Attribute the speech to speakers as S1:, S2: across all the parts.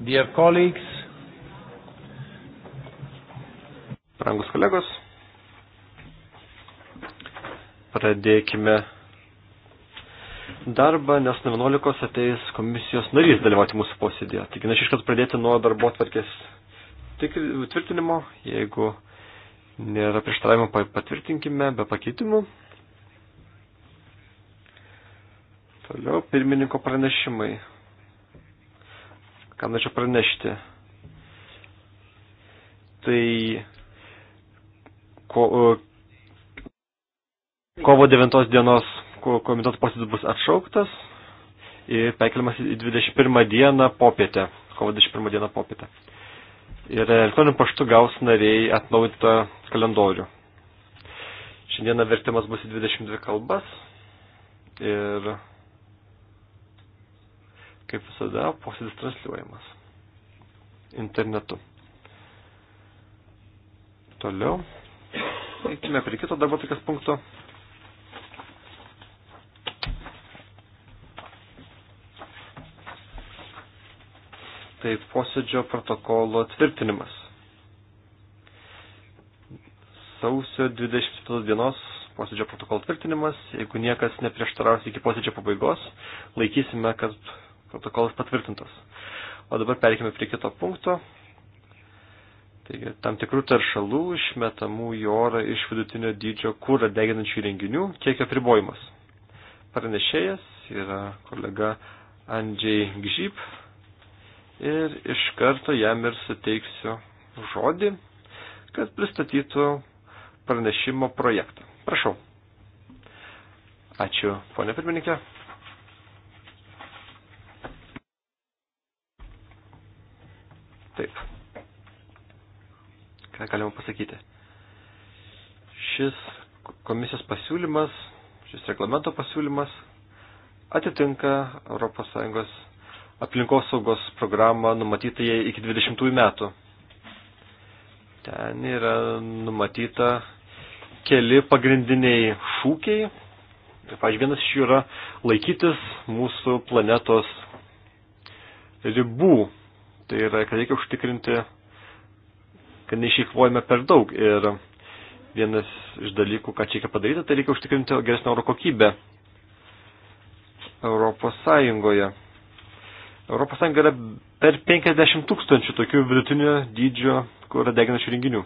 S1: Dear colleagues. Rangus kolegos. Pradėkime darbą, nes nuo 11 ateis komisijos narys dalyvauti mūsų posėdėje. Taigi, aš iškart pradėti nuo darbo atvarkės tvirtinimo. Jeigu nėra prieštaravimo, patvirtinkime be pakeitimų. Toliau pirmininko pranešimai ką norėčiau pranešti. Tai ko, kovo 9 dienos komiteto posėdis bus atšauktas ir perkeliamas į 21 dieną popietę, kovo 21 dieną popietę. Ir elektroniniu paštu gaus nariai atnaujintą kalendorių. Šiandieną vertimas bus į 22 kalbas ir Kaip visada, posėdis transliuojamas internetu. Toliau. Eikime prie kito darbo tokias punkto. Tai posėdžio protokolo tvirtinimas. Sausio 25 dienos posėdžio protokolo tvirtinimas. Jeigu niekas neprieštaraus iki posėdžio pabaigos, laikysime, kad protokolas patvirtintas. O dabar perkime prie kito punkto. Taigi, tam tikrų taršalų išmetamų į orą iš vidutinio dydžio kūrą deginančių įrenginių kiekio pribojimas. Pranešėjas yra kolega Andžiai Gžyp ir iš karto jam ir suteiksiu žodį, kad pristatytų pranešimo projektą. Prašau. Ačiū, ponė pirmininkė. Taip. Ką galima pasakyti? Šis komisijos pasiūlymas, šis reglamento pasiūlymas atitinka ES aplinkosaugos programą numatytą iki 20 metų. Ten yra numatyta keli pagrindiniai šūkiai. Tai, pavyzdžiui, vienas iš jų yra laikytis mūsų planetos ribų Tai yra, kad reikia užtikrinti, kad neišeikvojame per daug. Ir vienas iš dalykų, ką čia reikia padaryti, tai reikia užtikrinti geresnę oro kokybę Europos Sąjungoje. Europos Sąjunga yra per 50 tūkstančių tokių vidutinio dydžio, kur yra deginančių renginių.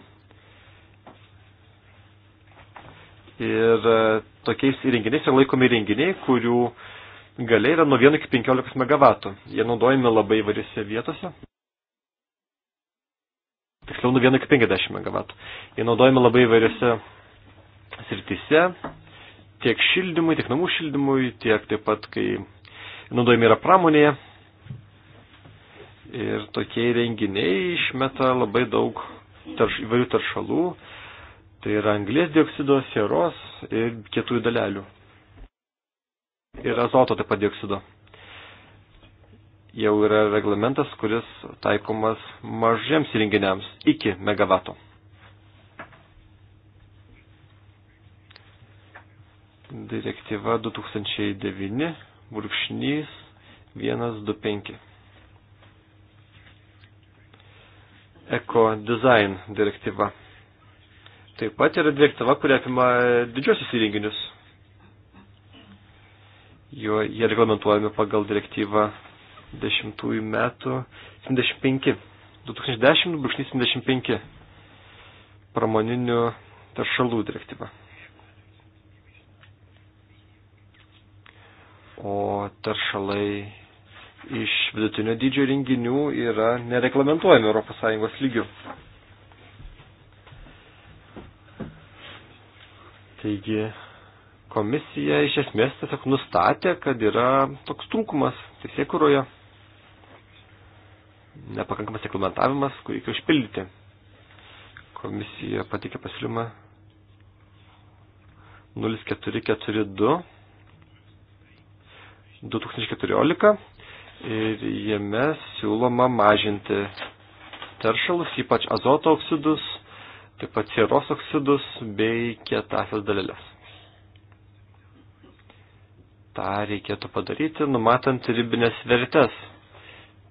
S1: Ir e, tokiais įrenginiais yra laikomi renginiai, kurių galiai yra nuo 1 iki 15 MW. Jie naudojami labai įvairiose vietose sraunų 1 iki 50 MW. Jie naudojami labai įvairiose srityse, tiek šildymui, tiek namų šildymui, tiek taip pat, kai naudojami yra pramonėje. Ir tokie renginiai išmeta labai daug tarš, įvairių taršalų, tai yra anglės dioksido, sieros ir kietųjų dalelių. Ir azoto taip pat dioksido jau yra reglamentas, kuris taikomas mažiems įrenginiams iki megavato. Direktyva 2009 brūkšnys 125. Eko design direktyva. Taip pat yra direktyva, kuria apima didžiosius įrenginius jo, jie reglamentuojami pagal direktyvą 2010 metų 75. 2010-75 pramoninių taršalų direktyva. O taršalai iš vidutinio dydžio renginių yra nereglamentuojami ES lygių. Taigi komisija iš esmės tiesiog nustatė, kad yra toks trūkumas teisėkuroje nepakankamas reglamentavimas, kurį reikia užpildyti. Komisija patikė pasiūlymą 0442 2014 ir jame siūloma mažinti teršalus, ypač azoto oksidus, taip pat sieros oksidus bei kietasias dalelės. Ta reikėtų padaryti, numatant ribinės vertes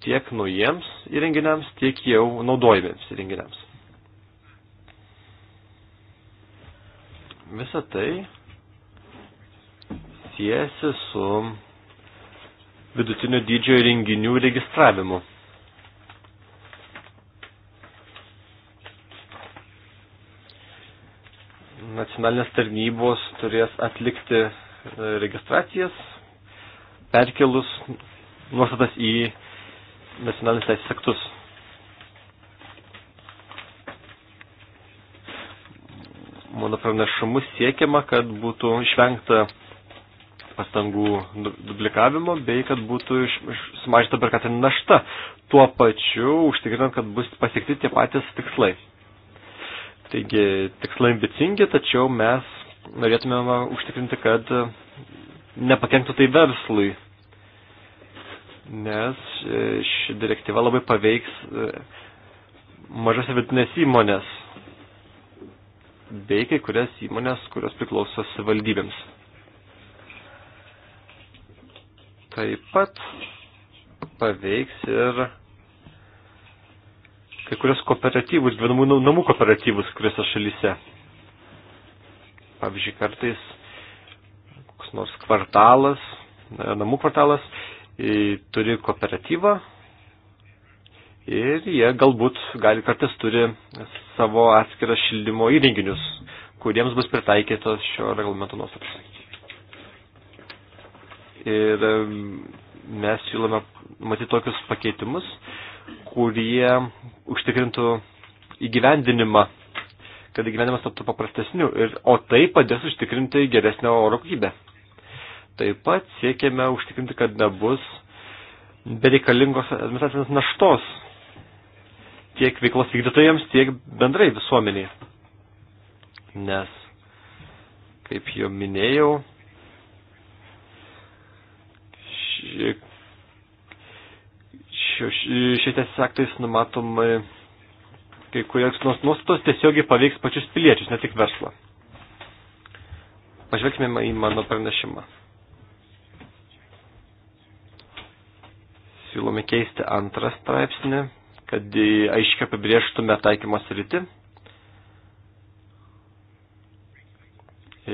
S1: tiek naujiems įrenginiams, tiek jau naudojimiems įrenginiams. Visa tai siejasi su vidutinio dydžio įrenginių registravimu. Nacionalinės tarnybos turės atlikti e, registracijas, perkelus nuostatas į nacionalinius teisės aktus. Mano pranašumu siekiama, kad būtų išvengta pastangų duplikavimo, bei kad būtų iš, iš, sumažinta berkatinė našta, tuo pačiu užtikrinant, kad bus pasiekti tie patys tikslai. Taigi, tikslai ambicingi, tačiau mes norėtume užtikrinti, kad nepakenktų tai verslui, nes e, ši direktyva labai paveiks e, mažas vidutinės įmonės bei kai kurias įmonės, kurios priklauso savivaldybėms. Taip pat paveiks ir kai kurios kooperatyvus, gyvenamų namų kooperatyvus kuriuose šalyse. Pavyzdžiui, kartais koks nors kvartalas, namų kvartalas turi kooperatyvą ir jie galbūt gali kartais turi savo atskiras šildymo įrenginius, kuriems bus pritaikytos šio reglamento nuostatos. Ir mes siūlome matyti tokius pakeitimus, kurie užtikrintų įgyvendinimą, kad įgyvendinimas taptų paprastesniu, ir, o tai padės užtikrinti geresnę oro kokybę. Taip pat siekiame užtikrinti, kad nebus bereikalingos administracinės naštos tiek veiklos vykdytojams, tiek bendrai visuomeniai. Nes, kaip jau minėjau, ši, šiais aktais numatomai kai kurios nuostatos tiesiogiai paveiks pačius piliečius, ne tik verslą. Pažvelkime į mano pranešimą. siūlome keisti antrą straipsnį, kad aiškiai apibrieštume taikymos rytį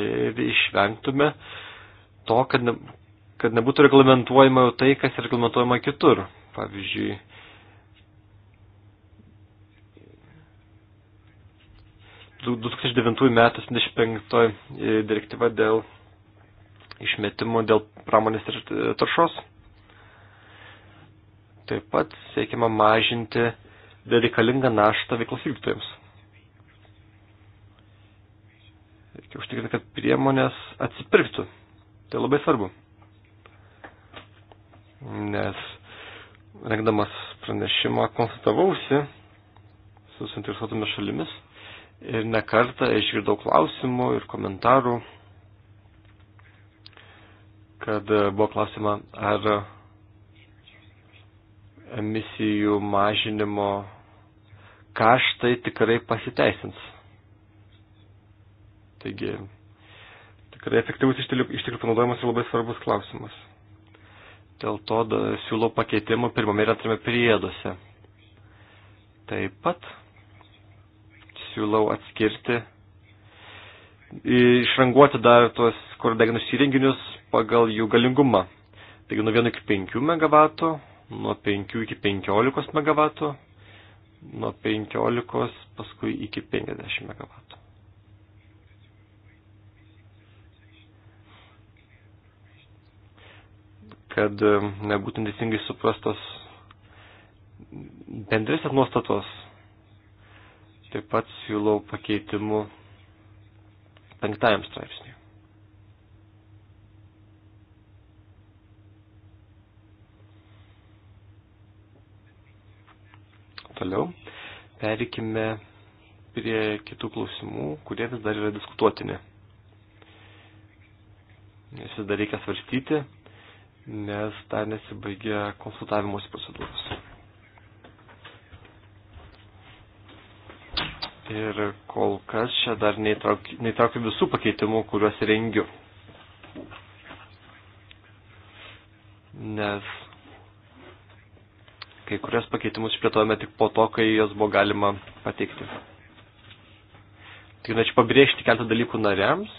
S1: ir išvengtume to, kad, ne, kad nebūtų reglamentuojama jau tai, kas reglamentuojama kitur. Pavyzdžiui, du, 2009 metų 25 e, direktyva dėl išmetimo dėl pramonės ir taršos Taip pat siekiama mažinti reikalingą naštą veiklos vykdytojams. Reikia užtikrinti, kad priemonės atsipirktų. Tai labai svarbu. Nes rengdamas pranešimą konstatavausi su suinteresuotomis šalimis ir nekartą išgirdau klausimų ir komentarų, kad buvo klausima, ar emisijų mažinimo kaštai tikrai pasiteisins. Taigi, tikrai efektyvus išteklių panaudojimas yra labai svarbus klausimas. Dėl to da, siūlau pakeitimų pirmame ir antrame prieduose. Taip pat siūlau atskirti, išranguoti dar tuos kur deginus įrenginius pagal jų galingumą. Taigi nuo 1 iki 5 MW nuo 5 iki 15 MW, nuo 15 paskui iki 50 MW. Kad e, nebūtų teisingai suprastos bendrėsios nuostatos, taip pat siūlau pakeitimu penktajam straipsniui. Toliau perikime prie kitų klausimų, kurie vis dar yra diskutuotini. Nes vis dar reikia svarstyti, nes dar nesibaigia konsultavimuose procedūros. Ir kol kas čia dar neįtraukiu, neįtraukiu visų pakeitimų, kuriuos rengiu. Nes kai kurias pakeitimus išplėtojame tik po to, kai jas buvo galima pateikti. Tik norėčiau pabrėžti keletą dalykų nariams,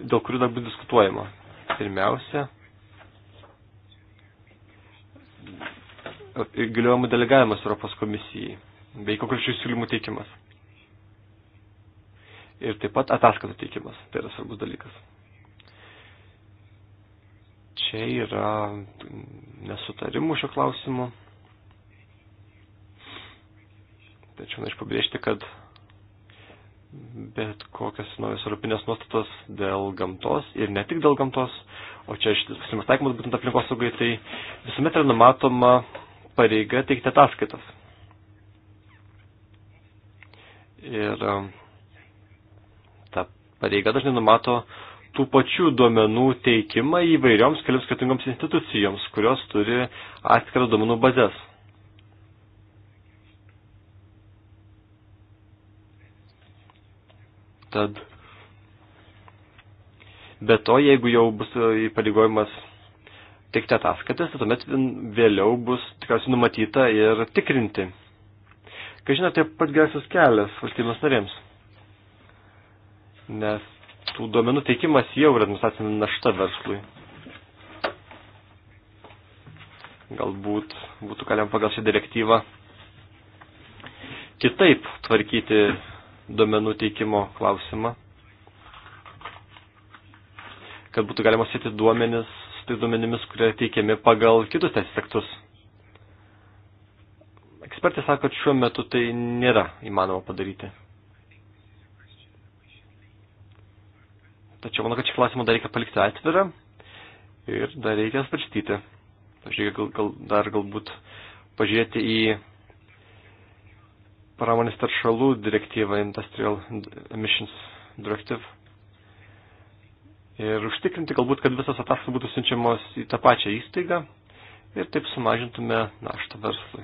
S1: dėl kurių dar bus diskutuojama. Pirmiausia, galiojimų delegavimas Europos komisijai bei konkrečių siūlymų teikimas. Ir taip pat ataskaitų teikimas. Tai yra svarbus dalykas. Čia yra nesutarimų šio klausimu. Tačiau norėčiau pabrėžti, kad bet kokios naujos europinės nuostatos dėl gamtos ir ne tik dėl gamtos, o čia šitas pasiūlymas taikomas būtent aplinkosaugai, tai visuomet yra numatoma pareiga teikti ataskaitas. Ir um, ta pareiga dažnai numato tų pačių duomenų teikimą įvairioms kelioms skirtingoms institucijoms, kurios turi atskirą duomenų bazės. Tad be to, jeigu jau bus įpareigojimas teikti ataskaitas, tai tuomet vėliau bus tikriausiai numatyta ir tikrinti. Kai žinote, tai pat geriausias kelias valstybės narėms. Nes tų duomenų teikimas jau yra administracinė našta verslui. Galbūt būtų galima pagal šią direktyvą kitaip tvarkyti duomenų teikimo klausimą, kad būtų galima sėti duomenis su tais duomenimis, kurie teikiami pagal kitus teisės aktus. Ekspertai sako, kad šiuo metu tai nėra įmanoma padaryti. Tačiau manau, kad šį klausimą dar reikia palikti atvirą ir dar reikia svarstyti. Pažiūrėk, gal, gal, dar galbūt pažiūrėti į pramonės taršalų direktyvą Industrial Emissions Directive. Ir užtikrinti galbūt, kad visas ataskaitas būtų siunčiamos į tą pačią įstaigą ir taip sumažintume naštą verslui.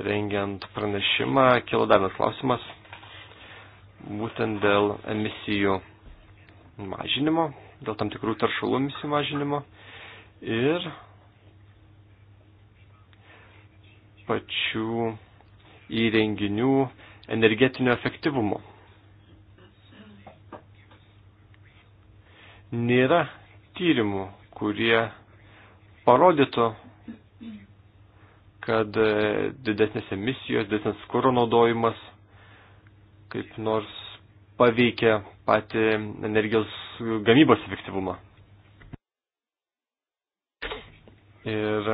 S1: Rengiant pranešimą, kilo dar vienas klausimas, būtent dėl emisijų mažinimo, dėl tam tikrų taršalų emisijų mažinimo ir pačių įrenginių energetinio efektyvumo. Nėra tyrimų, kurie parodytų, kad e, didesnės emisijos, didesnis kūro naudojimas kaip nors paveikia patį energijos gamybos efektyvumą. Ir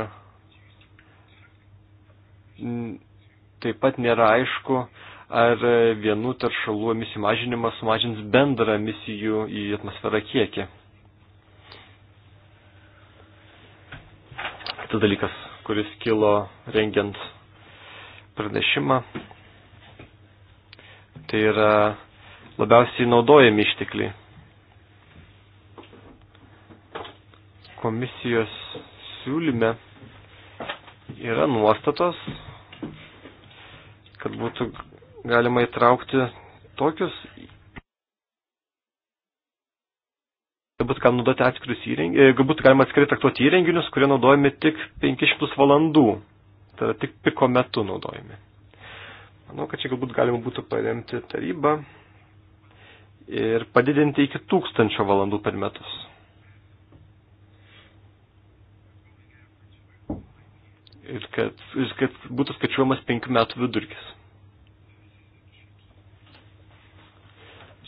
S1: Taip pat nėra aišku, ar vienų taršalų emisijų mažinimas sumažins bendrą emisijų į atmosferą kiekį. Kitas dalykas, kuris kilo rengiant pranešimą, tai yra labiausiai naudojami ištekliai. Komisijos siūlyme yra nuostatos, kad būtų galima įtraukti tokius, galbūt galima naudoti atskirius įrenginius, e, galbūt galima atskiriai traktuoti įrenginius, kurie naudojami tik 500 valandų, tai yra tik piko metu naudojami. Manau, kad čia galbūt galima būtų paremti tarybą ir padidinti iki 1000 valandų per metus. ir kad, ir kad būtų skaičiuojamas penkių metų vidurkis.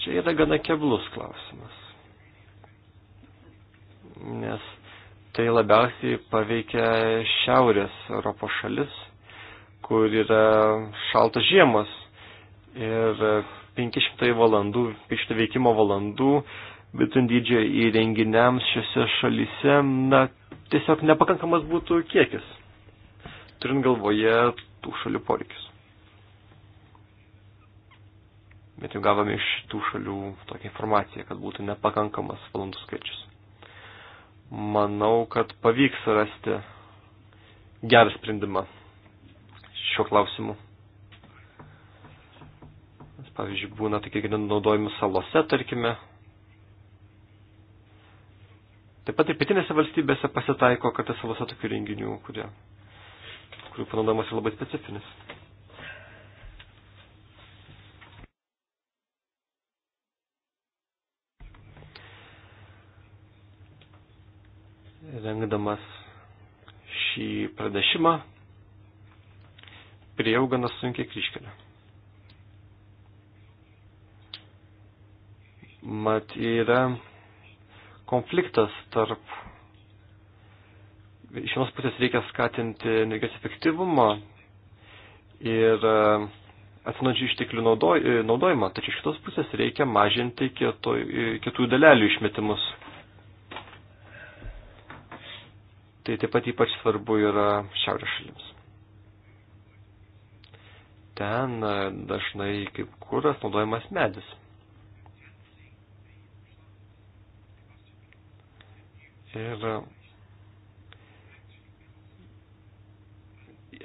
S1: Čia yra gana keblus klausimas, nes tai labiausiai paveikia šiaurės Europos šalis, kur yra šaltos žiemos ir 500 valandų, 500 veikimo valandų bitin dydžio įrenginiams šiuose šalyse, na, tiesiog nepakankamas būtų kiekis turint galvoje tų šalių poreikius. Bet jau gavome iš tų šalių tokią informaciją, kad būtų nepakankamas valandų skaičius. Manau, kad pavyks rasti gerą sprendimą šiuo klausimu. Nes, pavyzdžiui, būna tokie naudojami salose, tarkime. Taip pat ir pietinėse valstybėse pasitaiko, kad salose tokių renginių, kurie kurių panaudojimas yra labai specifinis. Rengdamas šį pradešimą, priejau gana sunkiai kryškelę. Mat yra konfliktas tarp iš vienos pusės reikia skatinti energijos efektyvumą ir e, atsinaujančių išteklių naudoj, e, naudojimą, tačiau iš kitos pusės reikia mažinti e, kietųjų dalelių išmetimus. Tai taip pat ypač svarbu yra šiaurės šalims. Ten dažnai kaip kuras naudojamas medis. Ir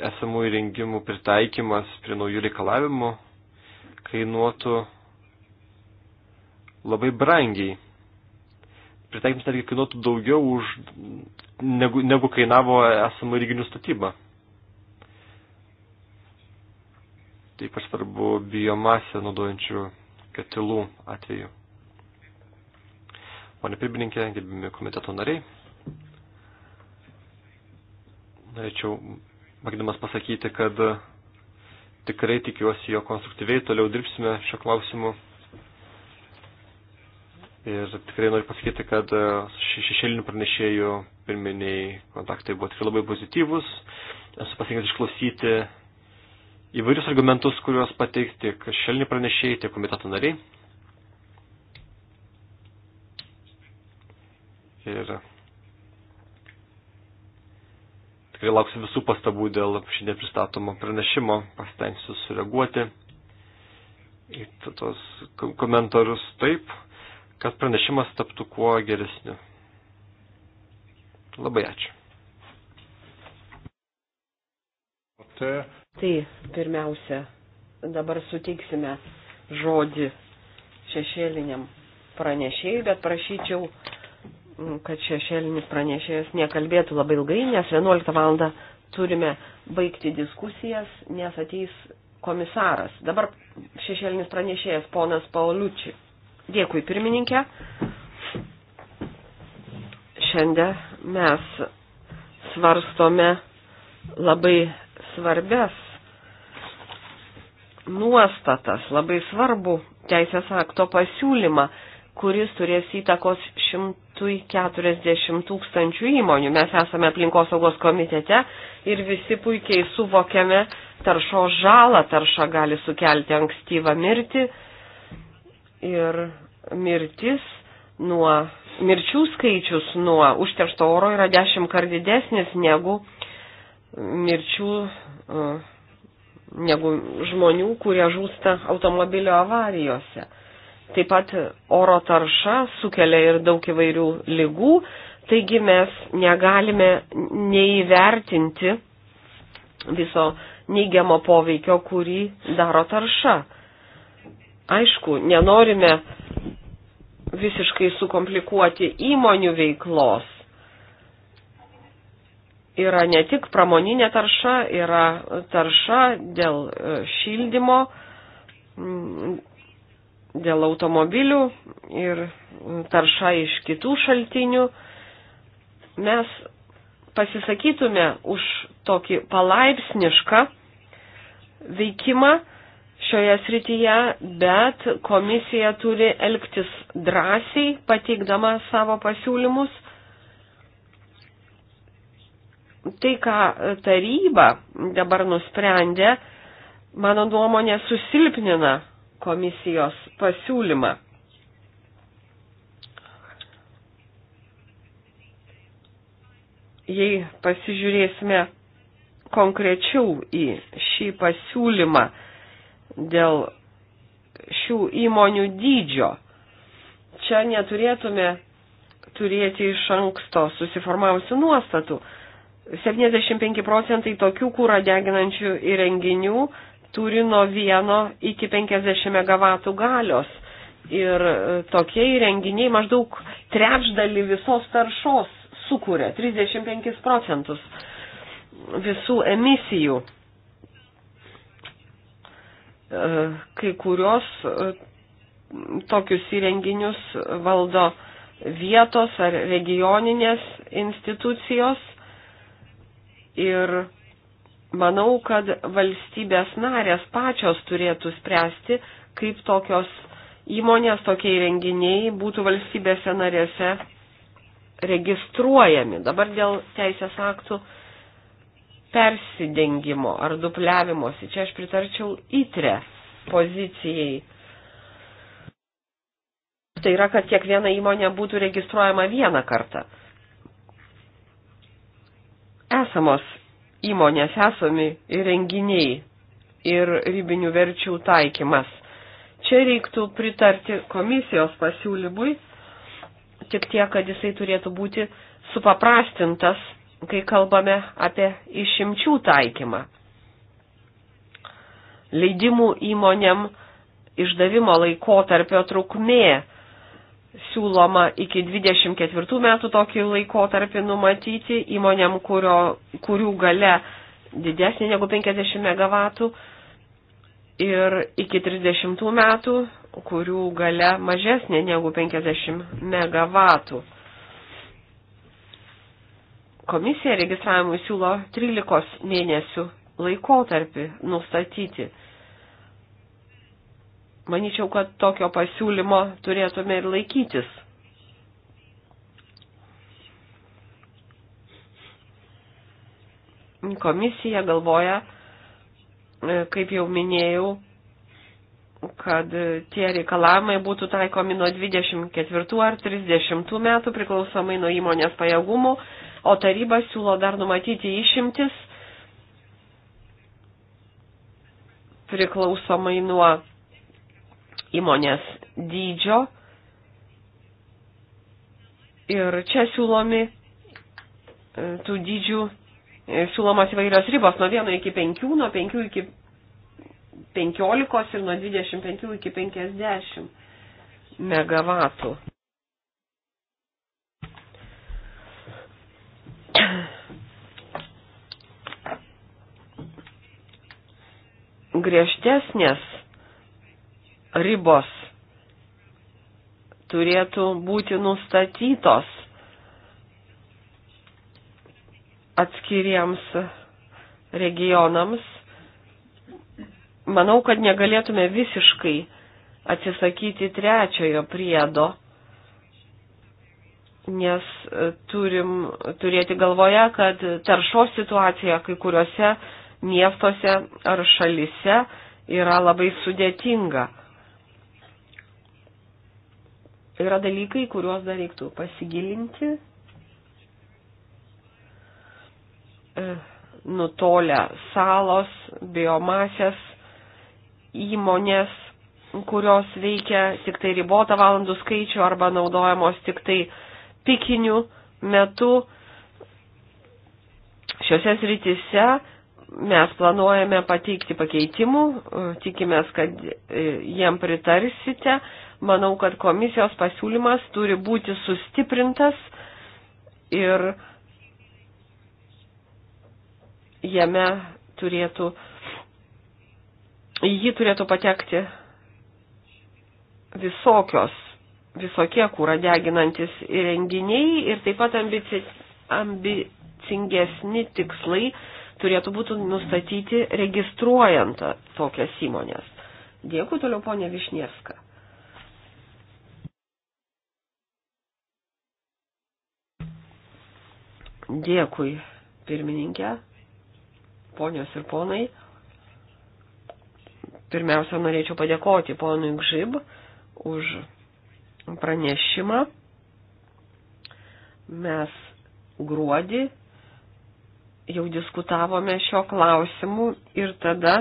S1: esamų įrengimų pritaikymas prie naujų reikalavimų kainuotų labai brangiai. Pritaikymas netgi kainuotų daugiau už, negu, negu kainavo esamų įrenginių statyba. Taip pat svarbu biomasę naudojančių katilų atveju. Pone pirmininkė, gerbimi komiteto nariai, norėčiau Vagdamas pasakyti, kad e, tikrai tikiuosi, jo konstruktyviai toliau dirbsime šio klausimu. Ir tikrai noriu pasakyti, kad e, šešėlinių pranešėjų pirminiai kontaktai buvo tikrai labai pozityvus. Esu pasirinkęs išklausyti įvairius argumentus, kuriuos pateiks tiek šešėliniai pranešėjai, tiek komiteto nariai. Ir tikrai lauksiu visų pastabų dėl šiandien pristatomo pranešimo, pasitengsiu sureaguoti į tos komentarus taip, kad pranešimas taptų kuo geresniu. Labai ačiū. Tai
S2: pirmiausia, dabar suteiksime žodį šešėliniam pranešėjai, bet prašyčiau kad šešėlinis pranešėjas nekalbėtų labai ilgai, nes 11 val. turime baigti diskusijas, nes ateis komisaras. Dabar šešėlinis pranešėjas ponas Pauliučiai. Dėkui pirmininkė. Šiandien mes svarstome labai svarbės nuostatas, labai svarbu teisės akto pasiūlymą, kuris turės įtakos šimt 140 tūkstančių įmonių. Mes esame aplinkosaugos komitete ir visi puikiai suvokiame taršo žalą. Tarša gali sukelti ankstyvą mirtį ir mirtis nuo mirčių skaičius nuo užteršto oro yra dešimt kart didesnis negu mirčių, e, negu žmonių, kurie žūsta automobilio avarijose. Taip pat oro tarša sukelia ir daug įvairių lygų, taigi mes negalime neįvertinti viso neigiamo poveikio, kurį daro tarša. Aišku, nenorime visiškai sukomplikuoti įmonių veiklos. Yra ne tik pramoninė tarša, yra tarša dėl e, šildymo, dėl automobilių ir tarša iš kitų šaltinių, mes pasisakytume už tokį palaipsnišką veikimą šioje srityje, bet komisija turi elgtis drąsiai, pateikdama savo pasiūlymus. Tai, ką taryba dabar nusprendė, mano nuomonė susilpnina komisijos pasiūlymą. Jei pasižiūrėsime konkrečiau į šį pasiūlymą dėl šių įmonių dydžio, čia neturėtume turėti iš anksto susiformavusių nuostatų. 75 procentai tokių kūrą deginančių įrenginių turi nuo 1 iki 50 MW galios. Ir e, tokie įrenginiai maždaug trečdali visos taršos sukuria 35 procentus visų emisijų. E, kai kurios e, tokius įrenginius valdo vietos ar regioninės institucijos ir Manau, kad valstybės narės pačios turėtų spręsti, kaip tokios įmonės, tokie įrenginiai būtų valstybėse narėse registruojami. Dabar dėl teisės aktų persidengimo ar dupliavimosi. Čia aš pritarčiau įtre pozicijai. Tai yra, kad kiekviena įmonė būtų registruojama vieną kartą. Esamos įmonės esami įrenginiai ir ribinių verčių taikymas. Čia reiktų pritarti komisijos pasiūlymui, tik tiek, kad jisai turėtų būti supaprastintas, kai kalbame apie išimčių taikymą. Leidimų įmonėm išdavimo laikotarpio trukmė siūloma iki 24 metų tokį laikotarpį numatyti įmonėm, kurio, kurių gale didesnė negu 50 MW ir iki 30 metų, kurių gale mažesnė negu 50 MW. Komisija registravimui siūlo 13 mėnesių laikotarpį nustatyti. Maničiau, kad tokio pasiūlymo turėtume ir laikytis. Komisija galvoja, e, kaip jau minėjau, kad tie reikalavimai būtų taikomi nuo 24 ar 30 metų priklausomai nuo įmonės pajėgumų, o taryba siūlo dar numatyti išimtis priklausomai nuo įmonės dydžio. Ir čia siūlomi e, tų dydžių, e, siūlomas įvairios ribos nuo 1 iki 5, nuo 5 iki 15 ir nuo 25 iki 50 megavatų. griežtesnės ribos turėtų būti nustatytos atskiriems regionams. Manau, kad negalėtume visiškai atsisakyti trečiojo priedo, nes turim turėti galvoje, kad taršos situacija kai kuriuose miestuose ar šalise yra labai sudėtinga. Tai yra dalykai, kuriuos dar reiktų pasigilinti, e, nutolę salos, biomasės, įmonės, kurios veikia tik tai ribotą valandų skaičių arba naudojamos tik tai pikiniu metu. Šiuose srityse mes planuojame pateikti pakeitimų, e, tikimės, kad e, jiem pritarsite manau, kad komisijos pasiūlymas turi būti sustiprintas ir jame turėtų, į jį turėtų patekti visokios, visokie kūra deginantis įrenginiai ir taip pat ambici, ambicingesni tikslai turėtų būti nustatyti registruojant tokias įmonės. Dėkui toliau, ponė Višnievska. Dėkui, pirmininkė, ponios ir ponai. Pirmiausia, norėčiau padėkoti ponui Gžib už pranešimą. Mes gruodį jau diskutavome šio klausimu ir tada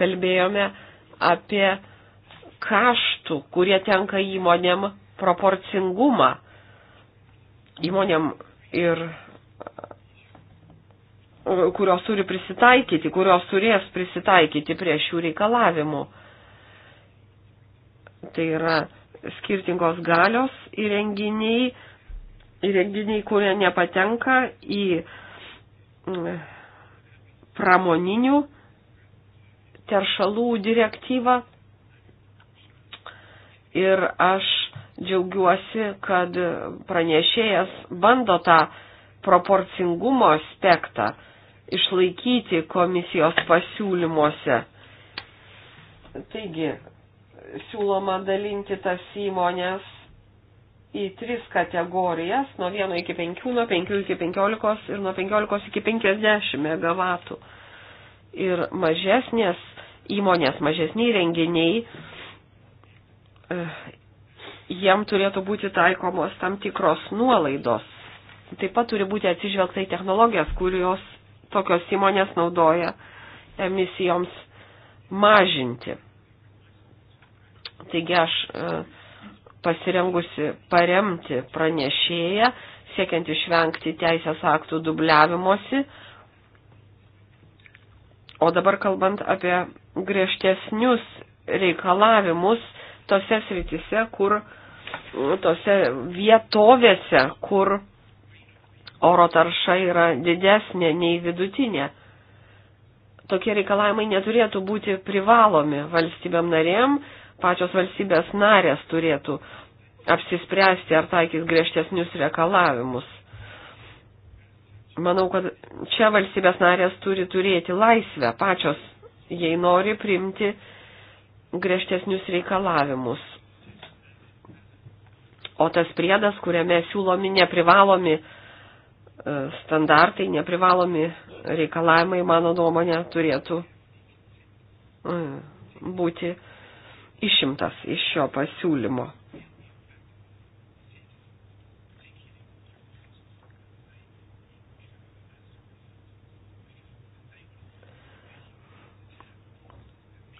S2: kalbėjome apie kaštų, kurie tenka įmonėm proporcingumą. Įmonėm ir kurios turi prisitaikyti, kurios turės prisitaikyti prie šių reikalavimų. Tai yra skirtingos galios įrenginiai, įrenginiai, kurie nepatenka į mm, pramoninių teršalų direktyvą. Ir aš džiaugiuosi, kad pranešėjas bando tą proporcingumo aspektą išlaikyti komisijos pasiūlymuose. Taigi, siūloma dalinti tas įmonės į tris kategorijas, nuo 1 iki 5, nuo 5 iki 15 ir nuo 15 iki 50 MW. Ir mažesnės įmonės, mažesniai renginiai, eh, jiem turėtų būti taikomos tam tikros nuolaidos. Taip pat turi būti atsižvelgta į technologijas, kurios tokios įmonės naudoja emisijoms mažinti. Taigi aš e, pasirengusi paremti pranešėją, siekiant išvengti teisės aktų dubliavimosi. O dabar kalbant apie griežtesnius reikalavimus tose sritise, kur tose vietovėse, kur uh, oro tarša yra didesnė nei vidutinė. Tokie reikalavimai neturėtų būti privalomi valstybėm narėm, pačios valstybės narės turėtų apsispręsti ar taikys griežtesnius reikalavimus. Manau, kad čia valstybės narės turi turėti laisvę pačios, jei nori priimti griežtesnius reikalavimus. O tas priedas, kuriame siūlomi neprivalomi E, standartai, neprivalomi reikalavimai, mano nuomonė, turėtų e, būti išimtas iš šio pasiūlymo.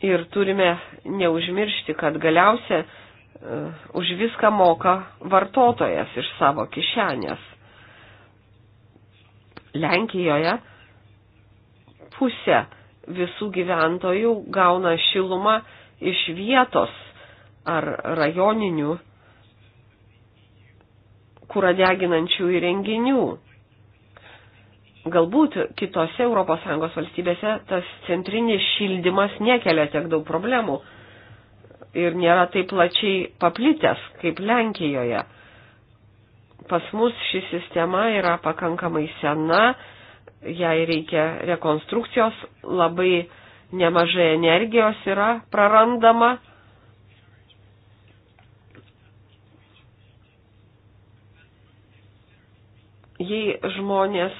S2: Ir turime neužmiršti, kad galiausia e, už viską moka vartotojas iš savo kišenės. Lenkijoje pusė visų gyventojų gauna šilumą iš vietos ar rajoninių kūrą deginančių įrenginių. Galbūt kitose ES valstybėse tas centrinis šildymas nekelia tiek daug problemų ir nėra taip plačiai paplitęs kaip Lenkijoje. Pas mus ši sistema yra pakankamai sena, jai reikia rekonstrukcijos, labai nemažai energijos yra prarandama. Jei žmonės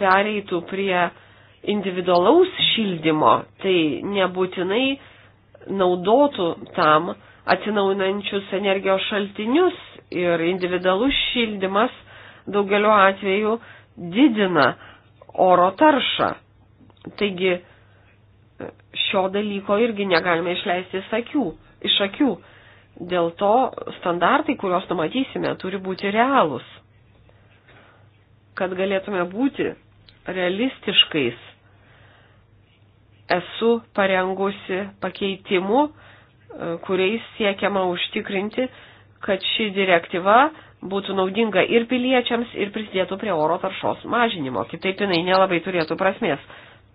S2: pereitų prie individualaus šildymo, tai nebūtinai naudotų tam atsinaujinančius energijos šaltinius ir individualus šildymas daugeliu atveju didina oro taršą. Taigi šio dalyko irgi negalime išleisti iš akių. Iš akių. Dėl to standartai, kuriuos numatysime, turi būti realūs. Kad galėtume būti realistiškais, esu parengusi pakeitimų, kuriais siekiama užtikrinti, kad ši direktyva būtų naudinga ir piliečiams, ir prisidėtų prie oro taršos mažinimo. Kitaip jinai nelabai turėtų prasmės.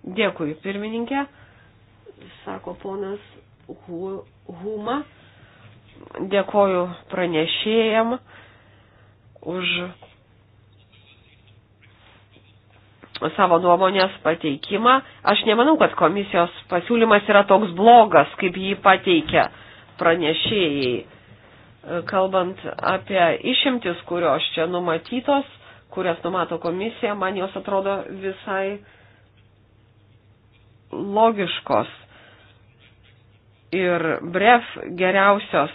S2: Dėkui, pirmininkė, sako ponas Huma. Dėkoju pranešėjam už savo nuomonės pateikimą. Aš nemanau, kad komisijos pasiūlymas yra toks blogas, kaip jį pateikia pranešėjai. Kalbant apie išimtis, kurios čia numatytos, kurias numato komisija, man jos atrodo visai logiškos. Ir bref geriausios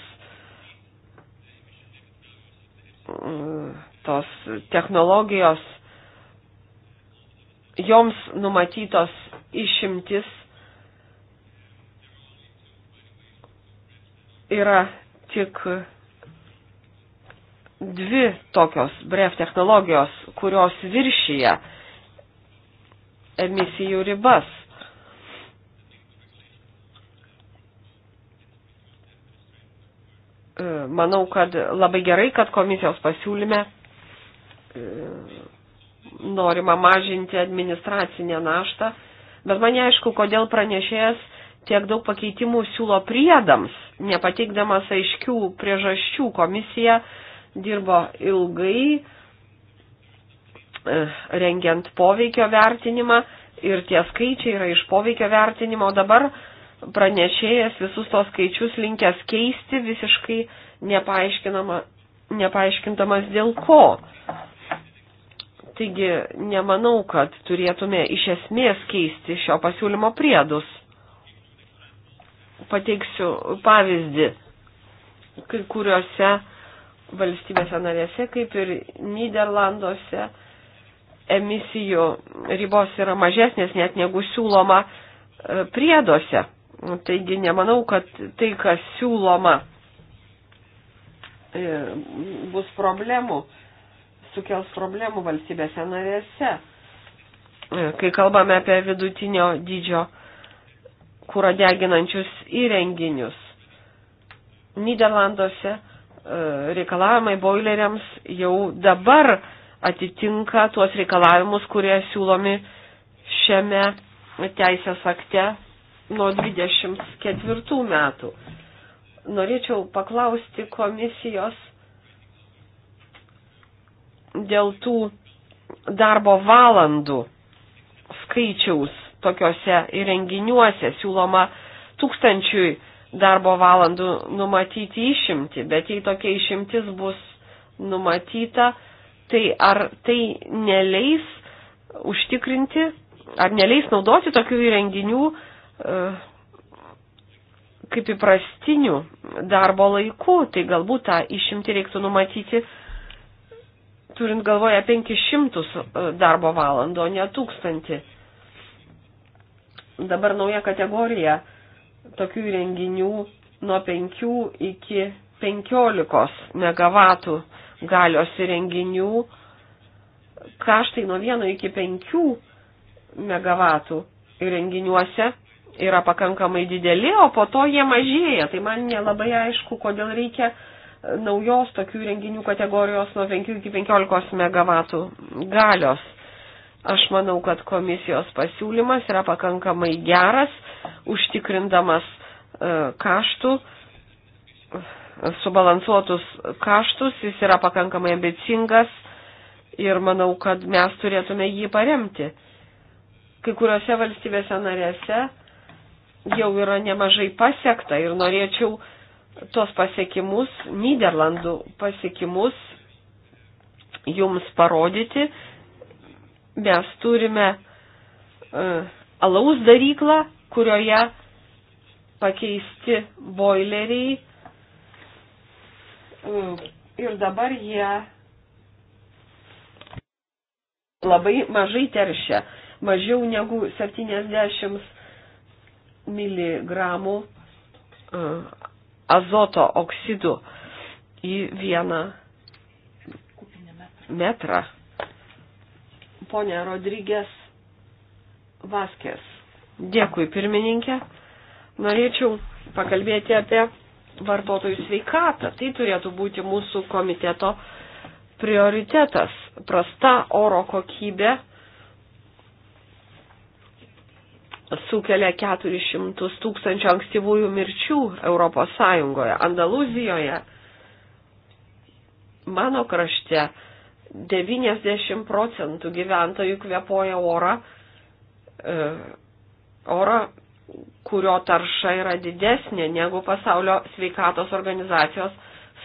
S2: mm, tos technologijos joms numatytos išimtis yra tik dvi tokios brev technologijos, kurios viršyje emisijų ribas. Manau, kad labai gerai, kad komisijos pasiūlyme norima mažinti administracinę naštą, bet man aišku, kodėl pranešėjas tiek daug pakeitimų siūlo priedams, nepateikdamas aiškių priežasčių. Komisija dirbo ilgai, e, rengiant poveikio vertinimą ir tie skaičiai yra iš poveikio vertinimo, o dabar pranešėjas visus tos skaičius linkęs keisti visiškai nepaaiškinamas dėl ko. Taigi nemanau, kad turėtume iš esmės keisti šio pasiūlymo priedus. Pateiksiu pavyzdį. Kai kuriuose valstybėse narėse, kaip ir Niderlanduose, emisijų ribos yra mažesnės net negu siūloma e, prieduose. Taigi nemanau, kad tai, kas siūloma, e, bus problemų sukels problemų valstybėse narėse. E, kai kalbame apie vidutinio dydžio kūro deginančius įrenginius. Niderlanduose e, reikalavimai boileriams jau dabar atitinka tuos reikalavimus, kurie siūlomi šiame teisės akte nuo 24 metų. Norėčiau paklausti komisijos, dėl tų darbo valandų skaičiaus tokiuose įrenginiuose siūloma tūkstančiui darbo valandų numatyti išimti, bet jei tokia išimtis bus numatyta, tai ar tai neleis užtikrinti, ar neleis naudoti tokių įrenginių e, kaip įprastinių darbo laikų, tai galbūt tą išimti reiktų numatyti turint galvoje 500 e, darbo valandų, o ne 1000. Dabar nauja kategorija tokių renginių nuo 5 iki 15 MW galios įrenginių, kaštai nuo 1 iki 5 MW įrenginiuose yra pakankamai dideli, o po to jie mažėja. Tai man nelabai aišku, kodėl reikia uh, naujos tokių renginių kategorijos nuo 5 iki 15 MW galios. Aš manau, kad komisijos pasiūlymas yra pakankamai geras, užtikrindamas e, kaštų, subalansuotus kaštus, jis yra pakankamai ambicingas ir manau, kad mes turėtume jį paremti. Kai kuriuose valstybėse narėse jau yra nemažai pasiekta ir norėčiau tuos pasiekimus, Niderlandų pasiekimus jums parodyti. Mes turime uh, alaus daryklą, kurioje pakeisti boileriai uh, ir dabar jie labai mažai teršia, mažiau negu 70 mg uh, azoto oksidų į vieną metrą. Pone Rodrygės Vaskės. Dėkui, pirmininkė. Norėčiau pakalbėti apie vartotojų sveikatą. Tai turėtų būti mūsų komiteto prioritetas. Prasta oro kokybė sukelia 400 tūkstančių ankstyvųjų mirčių Europos Sąjungoje, Andaluzijoje. Mano krašte 90 procentų gyventojų kvepoja orą, e, orą, kurio tarša yra didesnė negu pasaulio sveikatos organizacijos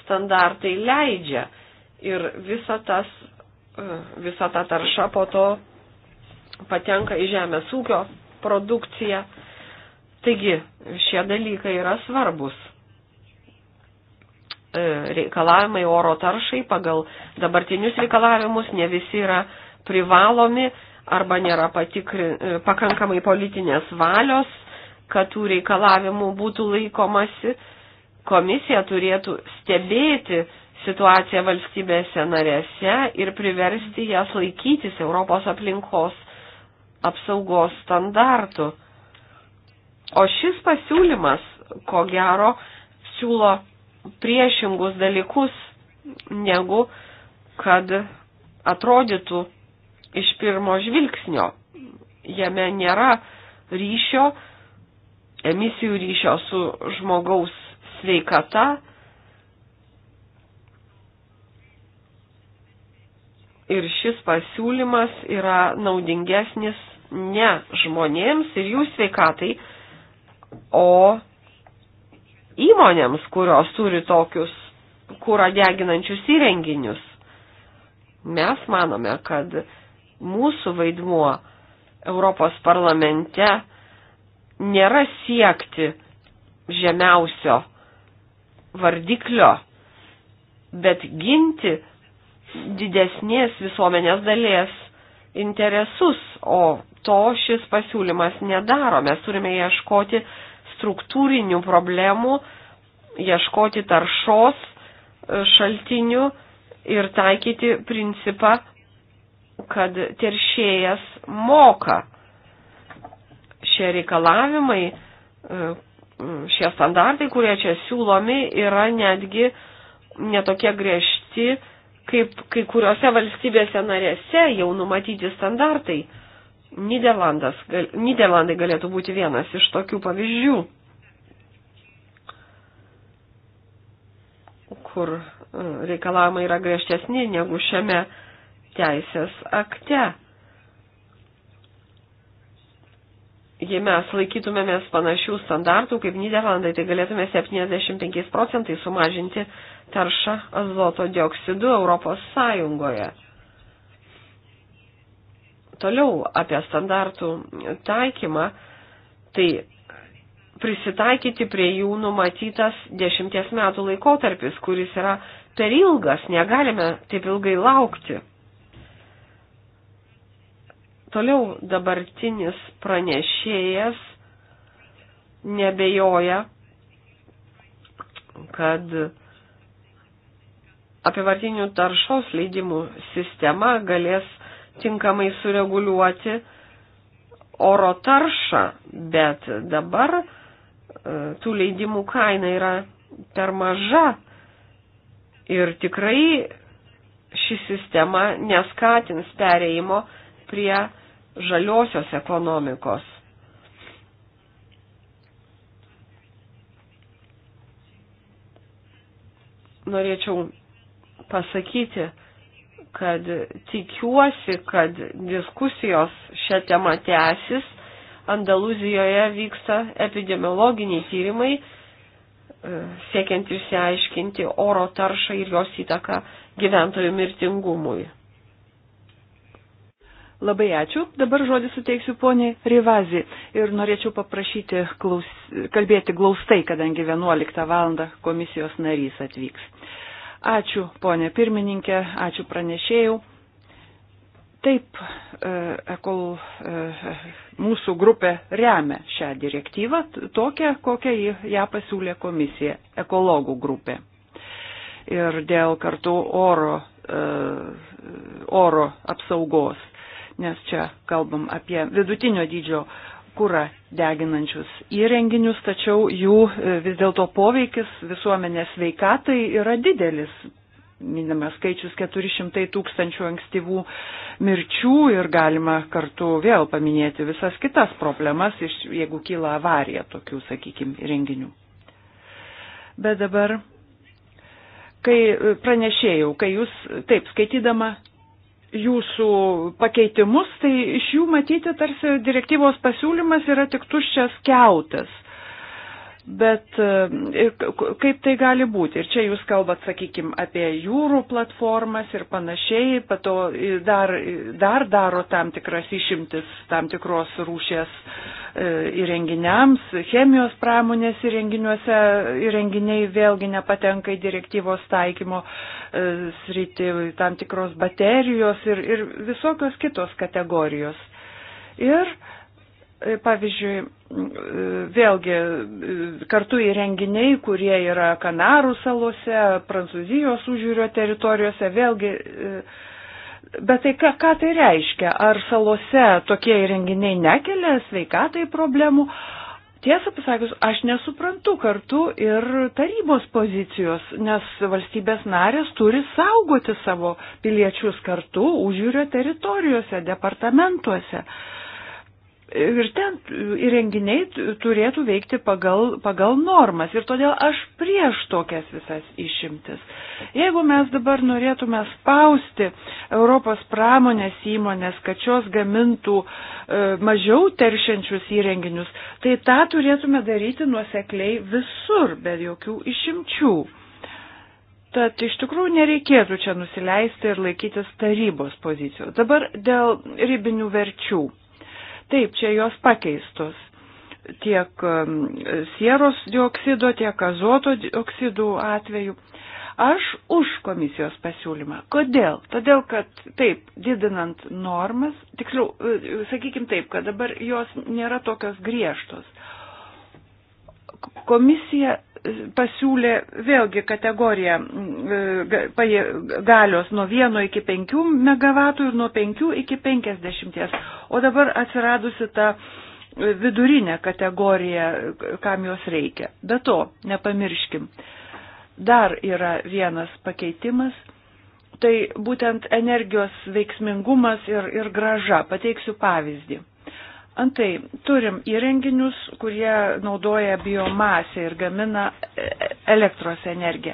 S2: standartai leidžia. Ir visa, tas, e, visa ta tarša po to patenka į žemės ūkio produkciją. Taigi, šie dalykai yra svarbus. E, reikalavimai oro taršai pagal dabartinius reikalavimus ne visi yra privalomi arba nėra patikri, e, pakankamai politinės valios, kad tų reikalavimų būtų laikomasi. Komisija turėtų stebėti situaciją valstybėse narėse ir priversti jas laikytis Europos aplinkos apsaugos standartų. O šis pasiūlymas, ko gero, siūlo priešingus dalykus, negu kad atrodytų iš pirmo žvilgsnio. Jame nėra ryšio, emisijų ryšio su žmogaus sveikata. Ir šis pasiūlymas yra naudingesnis ne žmonėms ir jų sveikatai, o įmonėms, kurios turi tokius kūrą deginančius įrenginius. Mes manome, kad mūsų vaidmuo Europos parlamente nėra siekti žemiausio vardiklio, bet ginti didesnės visuomenės dalies interesus, o to šis pasiūlymas nedaro. Mes turime ieškoti struktūrinių problemų, ieškoti taršos e, šaltinių ir taikyti principą, kad teršėjas moka. Šie reikalavimai, e, šie standartai, kurie čia siūlomi, yra netgi netokie griežti, kaip kai kuriuose valstybėse narėse jau numatyti standartai. Niderlandas, gal, Niderlandai galėtų būti vienas iš tokių pavyzdžių, kur e, reikalavimai yra griežtesni negu šiame teisės akte. Jei mes laikytumėmės panašių standartų kaip Niderlandai, tai galėtume 75 procentai sumažinti taršą azoto dioksidu Europos Sąjungoje. Toliau apie standartų taikymą, tai prisitaikyti prie jų numatytas dešimties metų laikotarpis, kuris yra per ilgas, negalime taip ilgai laukti. Toliau dabartinis pranešėjas nebejoja, kad apivartinių taršos leidimų sistema galės tinkamai sureguliuoti oro taršą, bet dabar e, tų leidimų kaina yra per maža ir tikrai ši sistema neskatins pereimo prie žaliosios ekonomikos. Norėčiau pasakyti, kad tikiuosi, kad diskusijos šią temą tęsis. Andaluzijoje vyksta epidemiologiniai tyrimai, e, siekiant išsiaiškinti oro taršą ir jos įtaką gyventojų mirtingumui.
S3: Labai ačiū. Dabar žodį suteiksiu poniai Rivazi ir norėčiau paprašyti klaus... kalbėti glaustai, kadangi 11 val. komisijos narys atvyks. Ačiū, ponė pirmininkė, ačiū pranešėjau. Taip, e, kol e, mūsų grupė remia šią direktyvą, tokią, kokią ją pasiūlė komisija, ekologų grupė. Ir dėl kartu oro, e, oro apsaugos, nes čia kalbam apie vidutinio dydžio kurą deginančius įrenginius, tačiau jų e, vis dėlto poveikis visuomenės veikatai yra didelis. Minimas skaičius 400 tūkstančių ankstyvų mirčių ir galima kartu vėl paminėti visas kitas problemas, jeigu kyla avarija tokių, sakykime, renginių. Bet dabar, kai pranešėjau, kai jūs taip skaitydama jūsų pakeitimus, tai iš jų matyti tarsi direktyvos pasiūlymas yra tik tuščias keutas. Bet e, ir kaip tai gali būti? Ir čia jūs kalbat, sakykime, apie jūrų platformas ir panašiai, pato e, dar, e, dar daro tam tikras išimtis tam tikros rūšės įrenginiams, chemijos pramonės įrenginiuose įrenginiai vėlgi nepatenka į direktyvos taikymo sritį, tam tikros baterijos ir, ir visokios kitos kategorijos. Ir E, pavyzdžiui, e, vėlgi e, kartu įrenginiai, kurie yra Kanarų salose, Prancūzijos užjūrio teritorijose, vėlgi, bet tai ką, ką tai reiškia? Ar salose tokie įrenginiai nekelia sveikatai problemų? Tiesą pasakius, aš nesuprantu kartu ir tarybos pozicijos, nes valstybės narės turi saugoti savo piliečius kartu užjūrio teritorijose, departamentuose. Uh, Ir ten įrenginiai turėtų veikti pagal, pagal normas. Ir todėl aš prieš tokias visas išimtis. Jeigu mes dabar norėtume spausti Europos pramonės įmonės, kad šios gamintų e, mažiau teršiančius įrenginius, tai tą turėtume daryti nuosekliai visur, be jokių išimčių. Tad iš tikrųjų nereikėtų čia nusileisti ir laikytis tarybos pozicijos. Dabar dėl ribinių verčių Taip, čia jos pakeistos tiek um, sieros dioksido, tiek azoto dioksidų atveju. Aš už komisijos pasiūlymą. Kodėl? Todėl, kad taip, didinant normas, tiksliau, uh, sakykime taip, kad dabar jos nėra tokios griežtos. Komisija e, pasiūlė vėlgi kategoriją e, galios nuo 1 iki 5 MW ir nuo 5 iki 50. O dabar atsiradusi ta e, vidurinė kategorija, kam jos reikia. Be to, nepamirškim, dar yra vienas pakeitimas. Tai būtent energijos veiksmingumas ir, ir graža. Pateiksiu pavyzdį. Antai, turim įrenginius, kurie naudoja biomasę ir gamina e, elektros energiją.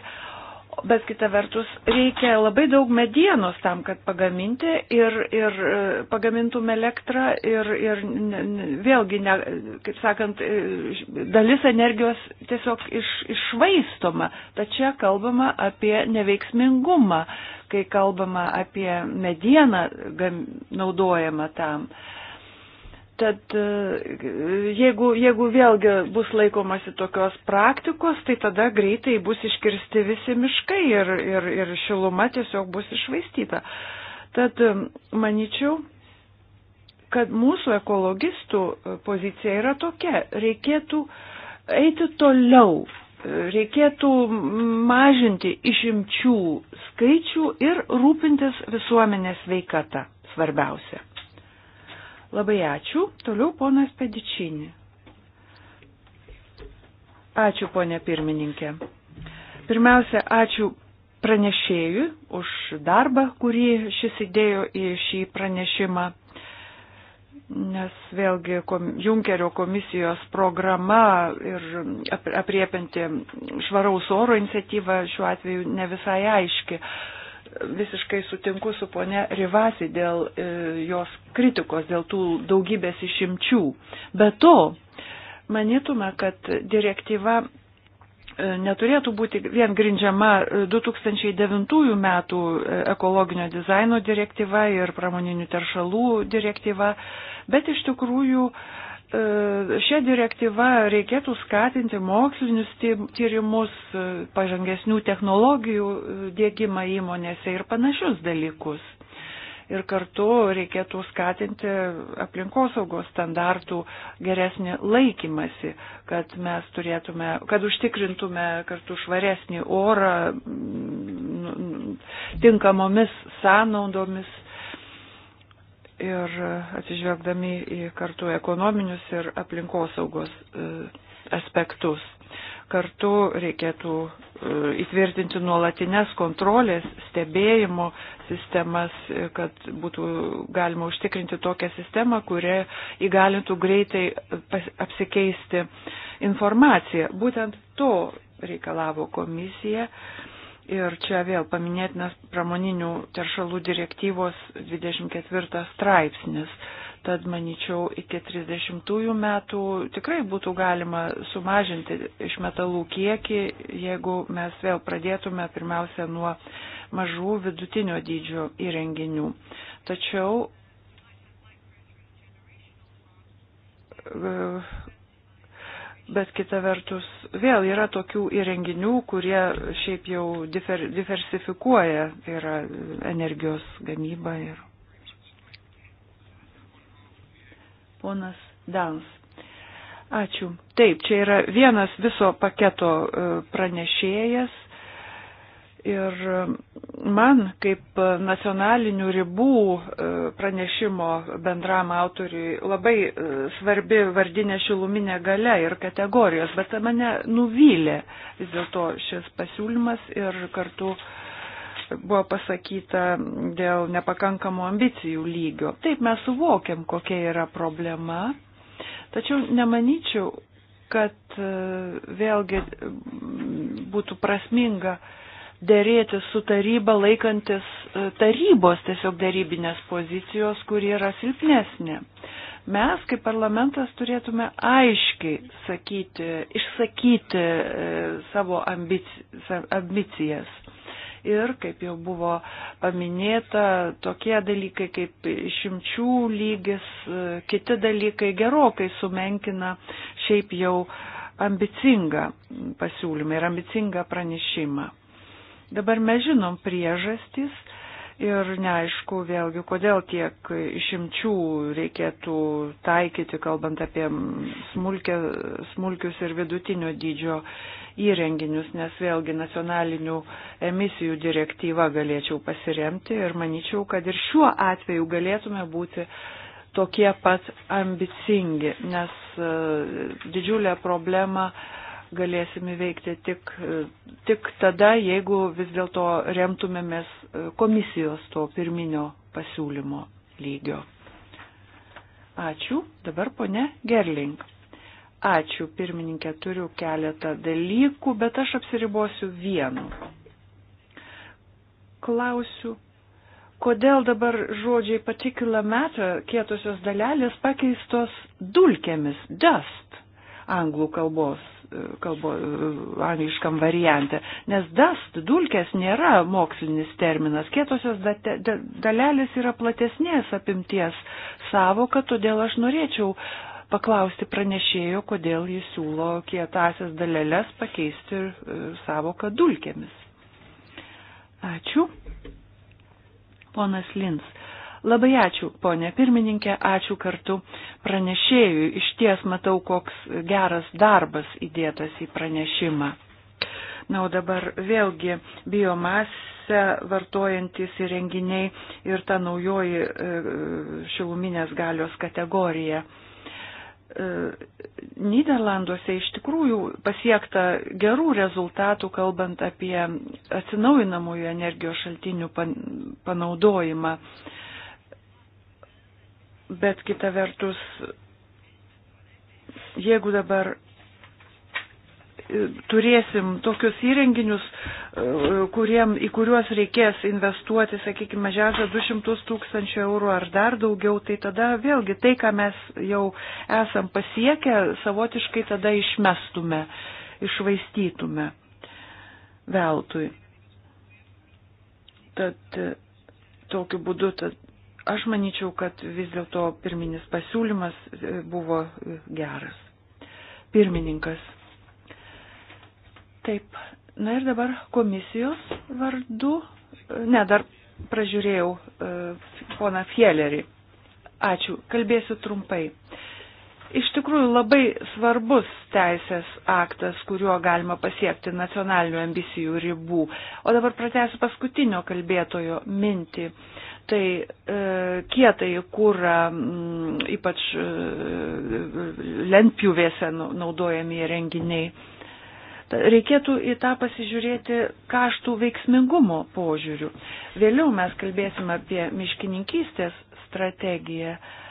S3: Bet kita vertus, reikia labai daug medienos tam, kad pagaminti ir, ir e, pagamintum elektrą ir, ir vėlgi, ne, kaip sakant, e, dalis energijos tiesiog iš, išvaistoma. Tačiau kalbama apie neveiksmingumą, kai kalbama apie medieną gam, naudojama tam. Uh, Tad e, jeigu, jeigu vėlgi bus laikomasi tokios praktikos, tai tada greitai bus iškirsti visi miškai ir, ir, ir šiluma tiesiog bus išvaistyta. Tad e, manyčiau, kad mūsų ekologistų e, pozicija yra tokia. Reikėtų eiti toliau, reikėtų mažinti išimčių skaičių ir rūpintis visuomenės veikata svarbiausia. Labai ačiū. Toliau ponas Pedičinį. Ačiū, ponė pirmininkė. Pirmiausia, ačiū pranešėjui už darbą, kurį šis įdėjo į šį pranešimą, nes vėlgi kom, Junkerio komisijos programa ir apriepinti švaraus oro iniciatyvą šiuo atveju ne visai aiški visiškai sutinku su ponia Rivasi dėl e, jos kritikos, dėl tų daugybės išimčių. Be to, manytume, kad direktyva e, neturėtų būti vien grindžiama 2009 e, metų e, ekologinio dizaino direktyva ir pramoninių teršalų direktyva, bet iš tikrųjų e, E, šią direktyvą reikėtų skatinti mokslinius tyrimus, e, pažangesnių technologijų e, dėgymą įmonėse ir panašius dalykus. Ir kartu reikėtų skatinti aplinkosaugos standartų geresnį laikymasi, kad mes turėtume, kad užtikrintume kartu švaresnį orą tinkamomis sąnaudomis ir atsižvelgdami į kartu ekonominius ir aplinkosaugos e, aspektus. Kartu reikėtų e, įtvirtinti nuolatinės kontrolės, stebėjimo sistemas, e, kad būtų galima užtikrinti tokią sistemą, kurie įgalintų greitai apsikeisti informaciją. Būtent to reikalavo komisija Ir čia vėl paminėtinas pramoninių teršalų direktyvos 24 straipsnis. Tad manyčiau, iki 30 metų tikrai būtų galima sumažinti iš metalų kiekį, jeigu mes vėl pradėtume pirmiausia nuo mažų vidutinio dydžio įrenginių. Tačiau Bet kita vertus, vėl yra tokių įrenginių, kurie šiaip jau difer, diversifikuoja, tai yra energijos gamyba ir. Ponas Dans. Ačiū. Taip, čia yra vienas viso paketo e, pranešėjas Ir man kaip nacionalinių ribų e, pranešimo bendram autoriui labai e, svarbi vardinė šiluminė gale ir kategorijos, bet mane nuvylė vis dėlto šis pasiūlymas ir kartu buvo pasakyta dėl nepakankamo ambicijų lygio. Taip mes suvokiam, kokia yra problema, tačiau nemanyčiau, kad e, vėlgi būtų prasminga uh, dėrėti su taryba laikantis e, tarybos tiesiog darybinės pozicijos, kuri yra silpnesnė. Mes kaip parlamentas turėtume aiškiai sakyti, išsakyti e, savo ambici, ambicijas. Ir, kaip jau buvo paminėta, tokie dalykai kaip šimčių lygis, e, kiti dalykai gerokai sumenkina šiaip jau ambicingą pasiūlymą ir ambicingą pranešimą. Dabar mes žinom priežastis ir neaišku vėlgi, kodėl tiek išimčių reikėtų taikyti, kalbant apie smulkia, smulkius ir vidutinio dydžio įrenginius, nes vėlgi nacionalinių emisijų direktyva galėčiau pasiremti ir manyčiau, kad ir šiuo atveju galėtume būti tokie pat ambicingi, nes e, didžiulė problema uh, galėsime veikti tik, tik tada, jeigu vis dėlto remtumėmės komisijos to pirminio pasiūlymo lygio. Ačiū. Dabar ponė Gerling. Ačiū, pirmininkė, turiu keletą dalykų, bet aš apsiribosiu vienu. Klausiu, kodėl dabar žodžiai particular matter, kietosios dalelės pakeistos dulkėmis, dust, anglų kalbos kalbo angliškam variante, nes dust, dulkės nėra mokslinis terminas, kietosios date, da, dalelės yra platesnės apimties savoka, todėl aš norėčiau paklausti pranešėjo, kodėl jis siūlo kietasias dalelės pakeisti e, savoką dulkėmis. Ačiū. Ponas Lins. Labai ačiū, ponė pirmininkė, ačiū kartu pranešėjui. Iš ties matau, koks geras darbas įdėtas į pranešimą. Na, o dabar vėlgi biomasę vartojantis įrenginiai ir ta naujoji e, šiluminės galios kategorija. E, Niderlanduose iš tikrųjų pasiekta gerų rezultatų, kalbant apie atsinaujinamųjų energijos šaltinių panaudojimą. Bet kita vertus, jeigu dabar e, turėsim tokius įrenginius, e, kuriem, į kuriuos reikės investuoti, sakykime, mažiausia 200 tūkstančių eurų ar dar daugiau, tai tada vėlgi tai, ką mes jau esam pasiekę, savotiškai tada išmestume, išvaistytume veltui. Tad e, tokiu būdu tad Aš manyčiau, kad vis dėlto pirminis pasiūlymas e, buvo e, geras. Pirmininkas. Taip. Na ir dabar komisijos vardu. E, ne, dar pražiūrėjau poną Fjellerį. Ačiū. Kalbėsiu trumpai. Uh, iš tikrųjų labai svarbus teisės aktas, kuriuo galima pasiekti nacionalinių ambicijų ribų. O dabar pratęsiu paskutinio kalbėtojo mintį. Tai e, kietai kūra, m, mm, ypač e, lentpjuvėse nu, naudojami renginiai. Reikėtų į tą pasižiūrėti kaštų veiksmingumo požiūrių. Vėliau mes kalbėsime apie miškininkystės strategiją. E,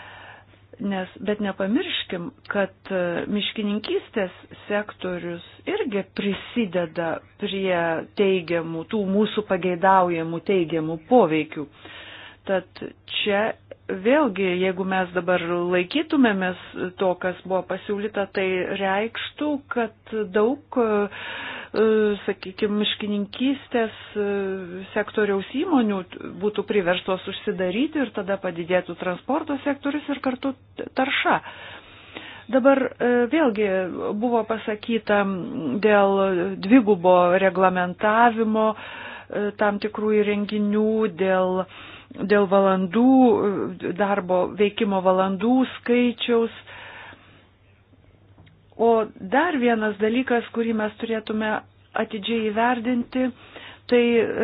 S3: Nes, bet nepamirškim, kad e, miškininkystės sektorius irgi prisideda prie teigiamų, tų mūsų pageidaujamų teigiamų poveikių. Tad čia vėlgi, jeigu mes dabar laikytumėmės to, kas buvo pasiūlyta, tai reikštų, kad daug, e, e, sakykime, miškininkystės e, sektoriaus įmonių būtų priverstos užsidaryti ir tada padidėtų transporto sektorius ir kartu tarša. Dabar vėlgi buvo pasakyta dėl dvigubo reglamentavimo tam tikrų įrenginių, dėl uh, dėl valandų, darbo veikimo valandų skaičiaus. O dar vienas dalykas, kurį mes turėtume atidžiai įverdinti, tai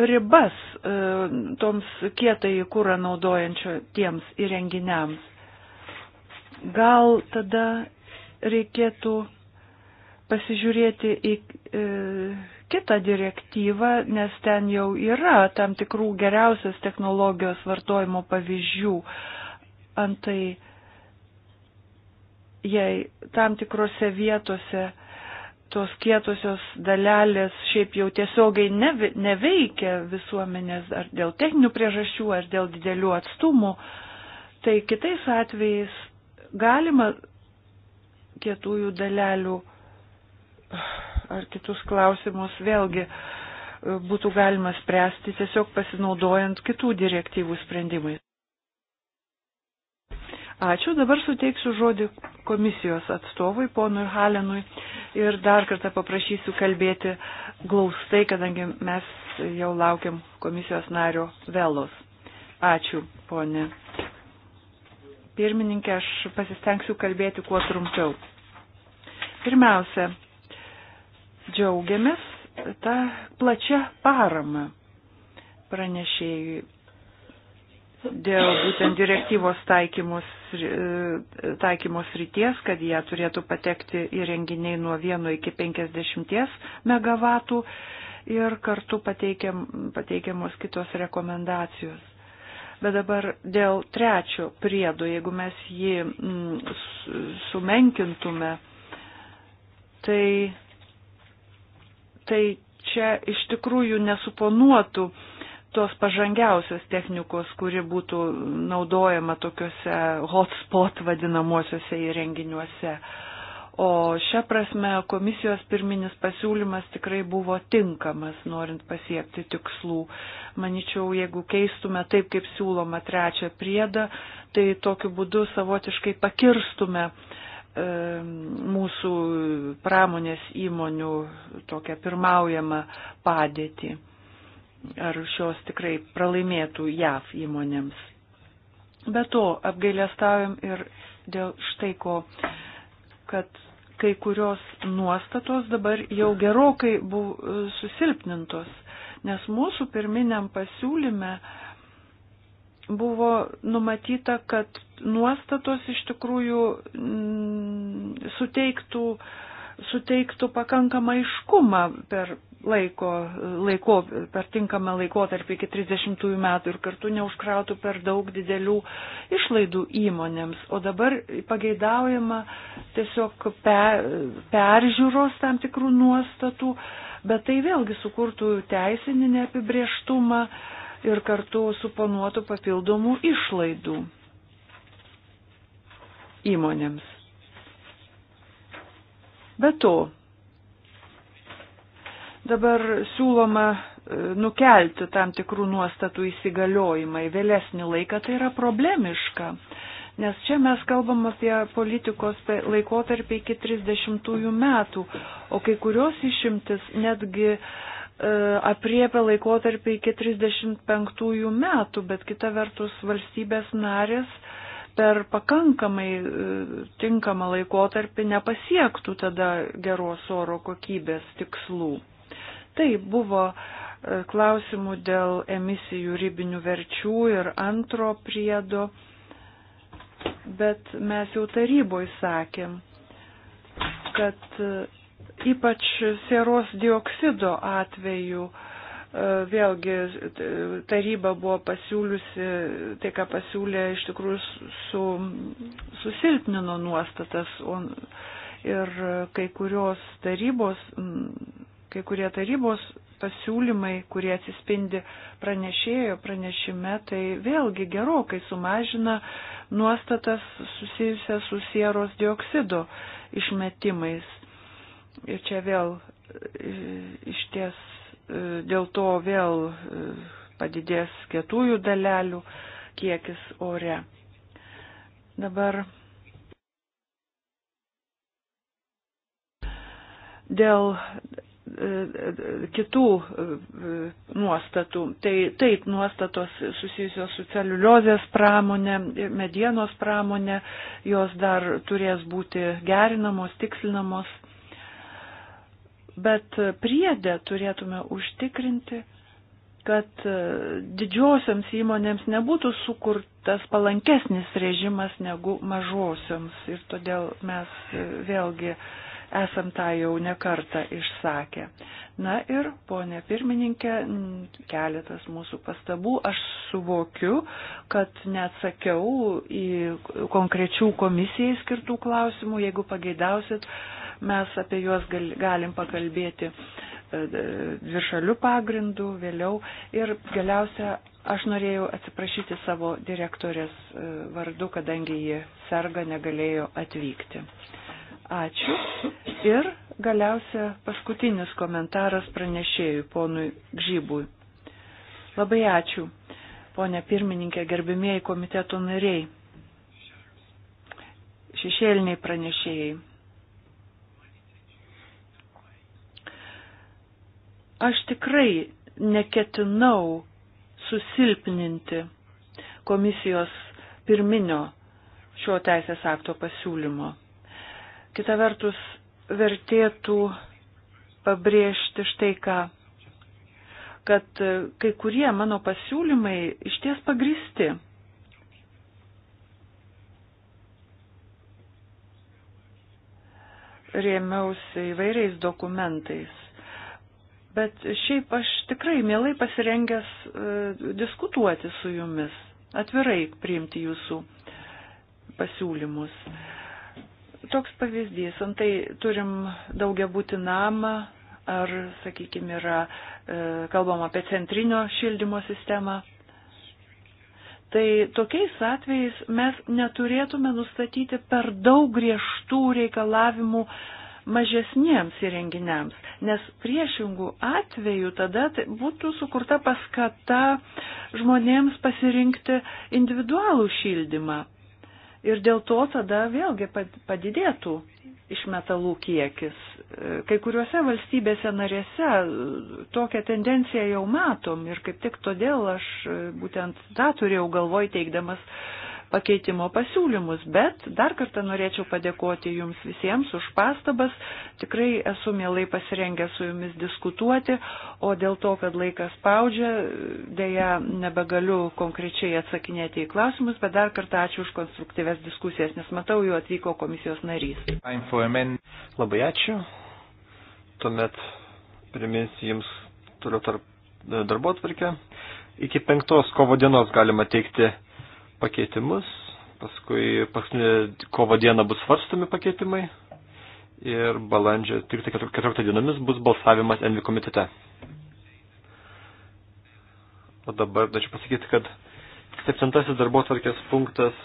S3: ribas e, toms kietai kūrą naudojančio tiems įrenginiams. Gal tada reikėtų pasižiūrėti į e, kitą direktyvą, nes ten jau yra tam tikrų geriausios technologijos vartojimo pavyzdžių. Antai, jei tam tikrose vietose tos kietosios dalelės šiaip jau tiesiogiai neveikia visuomenės ar dėl techninių priežasčių, ar dėl didelių atstumų, tai kitais atvejais galima kietųjų dalelių ar kitus klausimus vėlgi e, būtų galima spręsti tiesiog pasinaudojant kitų direktyvų sprendimais. Ačiū, dabar suteiksiu žodį komisijos atstovui, ponui Halenui, ir dar kartą paprašysiu kalbėti glaustai, kadangi mes jau laukiam komisijos nario vėlos. Ačiū, ponė. Pirmininkė, aš pasistengsiu kalbėti kuo trumpiau. Pirmiausia, džiaugiamės tą plačią paramą pranešėjui dėl būtent direktyvos taikymos, e, taikymos ryties, kad jie turėtų patekti įrenginiai nuo 1 iki 50 MW ir kartu pateikiam, pateikiamos kitos rekomendacijos. Bet dabar dėl trečio priedo, jeigu mes jį mm, sumenkintume, tai tai čia iš tikrųjų nesuponuotų tos pažangiausios technikos, kuri būtų naudojama tokiuose hotspot vadinamuosiuose įrenginiuose. O šią prasme komisijos pirminis pasiūlymas tikrai buvo tinkamas, norint pasiekti tikslų. Manyčiau, jeigu keistume taip, kaip siūloma trečią priedą, tai tokiu būdu savotiškai pakirstume uh, E, mūsų pramonės įmonių tokią pirmaujamą padėtį. Ar šios tikrai pralaimėtų JAV įmonėms. Be to, apgailėstavim ir dėl štai ko, kad kai kurios nuostatos dabar jau gerokai buvo susilpnintos, nes mūsų pirminiam pasiūlyme uh, buvo numatyta, kad nuostatos iš tikrųjų mm, suteiktų, suteiktų pakankamą aiškumą per laiko, laiko, per tinkamą laikotarpį iki 30 metų ir kartu neužkrautų per daug didelių išlaidų įmonėms. O dabar pageidaujama tiesiog pe, peržiūros tam tikrų nuostatų, bet tai vėlgi sukurtų teisinį neapibrieštumą ir kartu suponuotų papildomų išlaidų įmonėms. Be to, dabar siūloma e, nukelti tam tikrų nuostatų įsigaliojimą į vėlesnį laiką, tai yra problemiška. Nes čia mes kalbam apie politikos laikotarpį iki 30 metų, o kai kurios išimtis netgi uh, E, apriepia laikotarpį iki 35 metų, bet kita vertus valstybės narės per pakankamai e, tinkamą laikotarpį nepasiektų tada geros oro kokybės tikslų. Tai buvo e, klausimų dėl emisijų ribinių verčių ir antro priedo, bet mes jau taryboje sakėm, kad Ypač sieros dioksido atveju e, vėlgi taryba buvo pasiūliusi, tai ką pasiūlė iš tikrųjų su, susilpnino nuostatas o, ir kai kurios tarybos, kai kurie tarybos pasiūlymai, kurie atsispindi pranešėjo pranešime, tai vėlgi gerokai sumažina nuostatas susijusias su sieros dioksido išmetimais Ir čia vėl iš ties dėl to vėl padidės kietųjų dalelių kiekis ore. Dabar dėl kitų nuostatų. Tai taip, nuostatos susijusios su celiuliozės pramonė, medienos pramonė, jos dar turės būti gerinamos, tikslinamos bet priedę turėtume užtikrinti, kad e, didžiosioms įmonėms nebūtų sukurtas palankesnis režimas negu mažosioms. Ir todėl mes e, vėlgi esam tą jau nekartą išsakę. Na ir, ponė pirmininkė, keletas mūsų pastabų. Aš suvokiu, kad neatsakiau į konkrečių komisijai skirtų klausimų. Jeigu pageidausit, Mes apie juos galim pakalbėti e, dvišalių pagrindų vėliau. Ir galiausia, aš norėjau atsiprašyti savo direktorės e, vardu, kadangi ji serga, negalėjo atvykti. Ačiū. Ir galiausia paskutinis komentaras pranešėjui, ponui Gžybui. Labai ačiū, ponė pirmininkė, gerbimieji komiteto nariai, šešėliniai pranešėjai. Aš tikrai neketinau susilpninti komisijos pirminio šio teisės akto pasiūlymo. Kita vertus, vertėtų pabrėžti štai ką, kad kai kurie mano pasiūlymai iš ties pagristi. Rėmiausi įvairiais dokumentais bet šiaip aš tikrai mielai pasirengęs e, diskutuoti su jumis, atvirai priimti jūsų pasiūlymus. Toks pavyzdys, antai turim daugia būti namą, ar, sakykime, yra e, kalbama apie centrinio šildymo sistemą. Tai tokiais atvejais mes neturėtume nustatyti per daug griežtų reikalavimų mažesniems įrenginiams, nes priešingų atvejų tada tai būtų sukurta paskata žmonėms pasirinkti individualų šildymą. Ir dėl to tada vėlgi padidėtų išmetalų kiekis. E, kai kuriuose valstybėse narėse e, tokią tendenciją jau matom ir kaip tik todėl aš e, būtent tą turėjau galvoj teikdamas pakeitimo pasiūlymus, bet dar kartą norėčiau padėkoti Jums visiems už pastabas. Tikrai esu mielai pasirengęs su Jumis diskutuoti, o dėl to, kad laikas spaudžia, dėja nebegaliu konkrečiai atsakinėti į klausimus, bet dar kartą ačiū už konstruktyves diskusijas, nes matau, jau atvyko komisijos narys.
S1: Labai ačiū. Tuomet priminsiu Jums toliau tarp e, darbo atvarkę. Iki penktos kovo dienos galima teikti pakeitimus, paskui paskutinė kovo diena bus svarstomi pakeitimai ir balandžio 13-14 dienomis bus balsavimas Envi komitete. O dabar dačiau pasakyti, kad septintasis darbo tvarkės punktas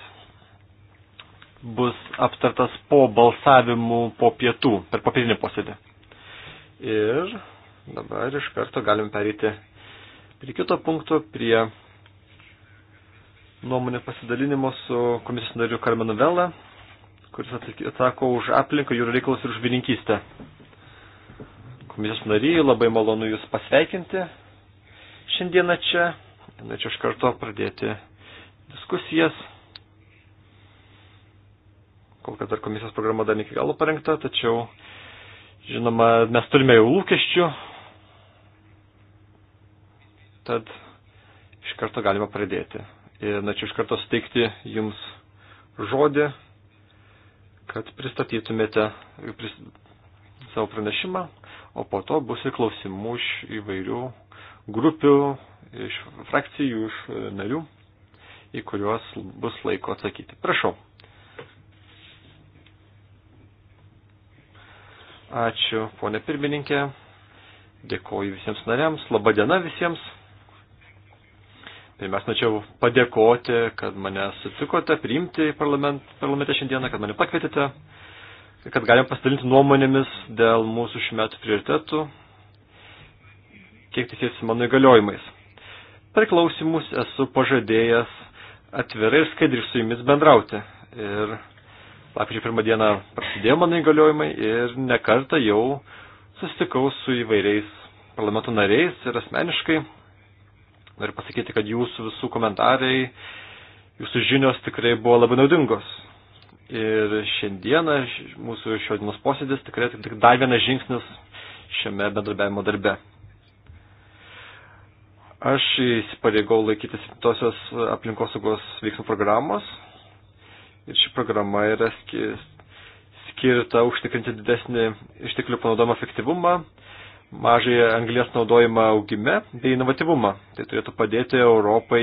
S1: bus aptartas po balsavimų po pietų, per papildinį posėdį. Ir dabar iš karto galim perėti prie kito punkto, prie nuomonė pasidalinimo su komisijos nariu Karmenu Vela, kuris atsako už aplinką, jūrų reikalus ir už vininkystę. Komisijos nariai, labai malonu Jūs pasveikinti šiandieną čia. Norėčiau iš karto pradėti diskusijas. Kol kas dar komisijos programa dar iki galo parengta, tačiau, žinoma, mes turime jau lūkesčių. Tad iš karto galima pradėti. Norėčiau iš karto suteikti Jums žodį, kad pristatytumėte pris, savo pranešimą, o po to bus ir klausimų iš įvairių grupių, iš frakcijų, iš e, narių, į kuriuos bus laiko atsakyti. Prašau. Ačiū, ponė pirmininkė. Dėkoju visiems nariams. Labadiena visiems. Tai mes norėčiau padėkoti, kad mane sutikote priimti parlament, parlamente šiandieną, kad mane pakvietėte, kad galim pasidalinti nuomonėmis dėl mūsų šių metų prioritetų, kiek tiesiasi tai mano įgaliojimais. Per klausimus esu pažadėjęs atvirai ir skaidriai su jumis bendrauti. Ir lapkričio pirmą dieną prasidėjo mano įgaliojimai ir nekartą jau susitikau su įvairiais parlamento nariais ir asmeniškai Noriu pasakyti, kad jūsų visų komentarai, jūsų žinios tikrai buvo labai naudingos. Ir šiandieną mūsų šios dienos posėdis tikrai tik dar vienas žingsnis šiame bendradarbiavimo darbe. Aš įsipareigau laikytis tosios aplinkosaugos veiksmų programos ir ši programa yra skirta užtikrinti didesnį išteklių panaudojimo efektyvumą, mažąją anglės naudojimą augime bei inovatyvumą. Tai turėtų padėti Europai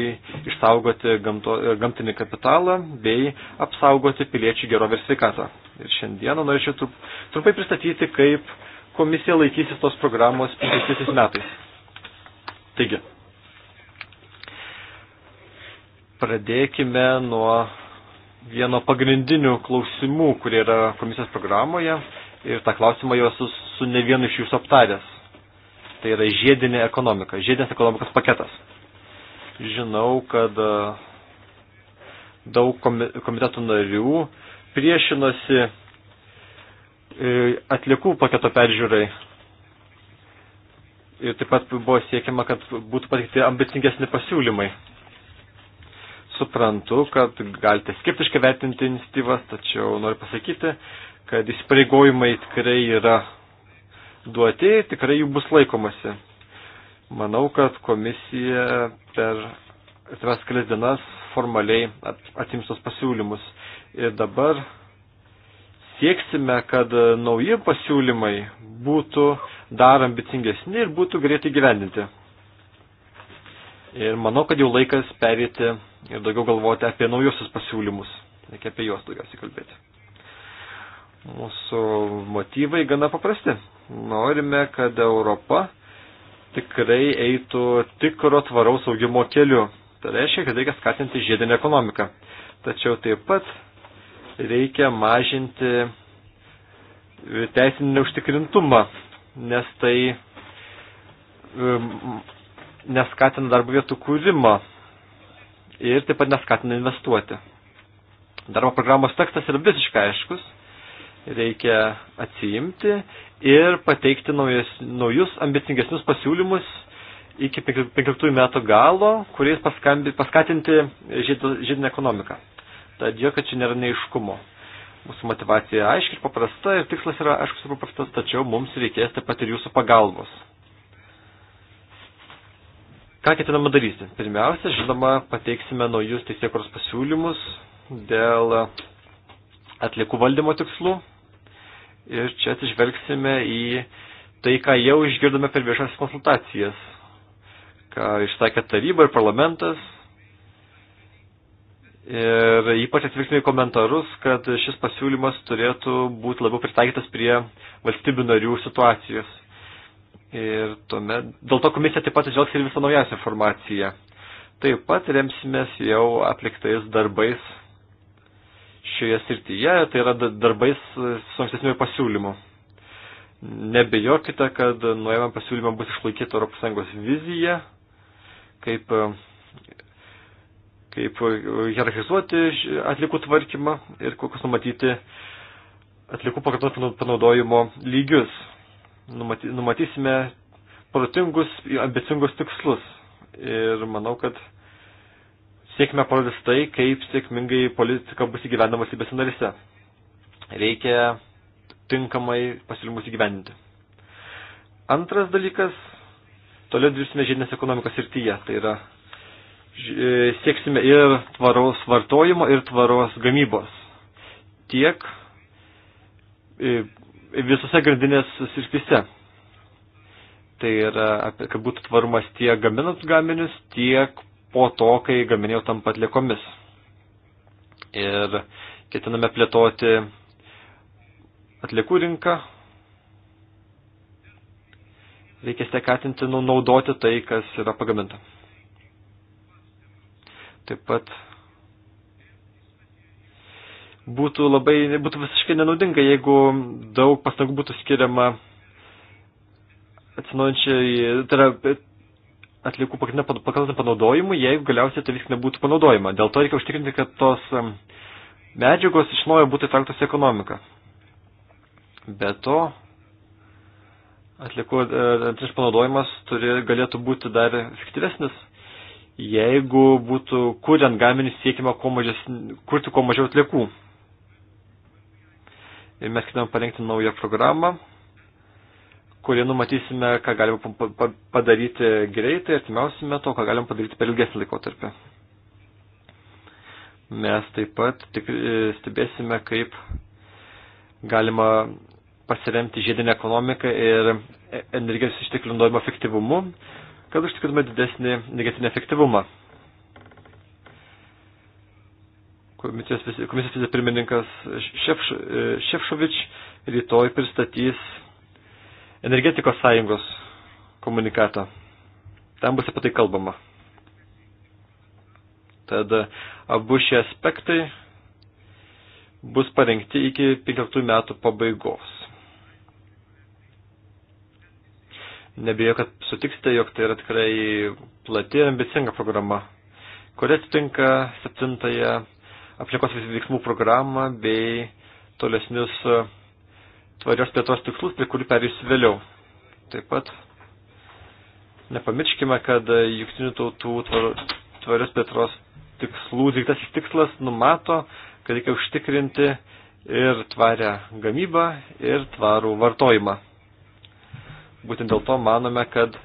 S1: išsaugoti gamto, gamtinį kapitalą bei apsaugoti piliečių gerovę ir sveikatą. Ir šiandieną norėčiau trup, trumpai pristatyti, kaip komisija laikysis tos programos 50 metais. Taigi, pradėkime nuo vieno pagrindinių klausimų, kurie yra komisijos programoje ir tą klausimą jau esu su ne vienu iš jūsų aptaręs. Tai yra žiedinė ekonomika, žiedinės ekonomikos paketas. Žinau, kad e, daug komitetų narių priešinosi e, atlikų paketo peržiūrai. Ir taip pat buvo siekiama, kad būtų patikti ambicingesni pasiūlymai. Suprantu, kad galite skeptiškai vertinti iniciatyvas, tačiau noriu pasakyti, kad įsipareigojimai tikrai yra duoti, tikrai jų bus laikomasi. Manau, kad komisija per atviras kelias dienas formaliai atims tos pasiūlymus. Ir dabar sieksime, kad nauji pasiūlymai būtų dar ambicingesni ir būtų greitai gyvendinti. Ir manau, kad jau laikas perėti ir daugiau galvoti apie naujosius pasiūlymus. Reikia apie juos daugiausiai kalbėti. Mūsų motyvai gana paprasti. Norime, kad Europa tikrai eitų tikro tvaraus augimo keliu. Tai reiškia, kad reikia skatinti žiedinę ekonomiką. Tačiau taip pat reikia mažinti teisinį neužtikrintumą, nes tai um, neskatina darbo vietų kūrimo ir taip pat neskatina investuoti. Darbo programos tekstas yra visiškai aiškus reikia atsiimti ir pateikti naujus, naujus ambicingesnius pasiūlymus iki 15 metų galo, kuriais paskatinti žiedinę ekonomiką. Tad jokio čia nėra neiškumo. Mūsų motivacija aiški ir paprasta ir tikslas yra aiškus ir paprastas, tačiau mums reikės taip pat ir jūsų pagalbos. Ką ketiname daryti? Pirmiausia, žinoma, pateiksime naujus teisėkuros pasiūlymus dėl atliekų valdymo tikslų, ir čia atsižvelgsime į tai, ką jau išgirdome per viešas konsultacijas, ką išsakė taryba ir parlamentas. Ir ypač atsivilksime į komentarus, kad šis pasiūlymas turėtų būti labiau pritaikytas prie valstybių narių situacijos. Ir tuomet, dėl to komisija taip pat atžvelgs ir visą naujausią informaciją. Taip pat remsimės jau atliktais darbais šioje srityje, tai yra darbais su ankstesniu pasiūlymu. Nebejokite, kad nuėjame pasiūlymą bus išlaikyti ES viziją, kaip, kaip hierarchizuoti atlikų tvarkymą ir kokius numatyti atlikų pakartotinio panaudojimo lygius. Numaty, numatysime protingus, ambicingus tikslus. Ir manau, kad Siekime parodys tai, kaip sėkmingai politika bus įgyvendama valstybės narise. Reikia tinkamai pasiūlymus įgyvendinti. Antras dalykas, toliau dirbsime žiedinės ekonomikos srityje. Tai yra, e, sieksime ir tvaraus vartojimo, ir tvaros gamybos. Tiek e, visose grandinės srityse. Tai yra, kad būtų tvarumas tiek gaminant gaminius, tiek po to, kai gaminiai jau tampa atliekomis. Ir ketiname plėtoti atliekų rinką. Reikia stekatinti nu, naudoti tai, kas yra pagaminta. Taip pat būtų labai, būtų visiškai nenaudinga, jeigu daug pastangų būtų skiriama atsinaujančiai, tai yra atlikų pakankamai panaudojimui, jeigu galiausiai tai viskas nebūtų panaudojama. Dėl to reikia užtikrinti, kad tos medžiagos iš naujo būtų įtrauktos į ekonomiką. Be to, atlikų e, antrinis panaudojimas turi, galėtų būti dar efektyvesnis, jeigu būtų kuriant gaminius siekima kuo mažes, kurti kuo mažiau atlikų. Ir mes ketinam parengti naują programą kurie numatysime, ką galime padaryti greitai, artimiausiu metu, ką galim padaryti per ilgesnį laikotarpį. Mes taip pat tik, e, stebėsime, kaip galima pasiremti žiedinę ekonomiką ir e, energijos išteklių naudojimo efektyvumu, kad užtikrintume didesnį energetinį efektyvumą. Komisijos, komisijos pirmininkas Šefš, e, Šefšovič rytoj pristatys energetikos sąjungos komunikatą. Ten bus apie tai kalbama. Tad abu šie aspektai bus parengti iki 15 metų pabaigos. Nebijo, kad sutiksite, jog tai yra tikrai plati ir ambicinga programa, kuri atitinka septintąją aplinkos veiksmų programą bei tolesnius tvarios plėtos tikslus, prie kurių perėsiu vėliau. Taip pat nepamirškime, kad jungtinių tautų tvarios plėtros tikslų, diktasis tikslas numato, kad reikia užtikrinti ir tvarę gamybą, ir tvarų vartojimą. Būtent dėl to manome, kad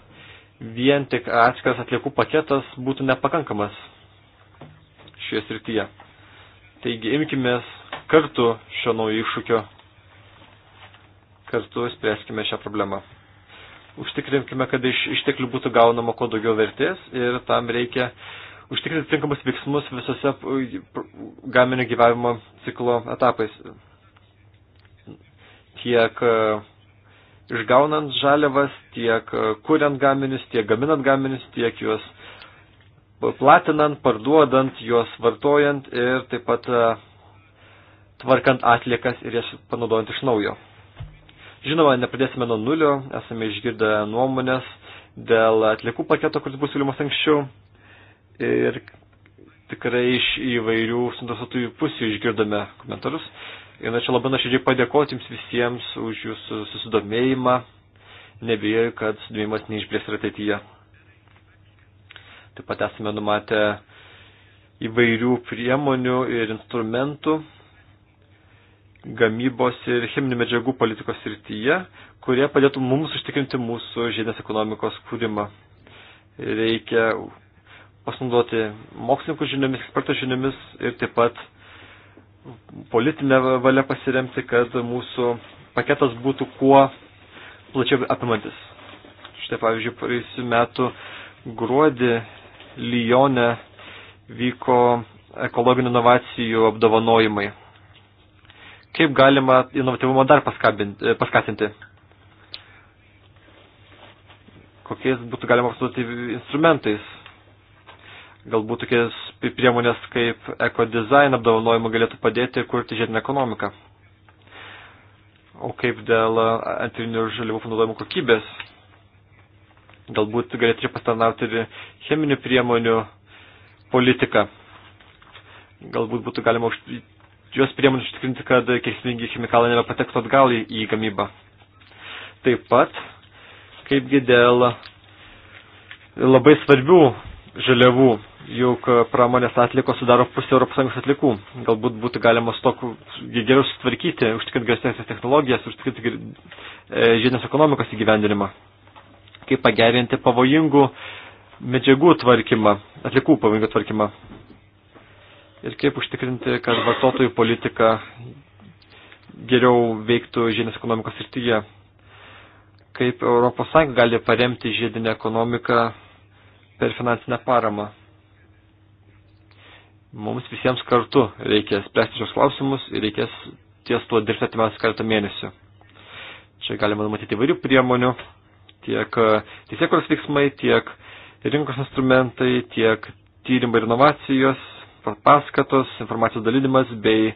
S1: vien tik atskiras atliekų paketas būtų nepakankamas šioje srityje. Taigi imkime kartu šio naujo iššūkio kartu spręskime šią problemą. Užtikrinkime, kad iš išteklių būtų gaunama kuo daugiau vertės ir tam reikia užtikrinti tinkamus veiksmus visose e, gaminio gyvavimo ciklo etapais. Tiek e, išgaunant žaliavas, tiek e, kuriant gaminius, tiek gaminant gaminius, tiek juos platinant, parduodant, juos vartojant ir taip pat tvarkant atliekas ir jas panaudojant iš naujo. Žinoma, nepradėsime nuo nulio, esame išgirdę nuomonės dėl atliekų paketo, kuris bus siūlymas anksčiau. Ir tikrai iš įvairių suinteresuotųjų pusių išgirdome komentarus. Ir norėčiau labai nuoširdžiai padėkoti jums visiems už jūsų susidomėjimą. Nebijoju, kad susidomėjimas neišblės ir ateityje. Taip pat esame numatę įvairių priemonių ir instrumentų gamybos ir cheminių medžiagų politikos srityje, kurie padėtų mums užtikrinti mūsų žiedinės ekonomikos kūrimą. Reikia pasinaudoti mokslininkų žiniomis, ekspertų žiniomis ir taip pat politinę valią pasiremti, kad mūsų paketas būtų kuo plačiau apimantis. Štai pavyzdžiui, praėjusiu metu gruodį Lyonė vyko ekologinių inovacijų apdovanojimai. Kaip galima inovatyvumą dar e, paskatinti? Kokiais būtų galima pasinaudoti instrumentais? Galbūt tokias priemonės kaip ekodizain apdovanojimo galėtų padėti kurti žiedinę ekonomiką. O kaip dėl antrinių žaliavų panaudojimo kokybės? Galbūt galėtų čia pasitarnauti ir cheminių priemonių politiką. Galbūt būtų galima jos priemonės užtikrinti, kad kenksmingi chemikalai nebepatektų atgal į, į gamybą. Taip pat, kaipgi dėl labai svarbių žaliavų, juk pramonės atlikos sudaro pusę ES atlikų. Galbūt būtų galima su tokiu geriau sutvarkyti, užtikrinti geresnės technologijas, užtikrinti e, žiedinės ekonomikos įgyvendinimą. Kaip pagerinti pavojingų medžiagų tvarkymą, atlikų pavojingų tvarkymą ir kaip užtikrinti, kad vartotojų politika geriau veiktų žiedinės ekonomikos srityje. Kaip ES gali paremti žiedinę ekonomiką per finansinę paramą. Mums visiems kartu reikia spręsti šios klausimus ir reikės ties tuo dirbti atimiausias keletą mėnesių. Čia galima numatyti įvairių priemonių, tiek teisėkuros veiksmai, tiek rinkos instrumentai, tiek tyrimai ir inovacijos, paskatos, informacijos dalinimas bei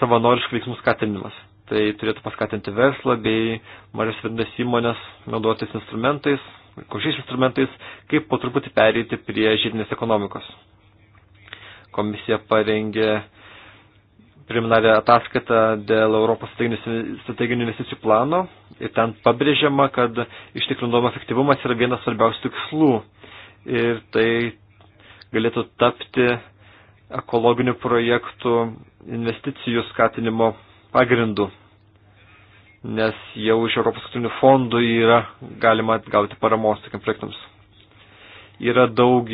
S1: savanoriškų veiksmų skatinimas. Tai turėtų paskatinti verslą bei mažas vidinės įmonės naudotis instrumentais, kokiais instrumentais, kaip po truputį pereiti prie žiedinės ekonomikos. Komisija parengė preliminarią ataskaitą dėl Europos strateginių investicijų plano ir ten pabrėžiama, kad ištikrindomo efektyvumas yra vienas svarbiausių tikslų ir tai galėtų tapti ekologinių projektų investicijų skatinimo pagrindų, nes jau iš Europos kultūrinių fondų yra galima gauti paramos tokiam projektams. Yra daug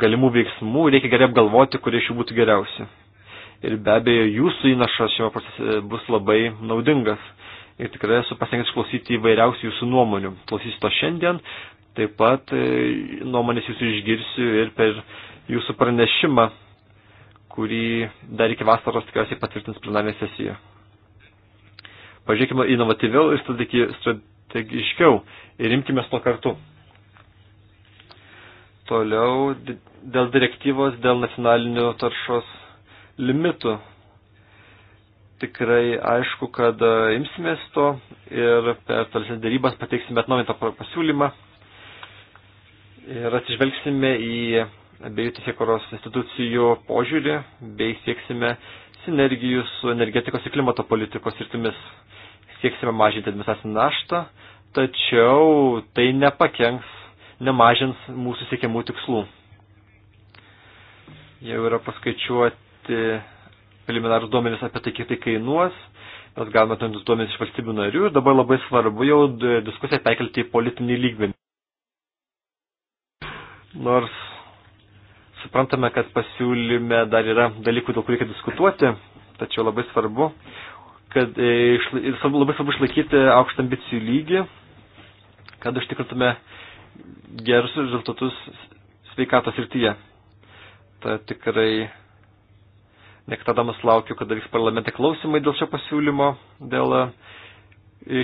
S1: galimų veiksmų, reikia gerai apgalvoti, kurie iš jų būtų geriausi. Ir be abejo, jūsų įnašas šiame procese bus labai naudingas. Ir tikrai esu pasirinkęs klausyti įvairiausių jūsų nuomonių. Klausysiu to šiandien, taip pat e, nuomonės jūsų išgirsiu ir per jūsų pranešimą kurį dar iki vasaros tikriausiai patvirtins plenarinė sesija. Pažiūrėkime inovatyviau ir strategiškiau ir imkime to kartu. Toliau dėl direktyvos, dėl nacionalinių taršos limitų. Tikrai aišku, kad e, imsimės to ir per tolesnės dėrybas pateiksime atnaujintą pasiūlymą ir atsižvelgsime į abiejų teisėkoros institucijų požiūrį bei sieksime sinergijų su energetikos ir klimato politikos sritimis. Sieksime mažinti administracinę naštą, tačiau tai nepakenks, nemažins mūsų siekiamų tikslų. Jau yra paskaičiuoti preliminarus duomenys apie tai, kiek tai kainuos. Mes galime tuos duomenys iš valstybių narių ir dabar labai svarbu jau diskusiją perkelti į politinį lygmenį. Nors Suprantame, kad pasiūlyme dar yra dalykų, dėl kurių reikia diskutuoti, tačiau labai svarbu, kad e, svarbu, labai svarbu išlaikyti aukštą ambicijų lygį, kad užtikrintume gerus rezultatus sveikatos rytyje. Ta tikrai nektadamas laukiu, kada vyks parlamente klausimai dėl šio pasiūlymo, dėl e,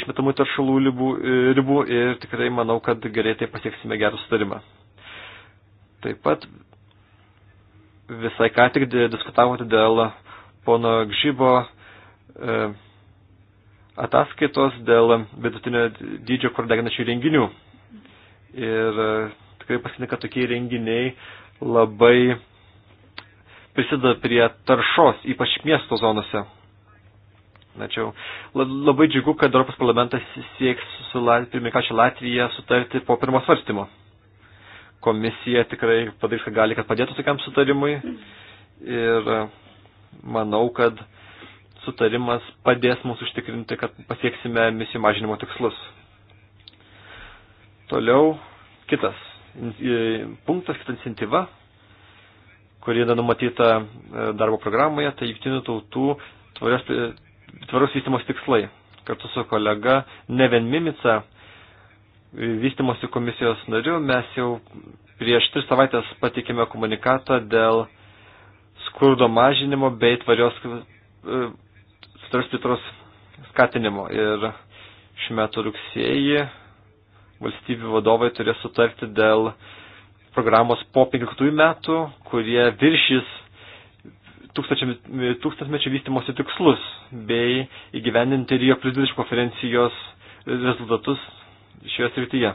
S1: išmetamų taršalų ribų, e, ribų ir tikrai manau, kad greitai pasieksime gerą sutarimą. Taip pat visai ką tik diskutavote dėl pono Gžybo e, ataskaitos dėl vidutinio dydžio kur degančių renginių. Ir e, tikrai pasakyti, kad tokie renginiai labai prisideda prie taršos, ypač miesto zonose. Tačiau labai džiugu, kad Europos parlamentas sieks su Lat pirmikačia Latvija sutarti po pirmo svarstymo komisija tikrai padarys, ką gali, kad padėtų tokiam sutarimui. Ir e, manau, kad sutarimas padės mums užtikrinti, kad pasieksime misijų mažinimo tikslus. Toliau kitas e, punktas, kita incentyva, kuri yra numatyta e, darbo programoje, tai jungtinių tautų tvarios, tvarios vystimos tikslai. Kartu su kolega Neven Mimica vystimosi komisijos nariu mes jau prieš tris savaitės patikėme komunikatą dėl skurdo mažinimo bei tvarios e, tvarios plėtros skatinimo. Ir šiuo metu rugsėjį valstybių vadovai turės sutarti dėl programos po 15 metų, kurie viršys tūkstantmečio vystimosi tikslus bei įgyvendinti Rio plus 20 konferencijos rezultatus šioje srityje.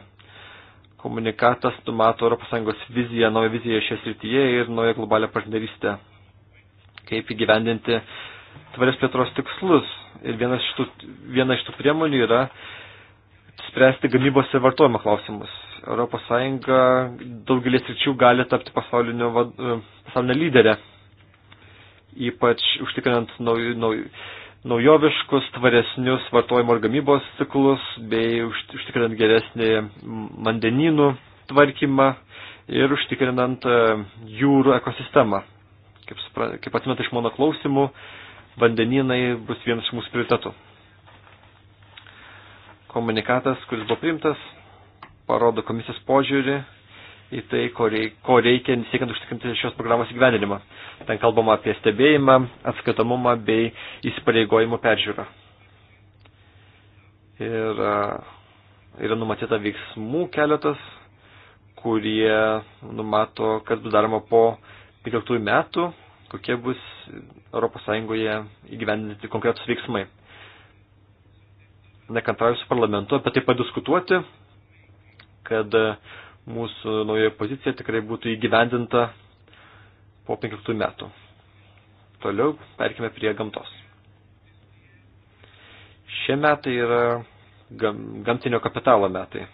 S1: Komunikatas numato ES viziją, naują viziją šioje srityje ir naują globalią partnerystę, kaip įgyvendinti tvarės plėtros tikslus. Ir viena iš tų, viena iš tų priemonių yra spręsti gamybos ir vartojimo klausimus. ES daugelį sričių gali tapti pasaulinio, e, pasaulinio lyderę, ypač užtikrinant naujų, naujų naujoviškus, tvaresnius vartojimo ir gamybos ciklus, bei užtikrinant geresnį vandenynų tvarkymą ir užtikrinant e, jūrų ekosistemą. Kaip, kaip atsimeta iš mano klausimų, vandenynai bus vienas iš mūsų prioritetų. Komunikatas, kuris buvo priimtas, parodo komisijos požiūrį į tai, ko reikia, siekiant užtikrinti šios programos įgyvendinimą. Ten kalbama apie stebėjimą, atskaitomumą bei įsipareigojimų peržiūrą. Ir e, yra numatyta veiksmų keletas, kurie numato, kas bus daroma po 15 metų, kokie bus ES įgyvendinti konkretus veiksmai. Nekantrauju su parlamentu apie tai padiskutuoti, kad mūsų naujoji pozicija tikrai būtų įgyvendinta po 15 metų. Toliau perkime prie gamtos. Šie metai yra gam, gamtinio kapitalo metai.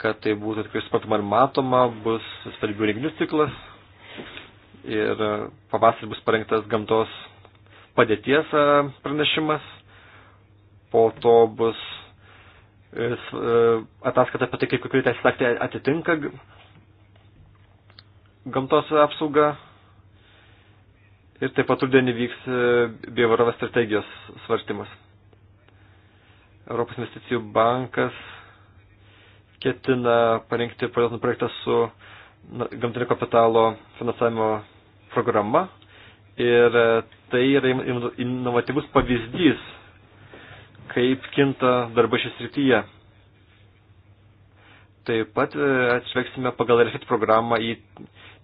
S1: Kad tai būtų tikrai suprantama ir matoma, bus svarbių renginių ciklas ir pavasarį bus parengtas gamtos padėties pranešimas, po to bus E, e, ataskaita apie tai, kaip kokių teisės aktai atitinka gamtos apsaugą. Ir taip pat rudenį vyks e, biovarovės strategijos svarstymas. Europos investicijų bankas ketina parengti pilotinį projektą su gamtinio kapitalo finansavimo programa. Ir tai yra inovatyvus pavyzdys kaip kinta darba šis rytyje. Taip pat e, atsvegsime pagal RFIT programą į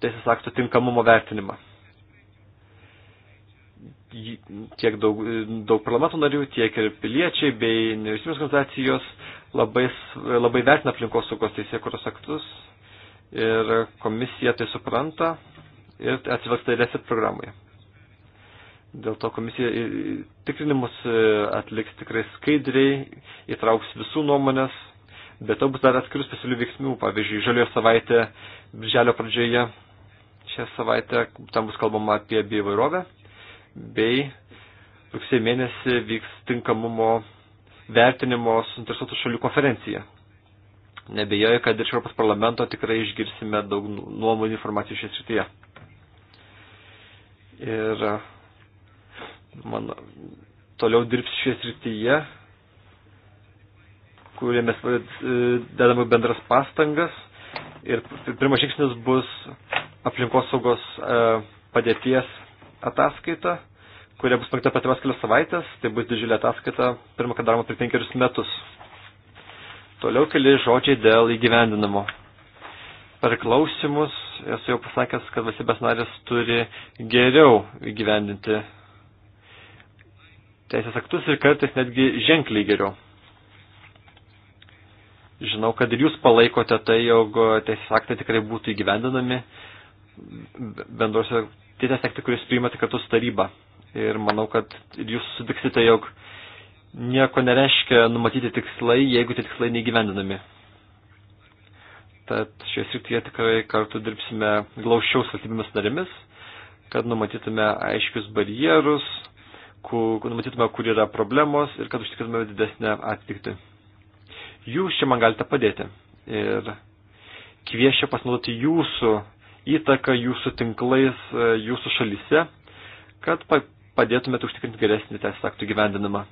S1: teisės aktų tinkamumo vertinimą. Tiek daug, e, daug parlamento narių, tiek ir piliečiai bei nevyriausybės organizacijos labai, e, labai vertina aplinkos saugos teisėkuros aktus ir komisija tai supranta ir atsvegsta į RFIT programoje. Dėl to komisija tikrinimus e, atliks tikrai skaidriai, įtrauks visų nuomonės, bet to bus dar atskirų specialių veiksmų, pavyzdžiui, žaliojo savaitė, birželio pradžioje, šią savaitę, tam bus kalbama apie bioįvairovę, bei rugsėjo mėnesį vyks tinkamumo vertinimo suinteresuotų šalių konferencija. Nebejoju, kad iš Europos parlamento tikrai išgirsime daug nuomonių informacijų šią srityje. Ir man toliau dirbs šioje srityje, kurie mes e, dedame bendras pastangas ir pirmas žingsnis bus aplinkosaugos e, padėties ataskaita, kuria bus penkta patybos kelias savaitės, tai bus didžiulė ataskaita, pirmą kartą daroma per penkerius metus. Toliau keli žodžiai dėl įgyvendinimo. Per klausimus esu jau pasakęs, kad valstybės narės turi geriau įgyvendinti teisės aktus ir kartais netgi ženkliai geriau. Žinau, kad ir jūs palaikote tai, jog teisės aktai tikrai būtų įgyvendinami bendrose teisės aktai, kuris priimate kartu su taryba. Ir manau, kad ir jūs sutiksite, jog nieko nereiškia numatyti tikslai, jeigu tie tikslai neįgyvendinami. Tad šioje srityje tikrai kartu dirbsime glaušiaus valstybėmis narėmis, kad numatytume aiškius barjerus, kur numatytume, kur yra problemos ir kad užtikrintume didesnę atlikti. Jūs čia man galite padėti ir kviešia pasinaudoti jūsų įtaką, jūsų tinklais, e, jūsų šalyse, kad padėtumėte užtikrinti geresnį teisės aktų gyvendinimą.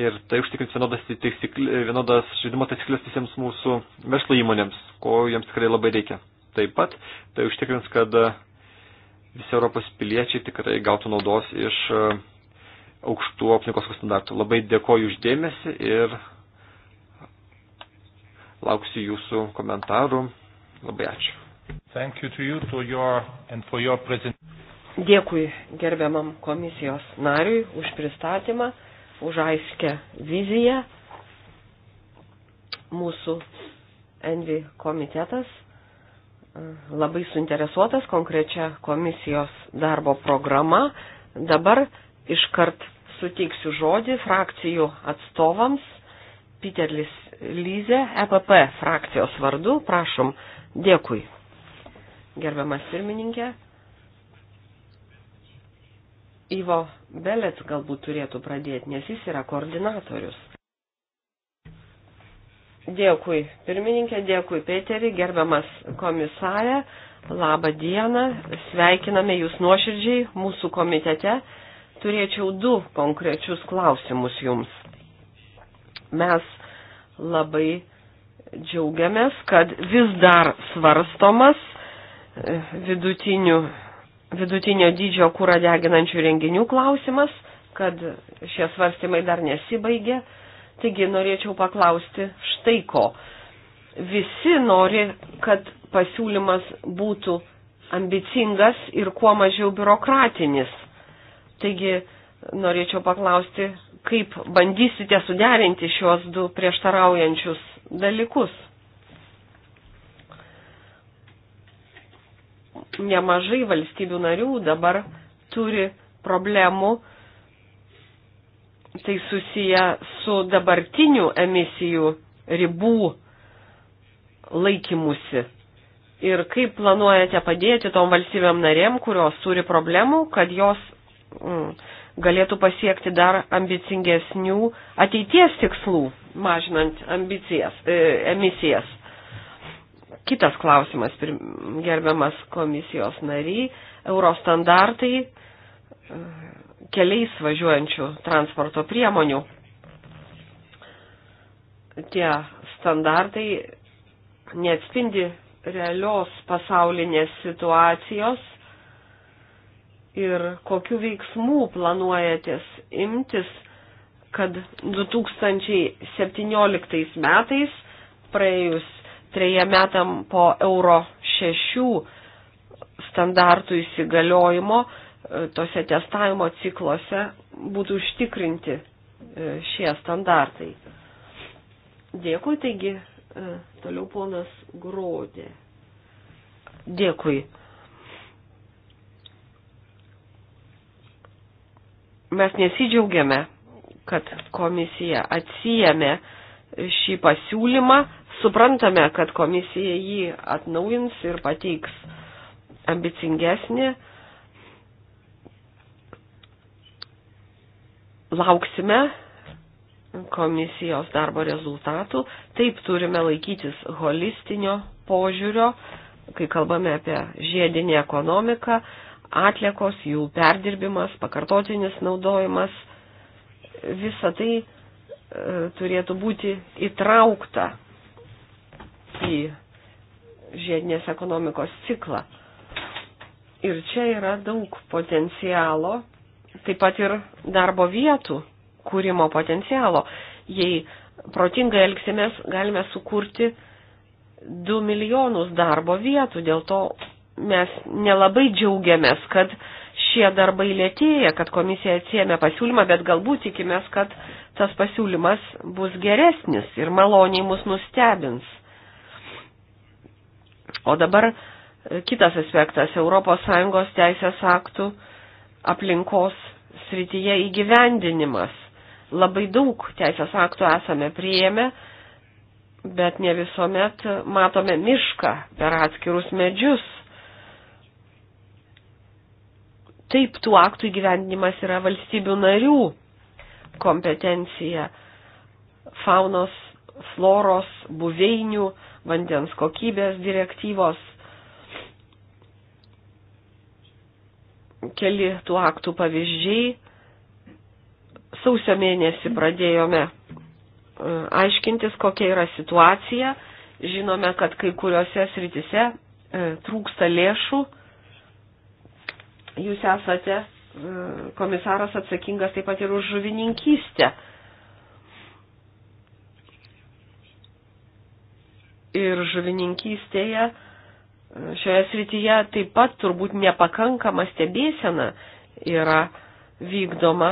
S1: Ir tai užtikrins vienodas, taisyklė, vienodas žaidimo taisyklės visiems mūsų verslo įmonėms, ko jiems tikrai labai reikia. Taip pat tai užtikrins, kad visi Europos piliečiai tikrai gautų naudos iš e, aukštų aplinkos standartų. Labai dėkoju uždėmesi ir lauksiu jūsų komentarų. Labai ačiū. Thank you to you to your and for your present. Dėkui gerbiamam
S2: komisijos nariui už pristatymą, už aiškę viziją. Mūsų Envi komitetas labai suinteresuotas konkrečia komisijos darbo programa. Dabar iškart suteiksiu žodį frakcijų atstovams. Piterlis Lyze, EPP frakcijos vardu, prašom, dėkui. Gerbiamas pirmininkė. Ivo Belets galbūt turėtų pradėti, nes jis yra koordinatorius. Dėkui, pirmininkė, dėkui, Peterį, gerbiamas komisarė, labą dieną, sveikiname Jūs nuoširdžiai mūsų komitete. Turėčiau du konkrečius klausimus Jums. Mes labai džiaugiamės, kad vis dar svarstomas e, vidutinio dydžio kūrą deginančių renginių klausimas, kad šie svarstymai dar nesibaigė Taigi norėčiau paklausti štai ko. Visi nori, kad pasiūlymas būtų ambicingas ir kuo mažiau biurokratinis. Taigi norėčiau paklausti, kaip bandysite suderinti šios du prieštaraujančius dalykus. Nemažai valstybių narių dabar turi problemų tai susiję su dabartiniu emisijų ribų laikymusi. Ir kaip planuojate padėti tom valstybėm narėm, kurios turi problemų, kad jos mm, galėtų pasiekti dar ambicingesnių ateities tikslų, mažinant ambicijas, e, emisijas. Kitas klausimas, gerbiamas komisijos nariai, eurostandartai. E, keliais važiuojančių transporto priemonių. Tie standartai neatspindi realios pasaulinės situacijos ir kokiu veiksmu planuojatės imtis, kad 2017 metais, praėjus treja metam po Euro 6 standartų įsigaliojimo, E, tose testavimo cikluose būtų užtikrinti e, šie standartai. Dėkui, taigi e, toliau ponas Grodė. Dėkui. Mes nesidžiaugiame, kad komisija atsijėmė šį pasiūlymą, suprantame, kad komisija jį atnaujins ir pateiks ambicingesnį lauksime komisijos darbo rezultatų. Taip turime laikytis holistinio požiūrio, kai kalbame apie žiedinį ekonomiką, atliekos, jų perdirbimas, pakartotinis naudojimas. Visa tai e, turėtų būti įtraukta į žiedinės ekonomikos ciklą. Ir čia yra daug potencialo taip pat ir darbo vietų kūrimo potencialo. Jei protingai elgsimės, galime sukurti 2 milijonus darbo vietų, dėl to mes nelabai džiaugiamės, kad šie darbai lėtėja, kad komisija atsiemė pasiūlymą, bet galbūt tikimės, kad tas pasiūlymas bus geresnis ir maloniai mus nustebins. O dabar kitas aspektas - ES teisės aktų aplinkos srityje įgyvendinimas. Labai daug teisės aktų esame prieėmę, bet ne visuomet matome mišką per atskirus medžius. Taip, tų aktų įgyvendinimas yra valstybių narių kompetencija faunos, floros, buveinių, vandens kokybės direktyvos keli tų aktų pavyzdžiai. Sausio mėnesį pradėjome e, aiškintis, kokia yra situacija. Žinome, kad kai kuriuose sritise e, trūksta lėšų. Jūs esate e, komisaras atsakingas taip pat ir už žuvininkystę. Ir žuvininkystėje šioje srityje taip pat turbūt nepakankama stebėsena yra vykdoma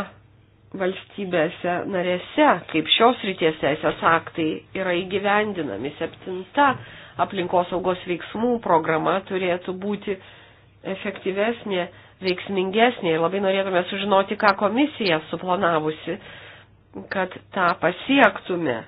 S2: valstybėse narėse, kaip šios ryties teisės aktai yra įgyvendinami. Septinta aplinkosaugos veiksmų programa turėtų būti efektyvesnė, veiksmingesnė ir labai norėtume sužinoti, ką komisija suplanavusi, kad tą pasiektume.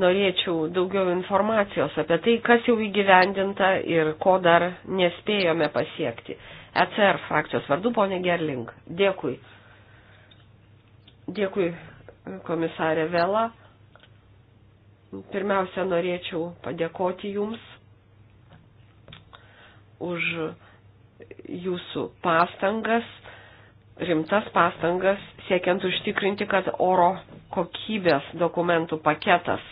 S2: norėčiau daugiau informacijos apie tai, kas jau įgyvendinta ir ko dar nespėjome pasiekti. ECR frakcijos vardu, ponė Gerling. Dėkui. Dėkui, komisarė Vela. Pirmiausia, norėčiau padėkoti Jums už Jūsų pastangas, rimtas pastangas, siekiant užtikrinti, kad oro kokybės dokumentų paketas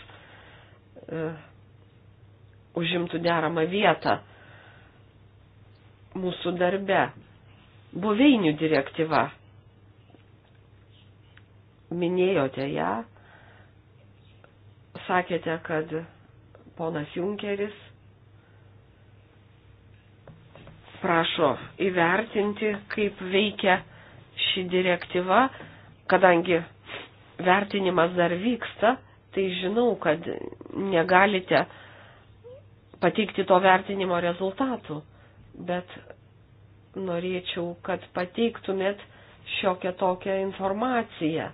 S2: E, užimtų deramą vietą mūsų darbe. Buveinių direktyva. Minėjote ją, sakėte, kad ponas Junkeris prašo įvertinti, kaip veikia ši direktyva, kadangi vertinimas dar vyksta tai žinau, kad negalite pateikti to vertinimo rezultatų, bet norėčiau, kad pateiktumėt šiokią tokią informaciją.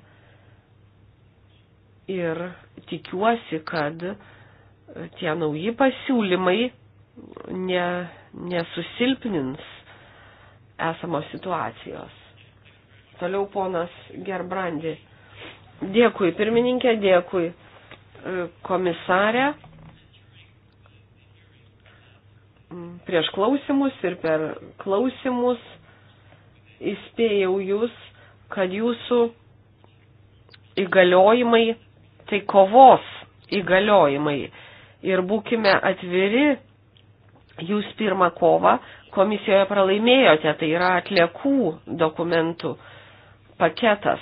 S2: Ir tikiuosi, kad tie nauji pasiūlymai ne, nesusilpnins esamos situacijos. Toliau ponas Gerbrandi. Dėkui, pirmininkė, dėkui komisarę prieš klausimus ir per klausimus įspėjau jūs, kad jūsų įgaliojimai tai kovos įgaliojimai. Ir būkime atviri, jūs pirmą kovą komisijoje pralaimėjote, tai yra atliekų dokumentų paketas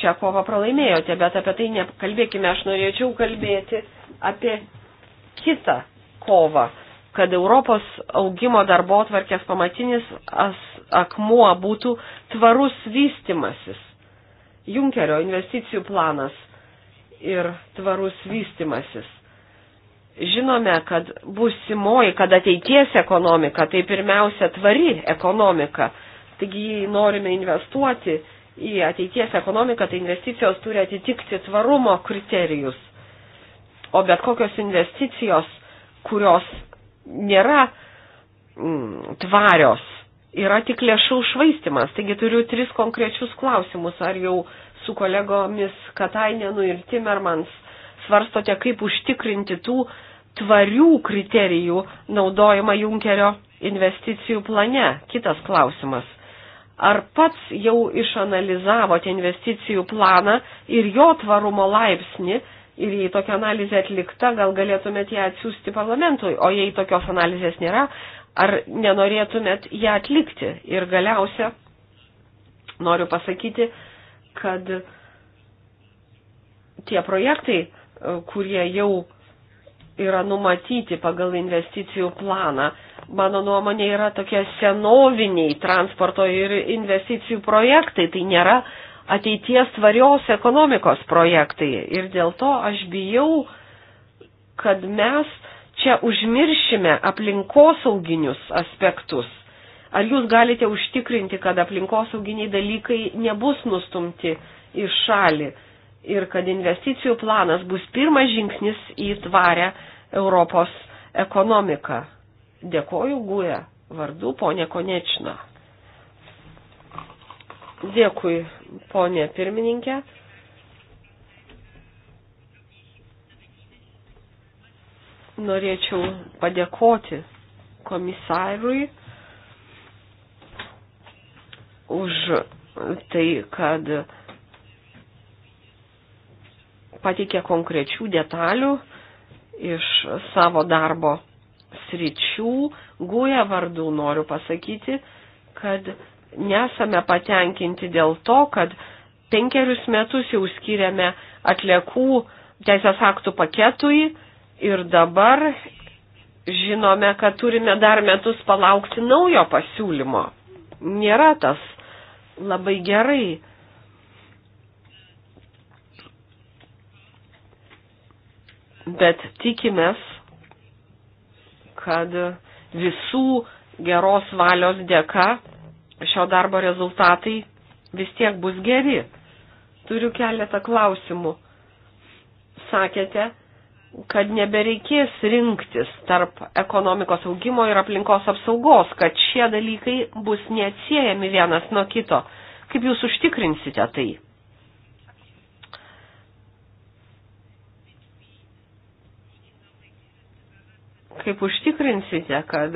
S2: šią kovą pralaimėjote, bet apie tai nekalbėkime, aš norėčiau kalbėti apie kitą kovą, kad Europos augimo darbo atvarkės pamatinis as, akmuo būtų tvarus vystimasis. Junkerio investicijų planas ir tvarus vystimasis. Žinome, kad būsimoji, kad ateities ekonomika, tai pirmiausia tvari ekonomika, taigi jei norime investuoti, į ateities ekonomiką, tai investicijos turi atitikti tvarumo kriterijus. O bet kokios investicijos, kurios nėra mm, tvarios, yra tik lėšų švaistimas. Taigi turiu tris konkrečius klausimus. Ar jau su kolegomis Katainenu ir Timermans svarstote, kaip užtikrinti tų tvarių kriterijų naudojimą Junkerio investicijų plane? Kitas klausimas ar pats jau išanalizavote investicijų planą ir jo tvarumo laipsnį, ir jei tokia analizė atlikta, gal galėtumėt ją atsiųsti parlamentui, o jei tokios analizės nėra, ar nenorėtumėt ją atlikti. Ir galiausia, noriu pasakyti, kad tie projektai, kurie jau yra numatyti pagal investicijų planą, mano nuomonė, yra tokie senoviniai transporto ir investicijų projektai. Tai nėra ateities tvarios ekonomikos projektai. Ir dėl to aš bijau, kad mes čia užmiršime aplinkosauginius aspektus. Ar jūs galite užtikrinti, kad aplinkosauginiai dalykai nebus nustumti į šalį ir kad investicijų planas bus pirmas žingsnis į tvarę Europos ekonomiką? Dėkoju Guja vardu, ponė Konečna. Dėkui, ponė pirmininkė. Norėčiau padėkoti komisarui už tai, kad pateikė konkrečių detalių iš savo darbo sričių, guja vardų noriu pasakyti, kad nesame patenkinti dėl to, kad penkerius metus jau skiriame atliekų teisės aktų paketui ir dabar žinome, kad turime dar metus palaukti naujo pasiūlymo. Nėra tas labai gerai. Bet tikimės, kad visų geros valios dėka šio darbo rezultatai vis tiek bus geri. Turiu keletą klausimų. Sakėte, kad nebereikės rinktis tarp ekonomikos augimo ir aplinkos apsaugos, kad šie dalykai bus neatsiejami vienas nuo kito. Kaip jūs užtikrinsite tai? Kaip užtikrinsite, kad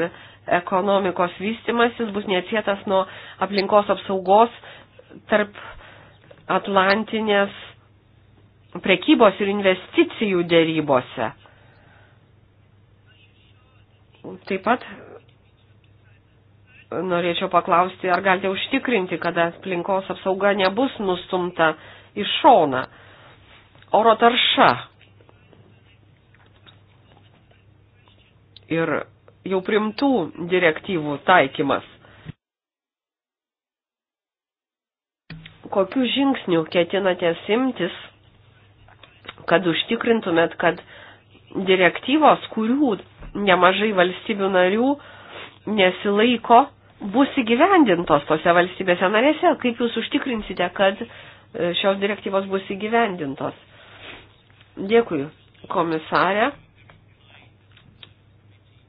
S2: ekonomikos vystimasis bus neatsietas nuo aplinkos apsaugos tarp Atlantinės prekybos ir investicijų dėrybose. Taip pat norėčiau paklausti, ar galite užtikrinti, kad aplinkos apsauga nebus nustumta į šoną. Oro tarša ir jau primtų direktyvų taikymas. Kokių žingsnių ketinate simtis, kad užtikrintumėt, kad direktyvos, kurių nemažai valstybių narių nesilaiko, bus įgyvendintos tose valstybėse narėse, kaip jūs užtikrinsite, kad e, šios direktyvos bus įgyvendintos. Dėkui, komisarė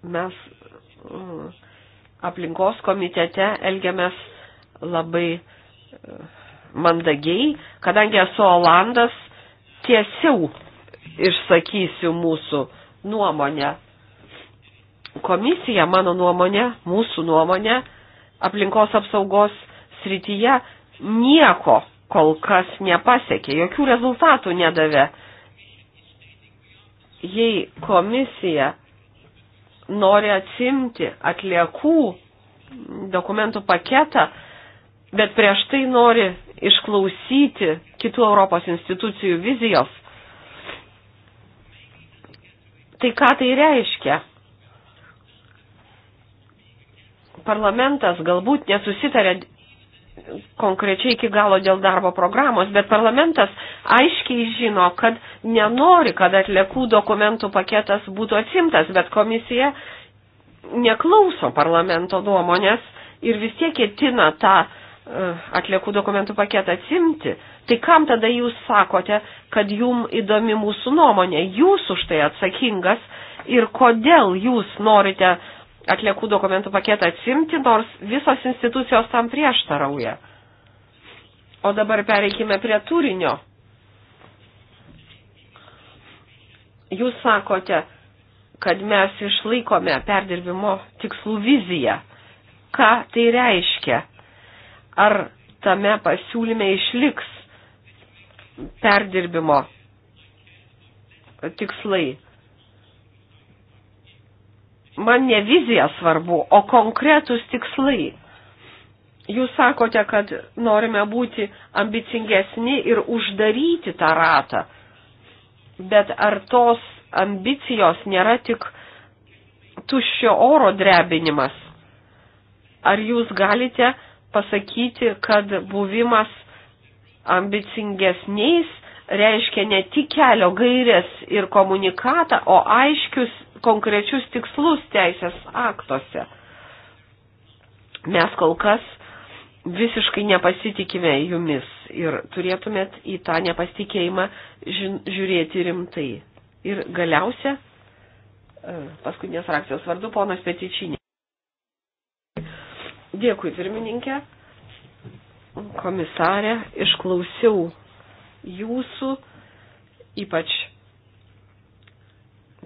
S2: mes mm, aplinkos komitete elgiamės labai mm, mandagiai, kadangi esu Olandas, tiesiau išsakysiu mūsų nuomonę. Komisija, mano nuomonė, mūsų nuomonė, aplinkos apsaugos srityje nieko kol kas nepasiekė, jokių rezultatų nedavė. Jei komisija nori atsimti atliekų dokumentų paketą, bet prieš tai nori išklausyti kitų Europos institucijų vizijos. Tai ką tai reiškia? Parlamentas galbūt nesusitarė konkrečiai iki galo dėl darbo programos, bet parlamentas aiškiai žino, kad nenori, kad atliekų dokumentų paketas būtų atsimtas, bet komisija neklauso parlamento nuomonės ir vis tiek ketina tą e, atliekų dokumentų paketą atsimti. Tai kam tada jūs sakote, kad jum įdomi mūsų nuomonė? Jūs už tai atsakingas ir kodėl jūs norite atliekų dokumentų paketą atsimti, nors visos institucijos tam prieštarauja. O dabar pereikime prie turinio. Jūs sakote, kad mes išlaikome perdirbimo tikslų viziją. Ką tai reiškia? Ar tame pasiūlyme išliks perdirbimo tikslai? man ne vizija svarbu, o konkretus tikslai. Jūs sakote, kad norime būti ambicingesni ir uždaryti tą ratą, bet ar tos ambicijos nėra tik tuščio oro drebinimas? Ar jūs galite pasakyti, kad buvimas ambicingesniais reiškia ne tik kelio gairės ir komunikatą, o aiškius konkrečius tikslus teisės aktuose. Mes kol kas visiškai nepasitikime jumis ir turėtumėt į tą nepasitikėjimą žiūrėti rimtai. Ir galiausia, e, paskutinės frakcijos vardu, ponas Petičinė. Dėkui, pirmininkė, komisarė, išklausiau jūsų, ypač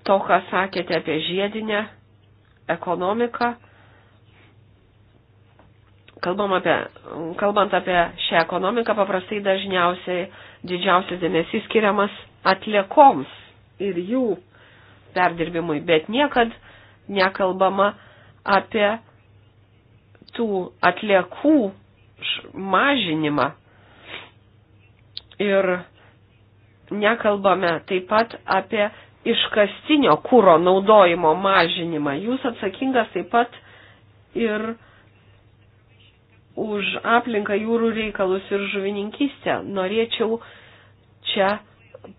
S2: to, ką sakėte apie žiedinę ekonomiką. Kalbam apie, kalbant apie šią ekonomiką, paprastai dažniausiai didžiausias dėmesys skiriamas atliekoms ir jų perdirbimui, bet niekad nekalbama apie tų atliekų mažinimą Ir nekalbame taip pat apie iškastinio kūro naudojimo mažinimą. Jūs atsakingas taip pat ir už aplinką jūrų reikalus ir žuvininkystę. Norėčiau čia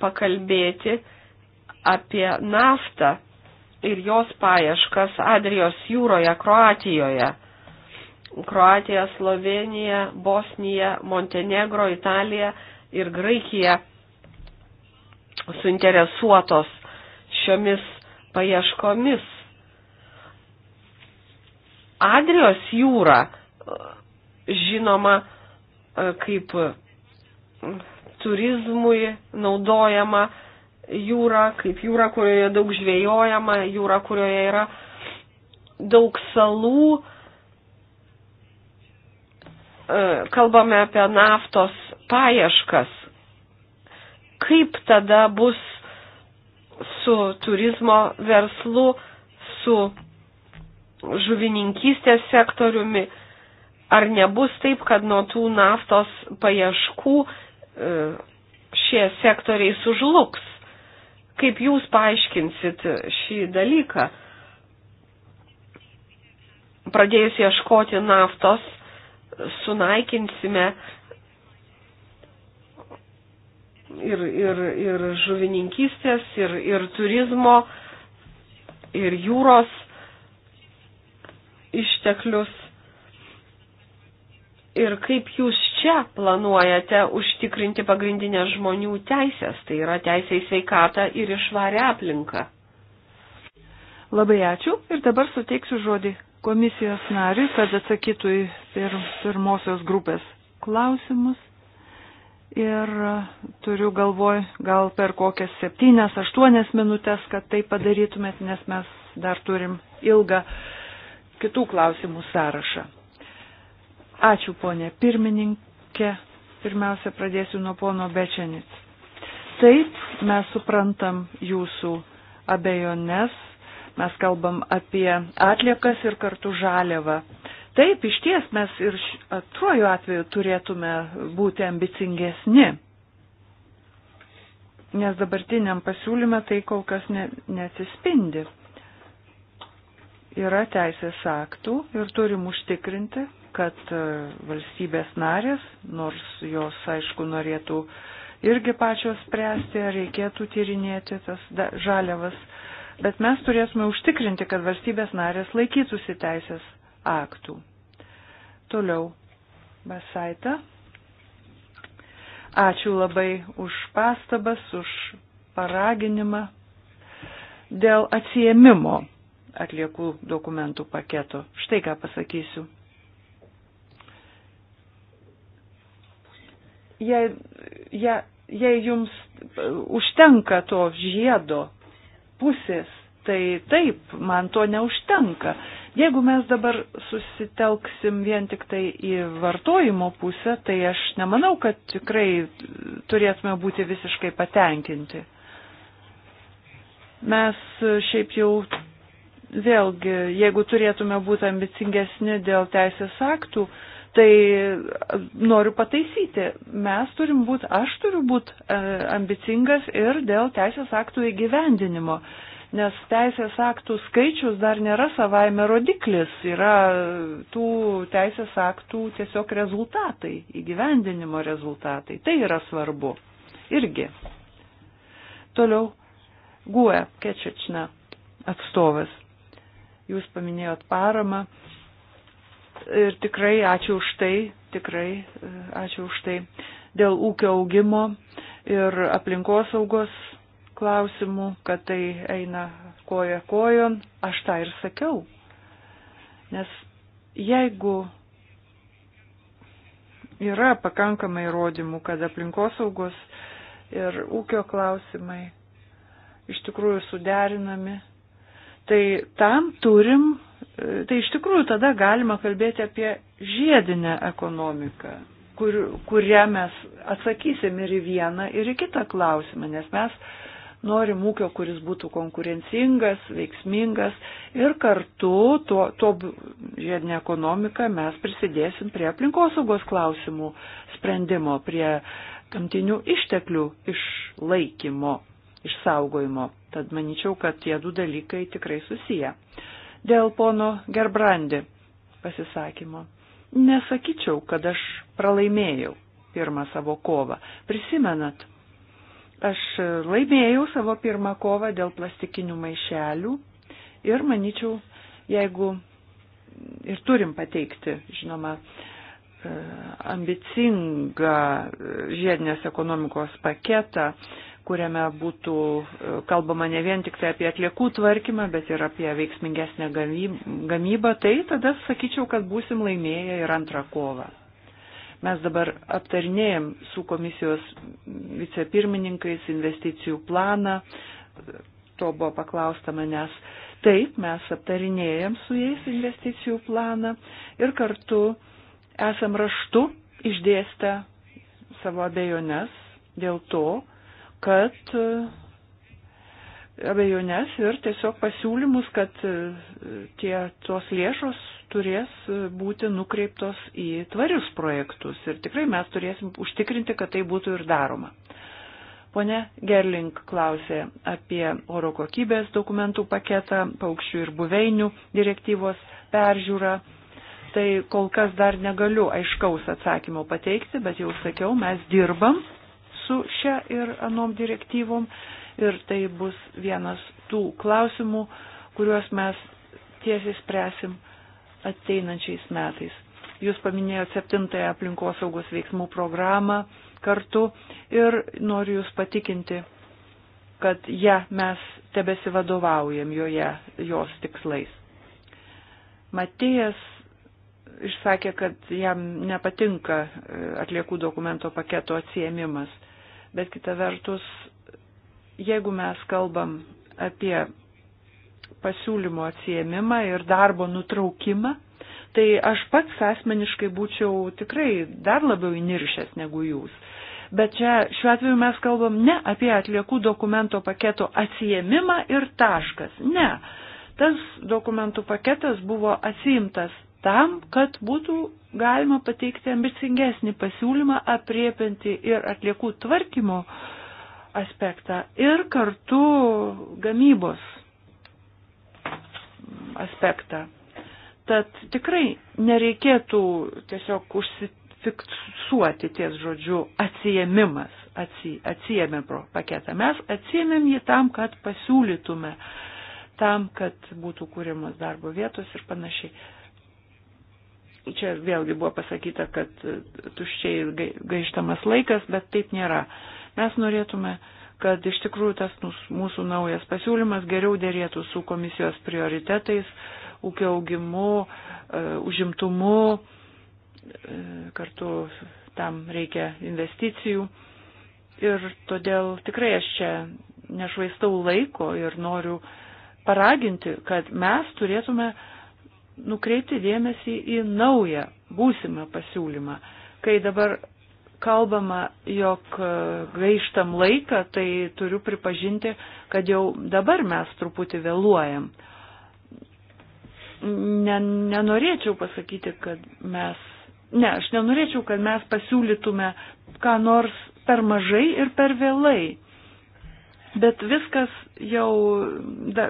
S2: pakalbėti apie naftą ir jos paieškas Adrijos jūroje, Kroatijoje. Kroatija, Slovenija, Bosnija, Montenegro, Italija ir Graikija suinteresuotos šiomis paieškomis. Adrijos jūra e, žinoma e, kaip turizmui naudojama jūra, kaip jūra, kurioje daug žvėjojama, jūra, kurioje yra daug salų, E, kalbame apie naftos paieškas, kaip tada bus su turizmo verslu, su žuvininkystės sektoriumi, ar nebus taip, kad nuo tų naftos paieškų e, šie sektoriai sužlugs? Kaip jūs paaiškinsit šį dalyką? Pradėjus ieškoti naftos, sunaikinsime ir, ir, ir žuvininkystės, ir, ir turizmo, ir jūros išteklius. Ir kaip jūs čia planuojate užtikrinti pagrindinės žmonių teisės, tai yra teisė į sveikatą ir išvarę aplinką.
S3: Labai ačiū ir dabar suteiksiu žodį komisijos nariui, kad atsakytų į pir, pirmosios grupės klausimus. Ir turiu galvoj, gal per kokias septynes, aštuonias minutės, kad tai padarytumėt, nes mes dar turim ilgą kitų klausimų sąrašą. Ačiū, ponė pirmininkė. Pirmiausia, pradėsiu nuo pono Bečenic. Taip, mes suprantam jūsų abejonės Mes kalbam apie atliekas ir kartu žaliavą. Taip, iš ties mes ir atruoju atveju turėtume būti ambicingesni, nes dabartiniam pasiūlyme tai kol kas ne, neatsispindi. Yra teisės aktų ir turim užtikrinti, kad e, valstybės narės, nors jos, aišku, norėtų irgi pačios spręsti, ar reikėtų tyrinėti tas žaliavas, Bet mes turėsime užtikrinti, kad valstybės narės laikytųsi teisės aktų. Toliau. Basaita. Ačiū labai už pastabas, už paraginimą. Dėl atsiemimo atliekų dokumentų paketo. Štai ką pasakysiu. Jei, je, jei jums užtenka to žiedo pusės, tai taip, man to neužtenka. Jeigu mes dabar susitelksim vien tik tai į vartojimo pusę, tai aš nemanau, kad tikrai turėtume būti visiškai patenkinti. Mes šiaip jau vėlgi, jeigu turėtume būti ambicingesni dėl teisės aktų, Tai e, noriu pataisyti, mes turim būti, aš turiu būti e, ambicingas ir dėl teisės aktų įgyvendinimo, nes teisės aktų skaičius dar nėra savaime rodiklis, yra tų teisės aktų tiesiog rezultatai, įgyvendinimo rezultatai. Tai yra svarbu. Irgi. Toliau Gue Kečična atstovas. Jūs paminėjot paramą Ir tikrai ačiū už tai, tikrai e, ačiū už tai dėl ūkio augimo ir aplinkosaugos klausimų, kad tai eina koja kojon. Aš tą ir sakiau. Nes jeigu yra pakankamai įrodymų, kad aplinkosaugos ir ūkio klausimai iš tikrųjų suderinami, tai tam turim tai iš tikrųjų tada galima kalbėti apie žiedinę ekonomiką, kur, kurią mes atsakysim ir į vieną, ir į kitą klausimą, nes mes norim ūkio, kuris būtų konkurencingas, veiksmingas ir kartu tuo, tuo žiedinė ekonomika mes prisidėsim prie aplinkosaugos klausimų sprendimo, prie gamtinių išteklių išlaikymo, išsaugojimo. Tad manyčiau, kad tie du dalykai tikrai susiję. Uh, dėl pono Gerbrandi pasisakymo. Nesakyčiau, kad aš pralaimėjau pirmą savo kovą. Prisimenat, aš laimėjau savo pirmą kovą dėl plastikinių maišelių ir manyčiau, jeigu ir turim pateikti, žinoma, e, ambicingą e, žiedinės ekonomikos paketą, kuriame būtų e, kalbama ne vien tik tai apie atliekų tvarkymą, bet ir apie veiksmingesnę gamybą, tai tada sakyčiau, kad būsim laimėję ir antrą kovą. Mes dabar aptarinėjom su komisijos vicepirmininkais investicijų planą, to buvo paklausta manęs. Taip, mes aptarinėjom su jais investicijų planą ir kartu esam raštu išdėstę savo abejones dėl to, kad e, abejonės ir tiesiog pasiūlymus, kad e, tie tos lėšos turės e, būti nukreiptos į tvarius projektus. Ir tikrai mes turėsim užtikrinti, kad tai būtų ir daroma. Pone Gerling klausė apie oro kokybės dokumentų paketą, paukščių ir buveinių direktyvos peržiūrą. Tai kol kas dar negaliu aiškaus atsakymo pateikti, bet jau sakiau, mes dirbam su šia ir anom direktyvom. Ir tai bus vienas tų klausimų, kuriuos mes tiesiai spręsim ateinančiais metais. Jūs paminėjote septintąją aplinkosaugos veiksmų programą kartu ir noriu Jūs patikinti, kad ją ja, mes tebesivadovaujam joje jos tikslais. Matėjas išsakė, kad jam nepatinka e, atliekų dokumento paketo atsiemimas bet kita vertus, jeigu mes kalbam apie pasiūlymo atsiemimą ir darbo nutraukimą, tai aš pats asmeniškai būčiau tikrai dar labiau įniršęs negu jūs. Bet čia šiuo atveju mes kalbam ne apie atliekų dokumento paketo atsiemimą ir taškas. Ne. Tas dokumentų paketas buvo atsiimtas tam, kad būtų galima pateikti ambicingesnį pasiūlymą apriepinti ir atliekų tvarkymo aspektą ir kartu gamybos aspektą. Tad tikrai nereikėtų tiesiog užsifiksuoti ties žodžiu atsijėmimas, atsi, atsijėmė pro paketą. Mes atsijėmėm jį tam, kad pasiūlytume, tam, kad būtų kūrimas darbo vietos ir panašiai. Čia vėlgi buvo pasakyta, kad tuščiai gaištamas laikas, bet taip nėra. Mes norėtume, kad iš tikrųjų tas mūsų naujas pasiūlymas geriau dėrėtų su komisijos prioritetais, ūkio augimu, e, užimtumu, e, kartu tam reikia investicijų. Ir todėl tikrai aš čia nešvaistau laiko ir noriu paraginti, kad mes turėtume uh, nukreipti dėmesį į naują, būsimą pasiūlymą. Kai dabar kalbama, jog e, gaištam laiką, tai turiu pripažinti, kad jau dabar mes truputį vėluojam. Ne, nenorėčiau pasakyti, kad mes. Ne, aš nenorėčiau, kad mes pasiūlytume ką nors per mažai ir per vėlai. Bet viskas jau da,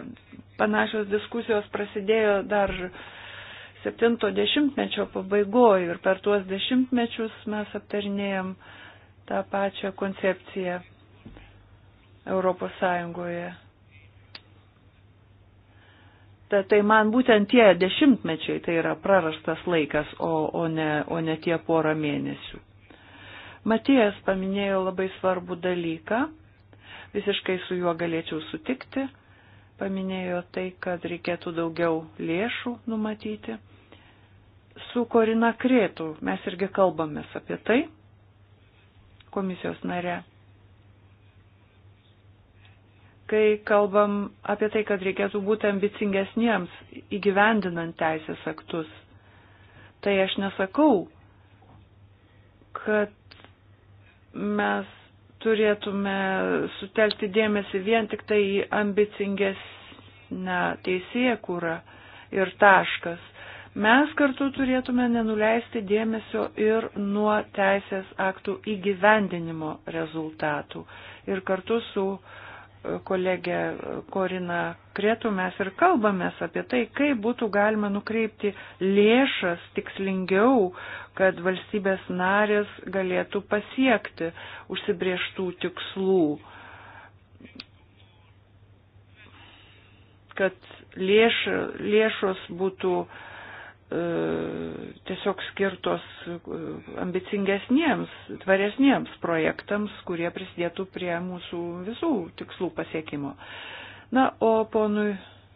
S3: panašios diskusijos prasidėjo dar 70-mečio pabaigoje ir per tuos dešimtmečius mes aptarinėjom tą pačią koncepciją Europos Sąjungoje. Ta, tai man būtent tie dešimtmečiai tai yra prarastas laikas, o, o, ne, o ne tie porą mėnesių. Matijas paminėjo labai svarbų dalyką, visiškai su juo galėčiau sutikti, paminėjo tai, kad reikėtų daugiau lėšų numatyti. Su Korina Krėtų mes irgi kalbamės apie tai, komisijos nare. Kai kalbam apie tai, kad reikėtų būti ambicingesniems įgyvendinant teisės aktus, tai aš nesakau, kad mes turėtume sutelkti dėmesį vien tik tai į ambicingesnę teisėją kūrą ir taškas. Mes kartu turėtume nenuleisti dėmesio ir nuo teisės aktų įgyvendinimo rezultatų ir kartu su uh, kolegė Korina Kretų mes ir kalbamės apie tai, kaip būtų galima nukreipti lėšas tikslingiau, kad valstybės narės galėtų pasiekti užsibrieštų tikslų. Kad lėš, lėšos būtų uh, E, tiesiog skirtos e, ambicingesniems, tvaresniems projektams, kurie prisidėtų prie mūsų visų tikslų pasiekimo. Na, o ponui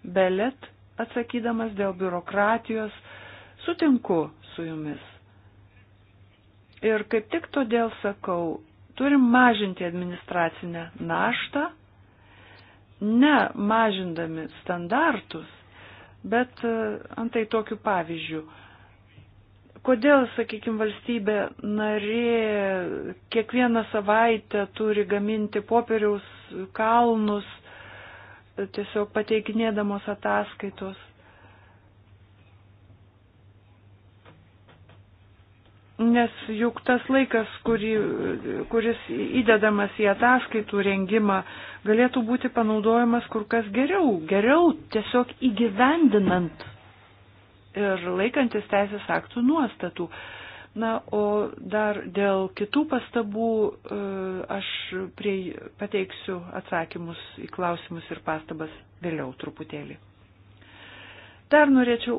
S3: Belet atsakydamas dėl biurokratijos, sutinku su jumis. Ir kaip tik todėl sakau, turim mažinti administracinę naštą, ne mažindami standartus, bet e, antai tokiu pavyzdžiu. Kodėl, sakykime, valstybė narė kiekvieną savaitę turi gaminti popieriaus kalnus, e, tiesiog pateikinėdamos ataskaitos? nes juk tas laikas, kurį, kuris įdedamas į ataskaitų rengimą, galėtų būti panaudojamas kur kas geriau, geriau tiesiog įgyvendinant ir laikantis teisės aktų nuostatų. Na, o dar dėl kitų pastabų e, aš prie, pateiksiu atsakymus į klausimus ir pastabas vėliau truputėlį. Dar norėčiau,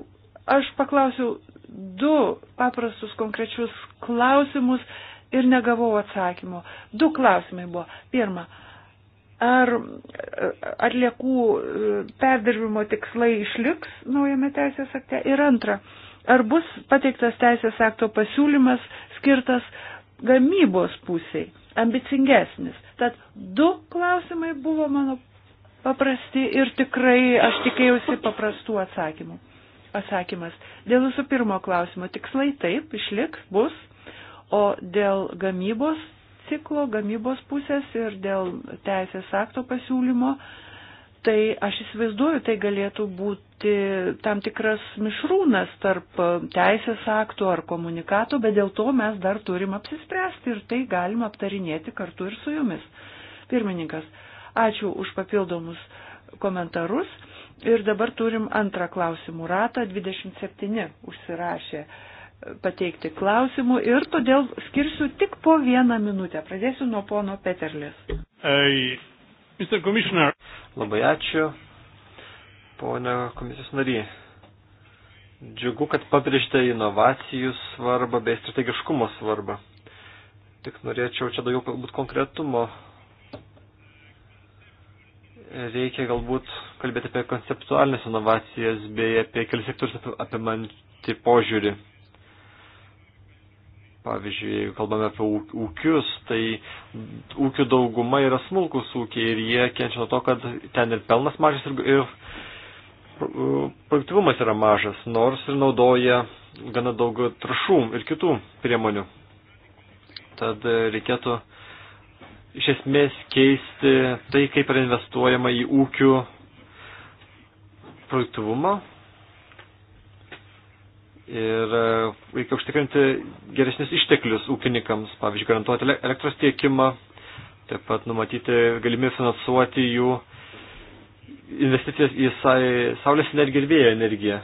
S3: aš paklausiau du paprastus konkrečius klausimus ir negavau atsakymo. Du klausimai buvo. Pirma, ar e, atliekų e, perdirbimo tikslai išliks naujame teisės akte? Ir antra, ar bus pateiktas teisės akto pasiūlymas skirtas gamybos pusiai, ambicingesnis? Tad du klausimai buvo mano paprasti ir tikrai aš tikėjausi paprastų atsakymų atsakymas. Dėl jūsų pirmo klausimo tikslai taip, išliks, bus, o dėl gamybos ciklo, gamybos pusės ir dėl teisės akto pasiūlymo, tai aš įsivaizduoju, tai galėtų būti tam tikras mišrūnas tarp teisės aktų ar komunikato, bet dėl to mes dar turim apsispręsti ir tai galim aptarinėti kartu ir su jumis. Pirmininkas, ačiū už papildomus komentarus. Ir dabar turim antrą klausimų ratą, 27 užsirašė pateikti klausimų ir todėl skirsiu tik po vieną minutę. Pradėsiu nuo pono Peterlis.
S1: Hey, Labai ačiū, ponio komisijos nary. Džiugu, kad pabrėžta inovacijų svarbą bei strategiškumo svarbą. Tik norėčiau čia daugiau galbūt konkretumo reikia galbūt kalbėti apie konceptualinės inovacijas bei apie kelias sektorius apimantį požiūrį. Pavyzdžiui, jeigu kalbame apie ūkius, tai ūkių dauguma yra smulkus ūkiai ir jie kenčia nuo to, kad ten ir pelnas mažas ir, ir produktivumas yra mažas, nors ir naudoja gana daug trašų ir kitų priemonių. Tad reikėtų uh, iš esmės keisti tai, kaip yra investuojama į ūkių produktivumą. Ir e, reikia užtikrinti geresnius išteklius ūkininkams, pavyzdžiui, garantuoti elektros tiekimą, taip pat numatyti galimi finansuoti jų investicijas į saulės energiją ir vėjo energiją.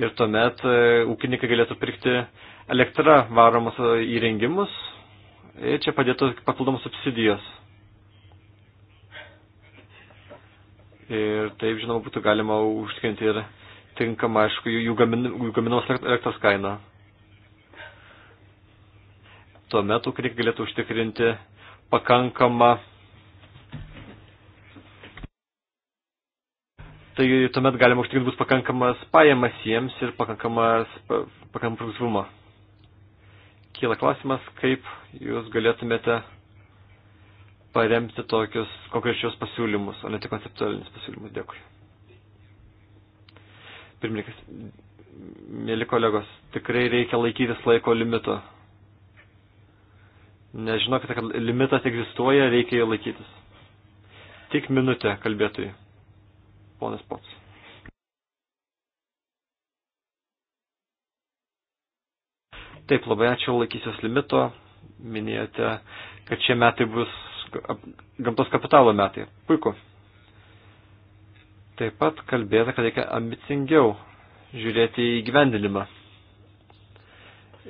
S1: Ir tuomet e, ūkininkai galėtų pirkti elektrą varomus e, įrengimus Ir čia padėtų papildomos subsidijos. Ir taip, žinoma, būtų galima užtikrinti ir tinkamą, aišku, jų, gamin, jų gaminamos elektros kainą. Tuomet ūkininkai galėtų užtikrinti pakankamą. Tai tuomet galima užtikrinti bus pakankamas pajamas jiems ir pakankamas pakankamą produktivumą kyla klausimas, kaip jūs galėtumėte paremti tokius konkrečius pasiūlymus, o ne tik konceptualinius pasiūlymus. Dėkui. Pirmininkas, mėly kolegos, tikrai reikia laikytis laiko limito. Nežinokite, kad limitas egzistuoja, reikia jo laikytis. Tik minutę kalbėtojai. Ponas Pots. Taip, labai ačiū laikysios limito. Minėjote, kad šie metai bus gamtos kapitalo metai. Puiku. Taip pat kalbėta, kad reikia ambicingiau žiūrėti į gyvendinimą.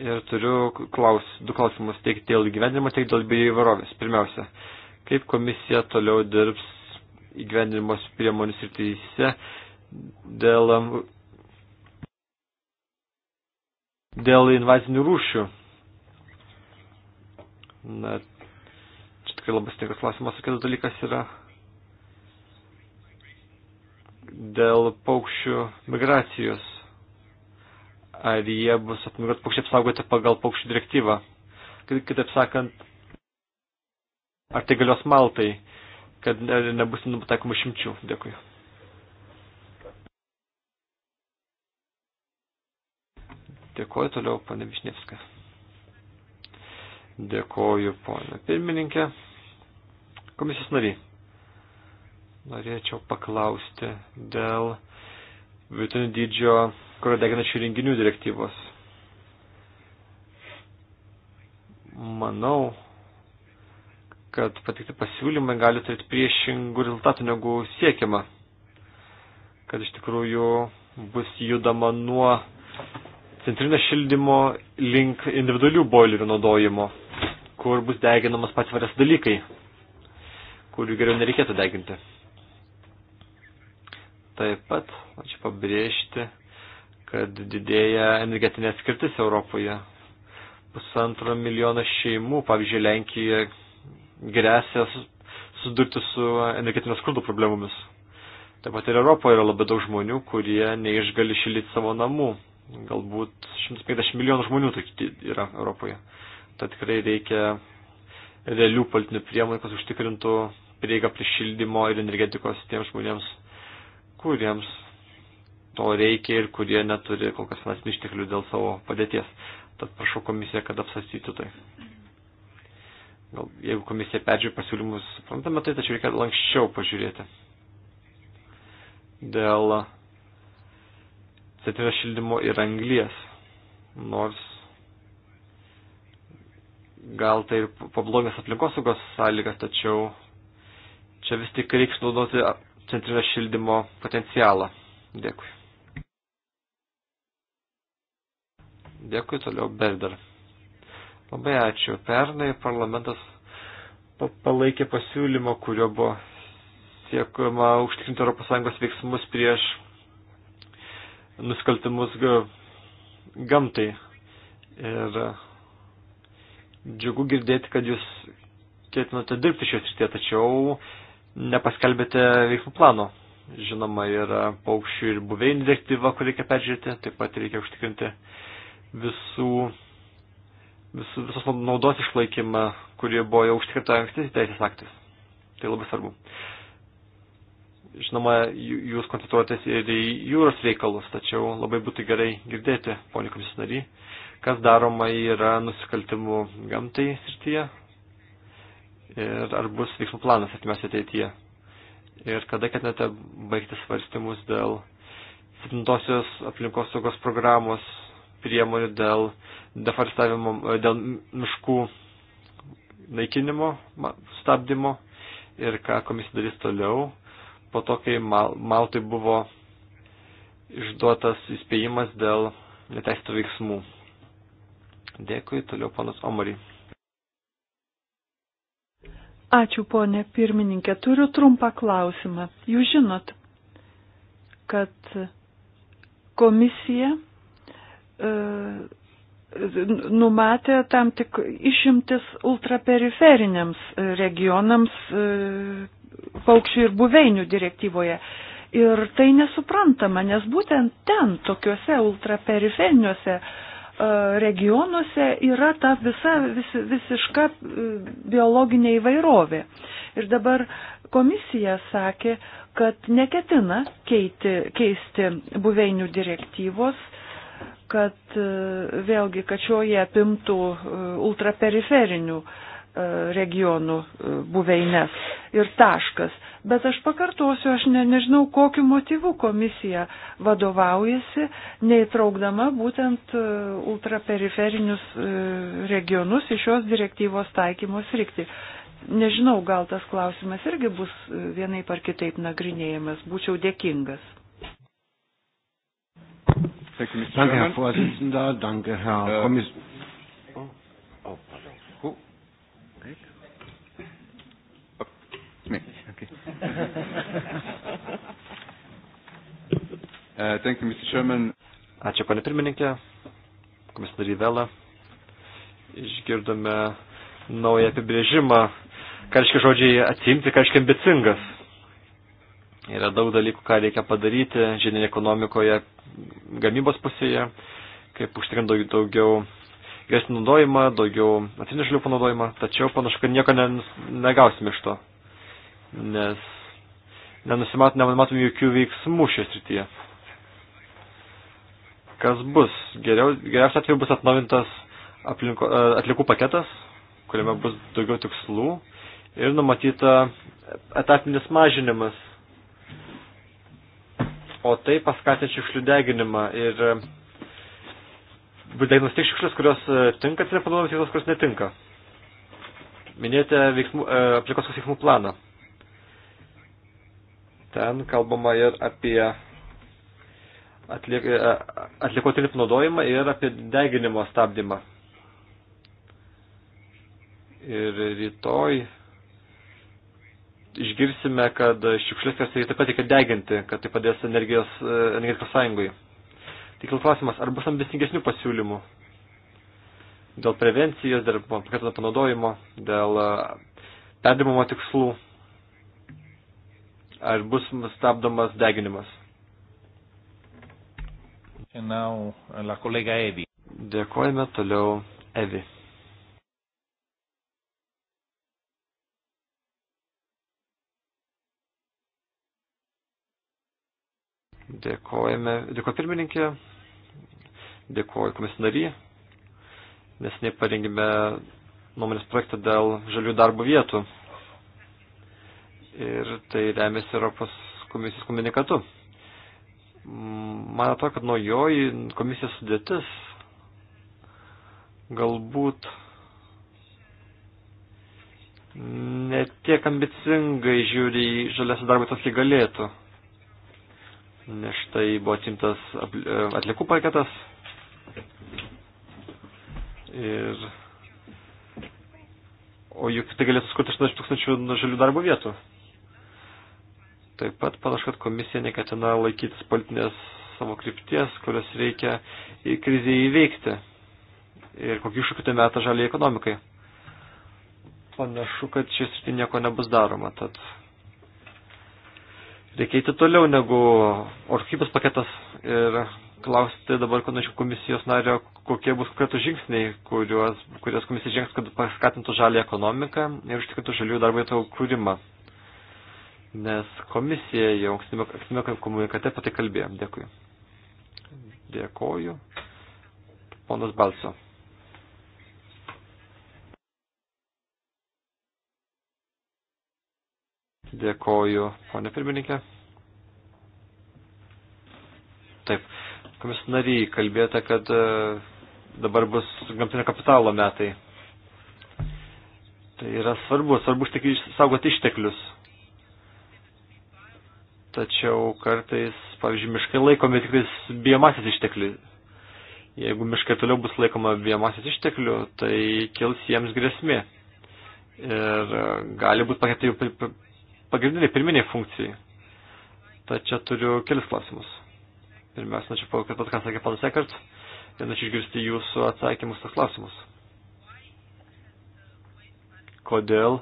S1: Ir turiu klaus, du klausimus tiek dėl gyvendinimo, tiek dėl bioįvarovės. Pirmiausia, kaip komisija toliau dirbs įgyvendinimos priemonių srityse dėl Dėl invazinių rūšių. Na, čia tikrai labai stinkas klausimas, o kitas dalykas yra dėl paukščių migracijos. Ar jie bus apmigruoti paukščiai apsaugoti pagal paukščių direktyvą? Kitaip sakant, ar tai galios Maltai, kad nebus nutaikomi šimčių? Dėkui. Dėkoju toliau, pane Višnievska. Dėkoju, ponė pirmininkė. Komisijos nariai, norėčiau paklausti dėl vidutinio dydžio kuro degančių renginių direktyvos. Manau, kad patikti pasiūlymai gali turėti priešingų rezultatų negu siekiama. Kad iš tikrųjų bus judama nuo centrinio šildymo link individualių boilerių naudojimo, kur bus deginamas pats varės dalykai, kurių geriau nereikėtų deginti. Taip pat, ačiū pabrėžti, kad didėja energetinė atskirtis Europoje. Pusantro milijono šeimų, pavyzdžiui, Lenkijoje grėsia sudurti su energetinio skurdo problemomis. Taip pat ir Europoje yra labai daug žmonių, kurie neišgali šilyti savo namų galbūt 150 milijonų žmonių tokių tai yra Europoje. Tad tikrai reikia realių politinių priemonių, kas užtikrintų prieigą prie šildymo ir energetikos tiems žmonėms, kuriems to reikia ir kurie neturi kol kas finansinių išteklių dėl savo padėties. Tad prašau komisiją, kad apsastytų tai. Gal, jeigu komisija peržiūrė pasiūlymus, suprantame tai, tačiau reikia lankščiau pažiūrėti. Dėl centrinio šildymo ir anglies. Nors gal tai ir pablogės aplinkosaugos sąlygas, tačiau čia vis tik reiks naudoti centrinio šildymo potencialą. Dėkui. Dėkui toliau Berder. Labai ačiū. Pernai parlamentas palaikė pasiūlymą, kurio buvo siekama užtikrinti ES veiksmus prieš nusikaltimus gamtai. Ir e, džiugu girdėti, kad jūs ketinote dirbti šios rytė, tačiau nepaskelbėte veiksmų plano. Žinoma, yra paukščių ir buveinių direktyva, kur reikia peržiūrėti, taip pat reikia užtikrinti visų, visų, visos naudos išlaikymą, kurie buvo jau užtikrinta anksti teisės aktais. Tai labai svarbu. Žinoma, jūs koncentruotės ir į jūros reikalus, tačiau labai būtų gerai girdėti, ponė komisijos nary, kas daroma yra nusikaltimų gamtai srityje ir ar bus veiksmų planas atmės ateityje. Ir kada ketinate baigti svarstymus dėl 7-osios aplinkos saugos programos priemonių dėl deforestavimo, dėl miškų naikinimo, stabdymo ir ką komisija darys toliau po to, kai Mal Maltai buvo išduotas įspėjimas dėl neteisėtų veiksmų. Dėkui, toliau panas Omary.
S3: Ačiū, ponė pirmininkė. Turiu trumpą klausimą. Jūs žinot, kad komisija e, numatė tam tik išimtis ultraperiferiniams e, regionams e, paukščių ir buveinių direktyvoje. Ir tai nesuprantama, nes būtent ten, tokiuose ultraperiferiniuose e, regionuose yra ta visa vis, visiška e, biologinė įvairovė. Ir dabar komisija sakė, kad neketina keiti, keisti buveinių direktyvos, kad e, vėlgi, kad šioje apimtų ultraperiferinių uh, E, regionų e, buveines ir taškas. Bet aš pakartosiu, aš ne, nežinau, kokiu motyvu komisija vadovaujasi, neįtraukdama būtent e, ultraperiferinius regionus iš šios direktyvos taikymos rykti. Nežinau, gal tas klausimas irgi bus vienaip ar kitaip nagrinėjimas. Būčiau dėkingas.
S1: Danke, Herr
S4: Vorsitzender, danke, Herr äh, Kommissar.
S1: Uh, thank you, Mr. Chairman. Ačiū, panė pirmininkė, komisarį Vela. Išgirdome naują apibrėžimą, ką reiškia žodžiai atsimti, ką reiškia ambicingas. Yra daug dalykų, ką reikia padaryti žiedinė ekonomikoje, gamybos pusėje, kaip užtikrinti daugiau geresnį naudojimą, daugiau atsinašlių panaudojimą, tačiau panašu, kad nieko ne, negausime iš to nes nenusimat, nenumatom jokių veiksmų šioje srityje. Kas bus? Geriau, geriausia atveju bus atnaujintas aplinko, e, atlikų paketas, kuriame bus daugiau tikslų ir numatyta etatinis mažinimas. O tai paskatins šiukšlių deginimą ir deginus tik šiukšlės, kurios e, tinka, tai nepanaudomis jos, kurios netinka. Minėjote veiksmų, e, aplikos veiksmų planą. Ten kalbama ir apie atliek, e, atliko tirpų naudojimą ir apie deginimo stabdymą. Ir rytoj išgirsime, kad šiukšlės kas taip pat reikia deginti, kad tai padės energijos, e, energetikos sąjungui. Tik klausimas, ar bus ambisingesnių pasiūlymų dėl prevencijos, dėl pakartinio panaudojimo, dėl e, perdirbimo tikslų ar bus stabdomas deginimas. Uh, Dėkojame toliau Evi. Dėkojame, dėkoju pirmininkė, dėkoju komisinarį, nes neparengėme nuomonės projektą dėl žalių darbo vietų ir tai remiasi Europos komisijos komunikatu. Man atrodo, kad naujoji komisijos sudėtis galbūt netiek ambicingai žiūri į žalias darbą tos galėtų. Nes štai buvo atimtas e, atliekų paketas ir o juk tai galėtų sukurti 80 tūkstančių žalių darbo vietų. Taip pat panašu, kad komisija neketina laikytis politinės savo krypties, kurios reikia į krizį įveikti ir kokį iššūkį tai meta žaliai ekonomikai. Panašu, kad šis rytį nieko nebus daroma, tad reikia eiti toliau negu orkybos paketas ir klausyti dabar, ko norėčiau komisijos nario, kokie bus konkretų žingsniai, kuriuos, kurias komisija žengs, kad paskatintų žalį ekonomiką ir užtikrintų žalių darbo vietų kūrimą nes komisija jau ankstame komunikate apie tai kalbėjo. Dėkui. Dėkoju. Ponas Balso. Dėkoju, ponė pirmininkė. Taip, komisijos nariai kalbėjote, kad e, dabar bus gamtinio kapitalo metai. Tai yra svarbu, svarbu saugoti išteklius tačiau kartais, pavyzdžiui, miškai laikomi tikrais biomasės išteklių. Jeigu miškai toliau bus laikoma biomasės išteklių, tai kils jiems grėsmė. Ir gali būti paketai jų pagrindiniai pirminiai funkcijai. Tačiau turiu kelis klausimus. Pirmiausia, norėčiau pakartot, ką sakė panas Ekart, ir norėčiau išgirsti jūsų atsakymus tos klausimus. Kodėl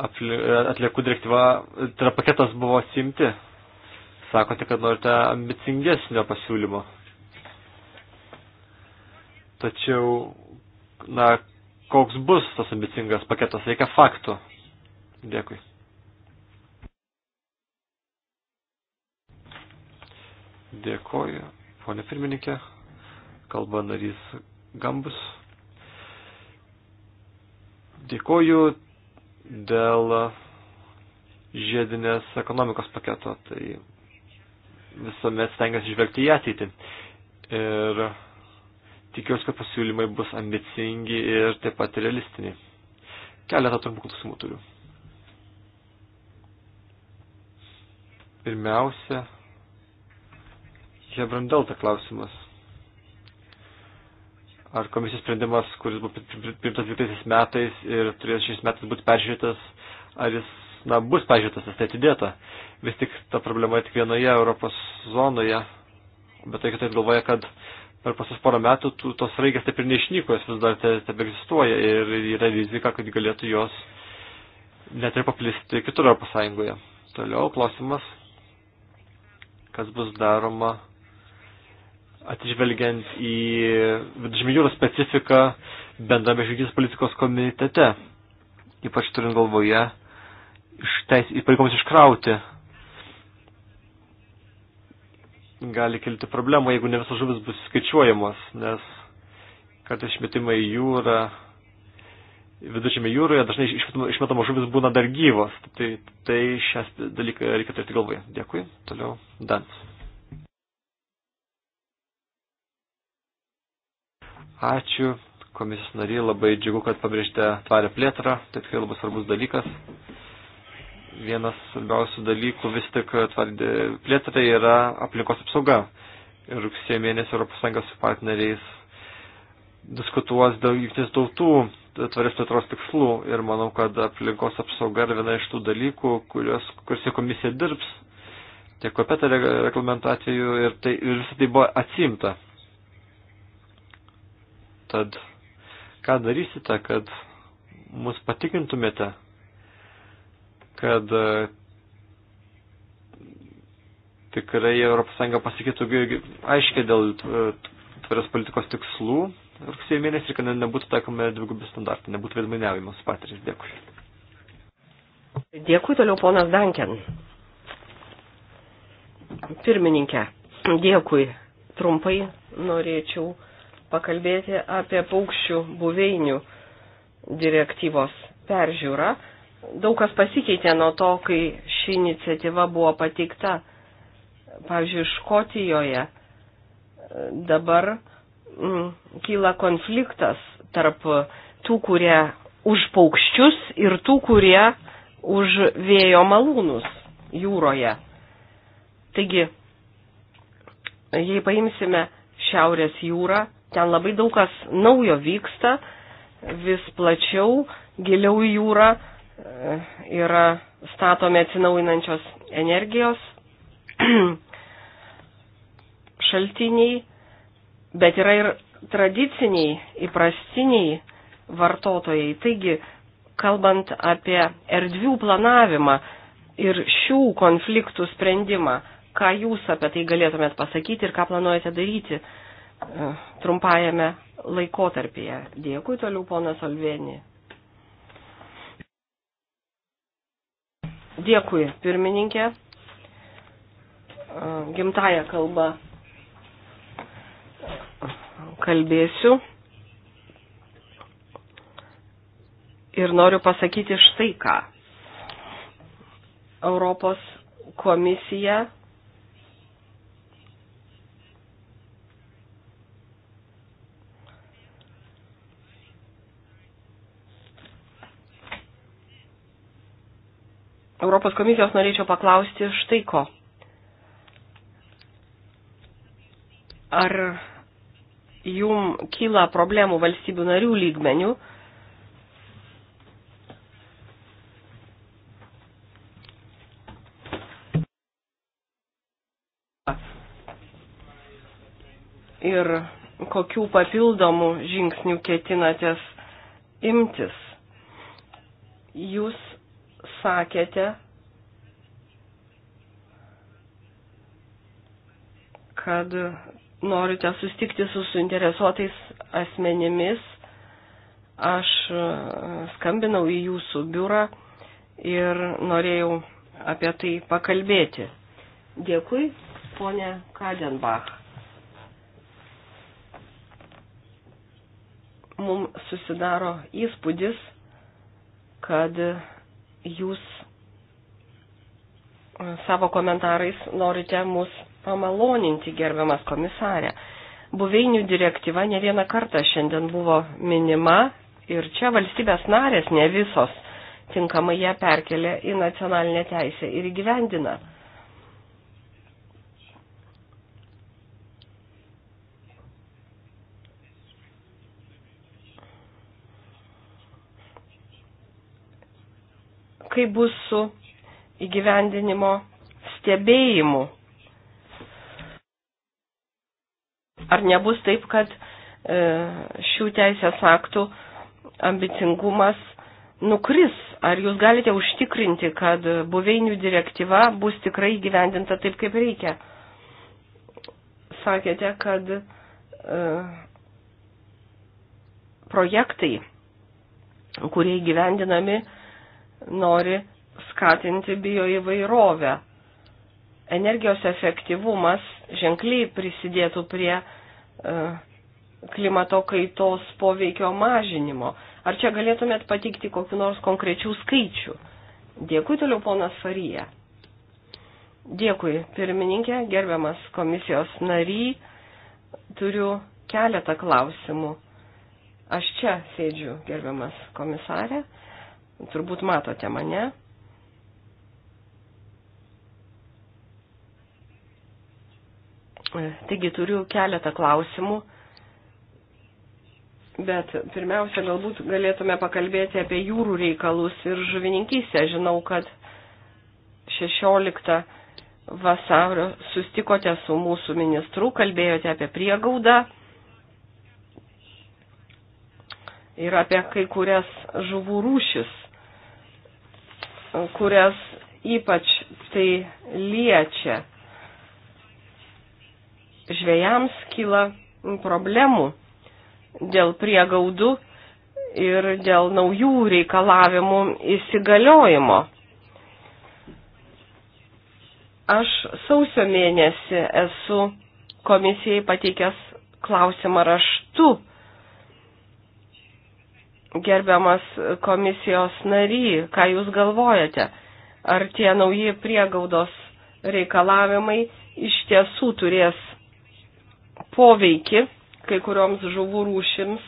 S1: atliekų direktyva, tai yra paketas buvo atsimti. Sakote, kad norite ambicingesnio pasiūlymo. Tačiau, na, koks bus tas ambicingas paketas, reikia faktų. Dėkui. Dėkoju, ponė pirmininkė. Kalba narys Gambus. Dėkoju, dėl žiedinės ekonomikos paketo, tai visuomet stengiasi žvelgti į ateitį. Ir tikiuosi, kad pasiūlymai bus ambicingi ir taip pat realistiniai. Keletą trumpų klausimų turiu. Pirmiausia, Hebrandelta klausimas ar komisijos sprendimas, kuris buvo priimtas 12 metais ir turės šiais metais būti peržiūrėtas, ar jis na, bus peržiūrėtas, nes tai atidėta. Vis tik ta problema tik vienoje Europos zonoje, bet tai, kad tai galvoja, kad per pasas porą metų tų, tos raigės taip ir neišnyko, jos vis dar tebe egzistuoja ir yra rizika, kad galėtų jos net ir paplisti kitur Europos Sąjungoje. Toliau klausimas, kas bus daroma atsižvelgiant į viduržymį jūros specifiką bendrame žvejybos politikos komitete, ypač turint galvoje iš teis, įpareigoms iškrauti. Gali kilti problemų, jeigu ne visos žuvis bus skaičiuojamos, nes kartais išmetimai į jūrą, viduržymė jūroje dažnai išmetamos žuvis būna dar gyvos. Tai, tai šią dalyką reikia turėti galvoje. Dėkui. Toliau. Dans. Ačiū. Komisijos nariai, labai džiugu, kad pabrėžte tvarę plėtrą. Tai tikrai labai svarbus dalykas. Vienas svarbiausių dalykų vis tik plėtra yra aplinkos apsauga. Ir rugsėjo mėnesį ES su partneriais diskutuos dėl jungtinės tautų tvarės plėtros tikslų ir manau, kad aplinkos apsauga yra viena iš tų dalykų, kurios, kuriuose komisija dirbs, tiek kopeta reglamento atveju ir, tai, ir visą tai buvo atsimta. Tad ką darysite, kad mus patikintumėte, kad e, tikrai ES pasakytų aiškiai dėl e, tvarios politikos tikslų rugsėjo mėnesį ir kad nebūtų taikomi dvigubi standartai, nebūtų vedmainiavimas patiris. Dėkui.
S2: Dėkui toliau ponas Danken. Pirmininkė, dėkui. Trumpai norėčiau pakalbėti apie paukščių buveinių direktyvos peržiūrą. Daug kas pasikeitė nuo to, kai ši iniciatyva buvo pateikta. Pavyzdžiui, Škotijoje dabar m, mm, kyla konfliktas tarp tų, kurie už paukščius ir tų, kurie už vėjo malūnus jūroje. Taigi, jei paimsime Šiaurės jūrą, Ten labai daug kas naujo vyksta, vis plačiau, giliau į jūrą
S4: e,
S2: yra statomi atsinaujinančios energijos šaltiniai, bet yra ir tradiciniai, įprastiniai vartotojai. Taigi, kalbant apie erdvių planavimą ir šių konfliktų sprendimą, ką jūs apie tai galėtumėt pasakyti ir ką planuojate daryti trumpajame laikotarpyje. Dėkui toliau, ponas Alvieni. Dėkui, pirmininkė. Gimtaja kalba kalbėsiu. Ir noriu pasakyti štai ką. Europos komisija Europos komisijos norėčiau paklausti štai ko. Ar jum kyla problemų valstybių narių lygmenių? Ir kokių papildomų žingsnių ketinatės imtis? Jūs sakėte, kad norite sustikti su suinteresuotais asmenimis. Aš e, skambinau į jūsų biurą ir norėjau apie tai pakalbėti. Dėkui, ponė Kadenbach. Mums susidaro įspūdis, kad jūs e, savo komentarais norite mus pamaloninti, gerbiamas komisarė. Buveinių direktyva ne vieną kartą šiandien buvo minima ir čia valstybės narės ne visos tinkamai ją perkelia į nacionalinę teisę ir įgyvendina. kaip bus su įgyvendinimo stebėjimu. Ar nebus taip, kad e, šių teisės aktų ambicingumas nukris? Ar jūs galite užtikrinti, kad buveinių direktyva bus tikrai gyvendinta taip, kaip reikia? Sakėte, kad e, projektai, kurie gyvendinami, e, nori skatinti bioįvairovę. Energijos efektyvumas ženkliai prisidėtų prie uh, klimato kaitos poveikio mažinimo. Ar čia galėtumėt patikti kokiu nors konkrečių skaičių? Dėkui toliau, ponas Farija. Dėkui, pirmininkė, gerbiamas komisijos nary. Turiu keletą klausimų. Aš čia sėdžiu, gerbiamas komisarė. Uh, Turbūt matote mane. Taigi turiu keletą klausimų, bet pirmiausia, galbūt galėtume pakalbėti apie jūrų reikalus ir žuvininkystę. Žinau, kad 16 vasario sustikote su mūsų ministru, kalbėjote apie priegaudą ir apie kai kurias žuvų rūšis kurias ypač tai liečia. Žvėjams kyla problemų dėl priegaudų ir dėl naujų reikalavimų įsigaliojimo. Aš sausio mėnesį esu komisijai pateikęs klausimą raštu Gerbiamas komisijos nary, ką Jūs galvojate? Ar tie nauji priegaudos reikalavimai iš tiesų turės poveikį kai kurioms žuvų rūšims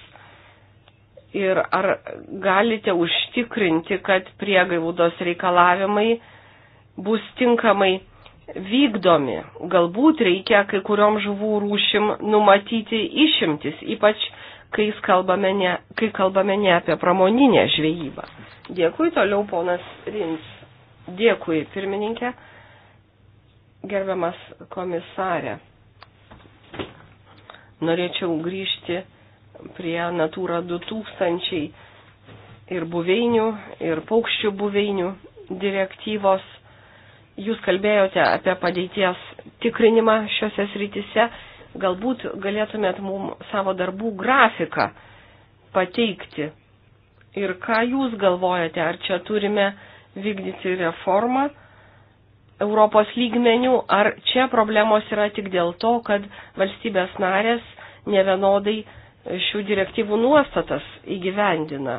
S2: ir ar galite užtikrinti, kad priegaudos reikalavimai bus tinkamai vykdomi. Galbūt reikia kai kuriom žuvų rūšim numatyti išimtis, ypač kai kalbame ne, kai kalbame ne apie pramoninę žvejybą. Dėkui, toliau ponas Rins. Dėkui, pirmininkė. Gerbiamas komisarė. Norėčiau grįžti prie Natūra 2000 ir buveinių, ir paukščių buveinių direktyvos. Jūs kalbėjote apie padėties tikrinimą šiuose srityse Galbūt galėtumėt mums savo darbų grafiką pateikti. Ir ką jūs galvojate, ar čia turime vykdyti reformą Europos lygmenių, ar čia problemos yra tik dėl to, kad valstybės narės nevienodai šių direktyvų nuostatas įgyvendina.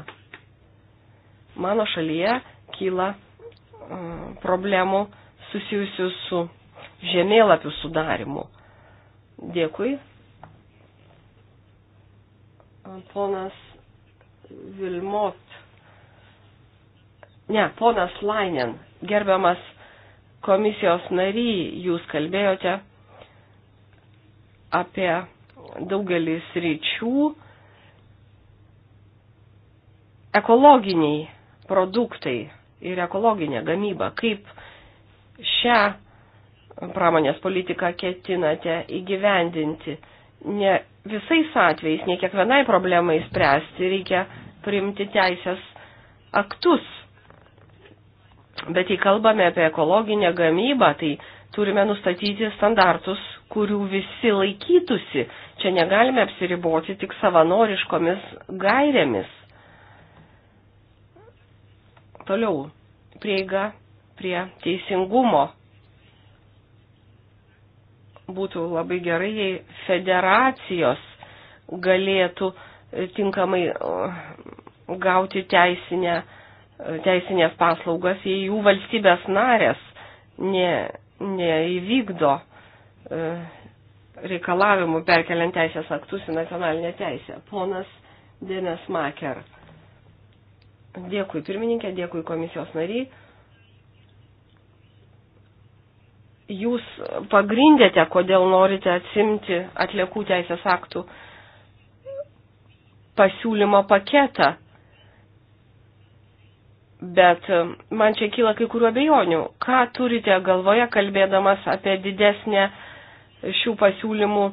S2: Mano šalyje kyla problemų susijusių su žemėlapių sudarimu. Dėkui. Ponas Vilmot. Ne, ponas Lainen, gerbiamas komisijos nary, jūs kalbėjote apie daugelį sričių ekologiniai produktai ir ekologinė gamyba, kaip šią pramonės politiką ketinate įgyvendinti. Ne visais atvejais, ne kiekvienai problemai spręsti reikia priimti teisės aktus. Bet jei kalbame apie ekologinę gamybą, tai turime nustatyti standartus, kurių visi laikytųsi. Čia negalime apsiriboti tik savanoriškomis gairėmis. Toliau prieiga prie teisingumo būtų labai gerai, jei federacijos galėtų e, tinkamai gauti teisinę, e, teisinės paslaugas, jei jų valstybės narės ne, neįvykdo e, reikalavimų perkeliant teisės aktus į nacionalinę teisę. Ponas Demes Maker. Dėkui pirmininkė, dėkui komisijos nariai. jūs pagrindėte, kodėl norite atsimti atliekų teisės aktų pasiūlymo paketą. Bet um, man čia kyla kai kuriuo bejonių. Ką turite galvoje, kalbėdamas apie didesnę šių pasiūlymų,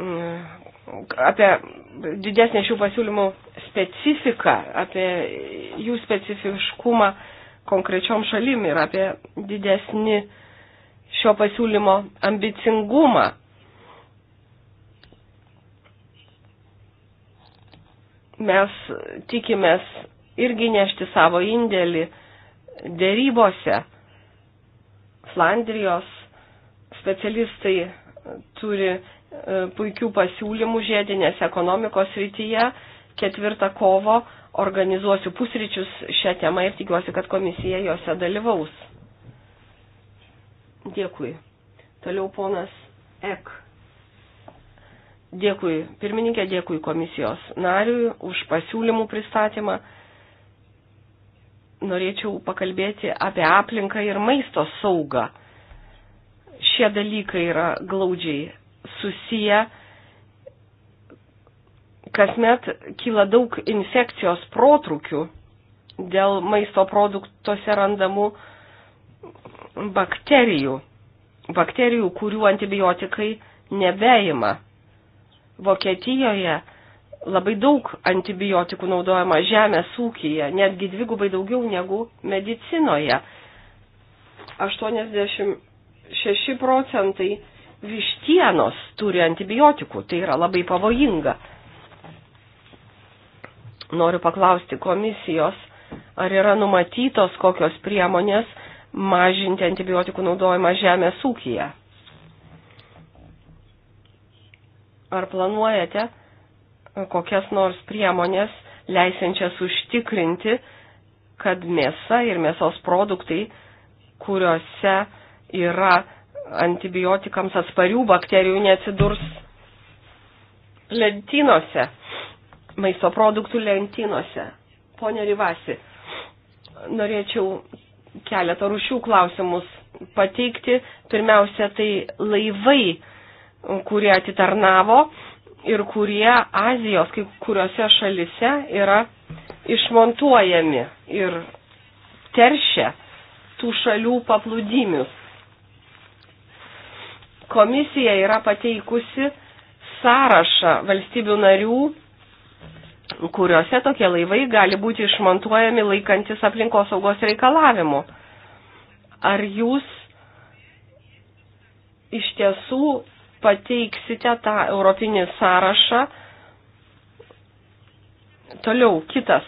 S4: um, apie
S2: didesnę šių pasiūlymų specifiką, apie jų specifiškumą konkrečiom šalim ir apie didesnį uh, šio pasiūlymo ambicingumą. Mes tikimės irgi nešti savo indėlį dėrybose. Flandrijos specialistai turi e, puikių pasiūlymų žiedinės ekonomikos rytyje. Ketvirtą kovo organizuosiu pusryčius šią temą ir tikiuosi, kad komisija juose dalyvaus. Dėkui. Toliau ponas Ek. Dėkui pirmininkė, dėkui komisijos nariui už pasiūlymų pristatymą. Norėčiau pakalbėti apie aplinką ir maisto saugą. Šie dalykai yra glaudžiai susiję. Kasmet kyla daug infekcijos protrukių dėl maisto produktuose randamų bakterijų, bakterijų, kurių antibiotikai nebeima. Vokietijoje labai daug antibiotikų naudojama žemės ūkyje, netgi dvigubai daugiau negu medicinoje. 86 procentai vištienos turi antibiotikų, tai yra labai pavojinga. Noriu paklausti komisijos, ar yra numatytos kokios priemonės, mažinti antibiotikų naudojimą žemės ūkyje. Ar planuojate e, kokias nors priemonės leisiančias užtikrinti, kad mėsa ir mėsos produktai, kuriuose yra antibiotikams atsparių bakterijų, neatsidurs lentynose, maisto produktų lentynose. Pone Rivasi, norėčiau keletą rušių klausimus pateikti. Pirmiausia, tai laivai, kurie atitarnavo ir kurie Azijos, kai kuriuose šalise yra išmontuojami ir teršia tų šalių paplūdimius. Komisija yra pateikusi sąrašą valstybių narių kuriuose tokie laivai gali būti išmontuojami laikantis aplinkosaugos reikalavimų. Ar jūs iš tiesų pateiksite tą europinį sąrašą? Toliau kitas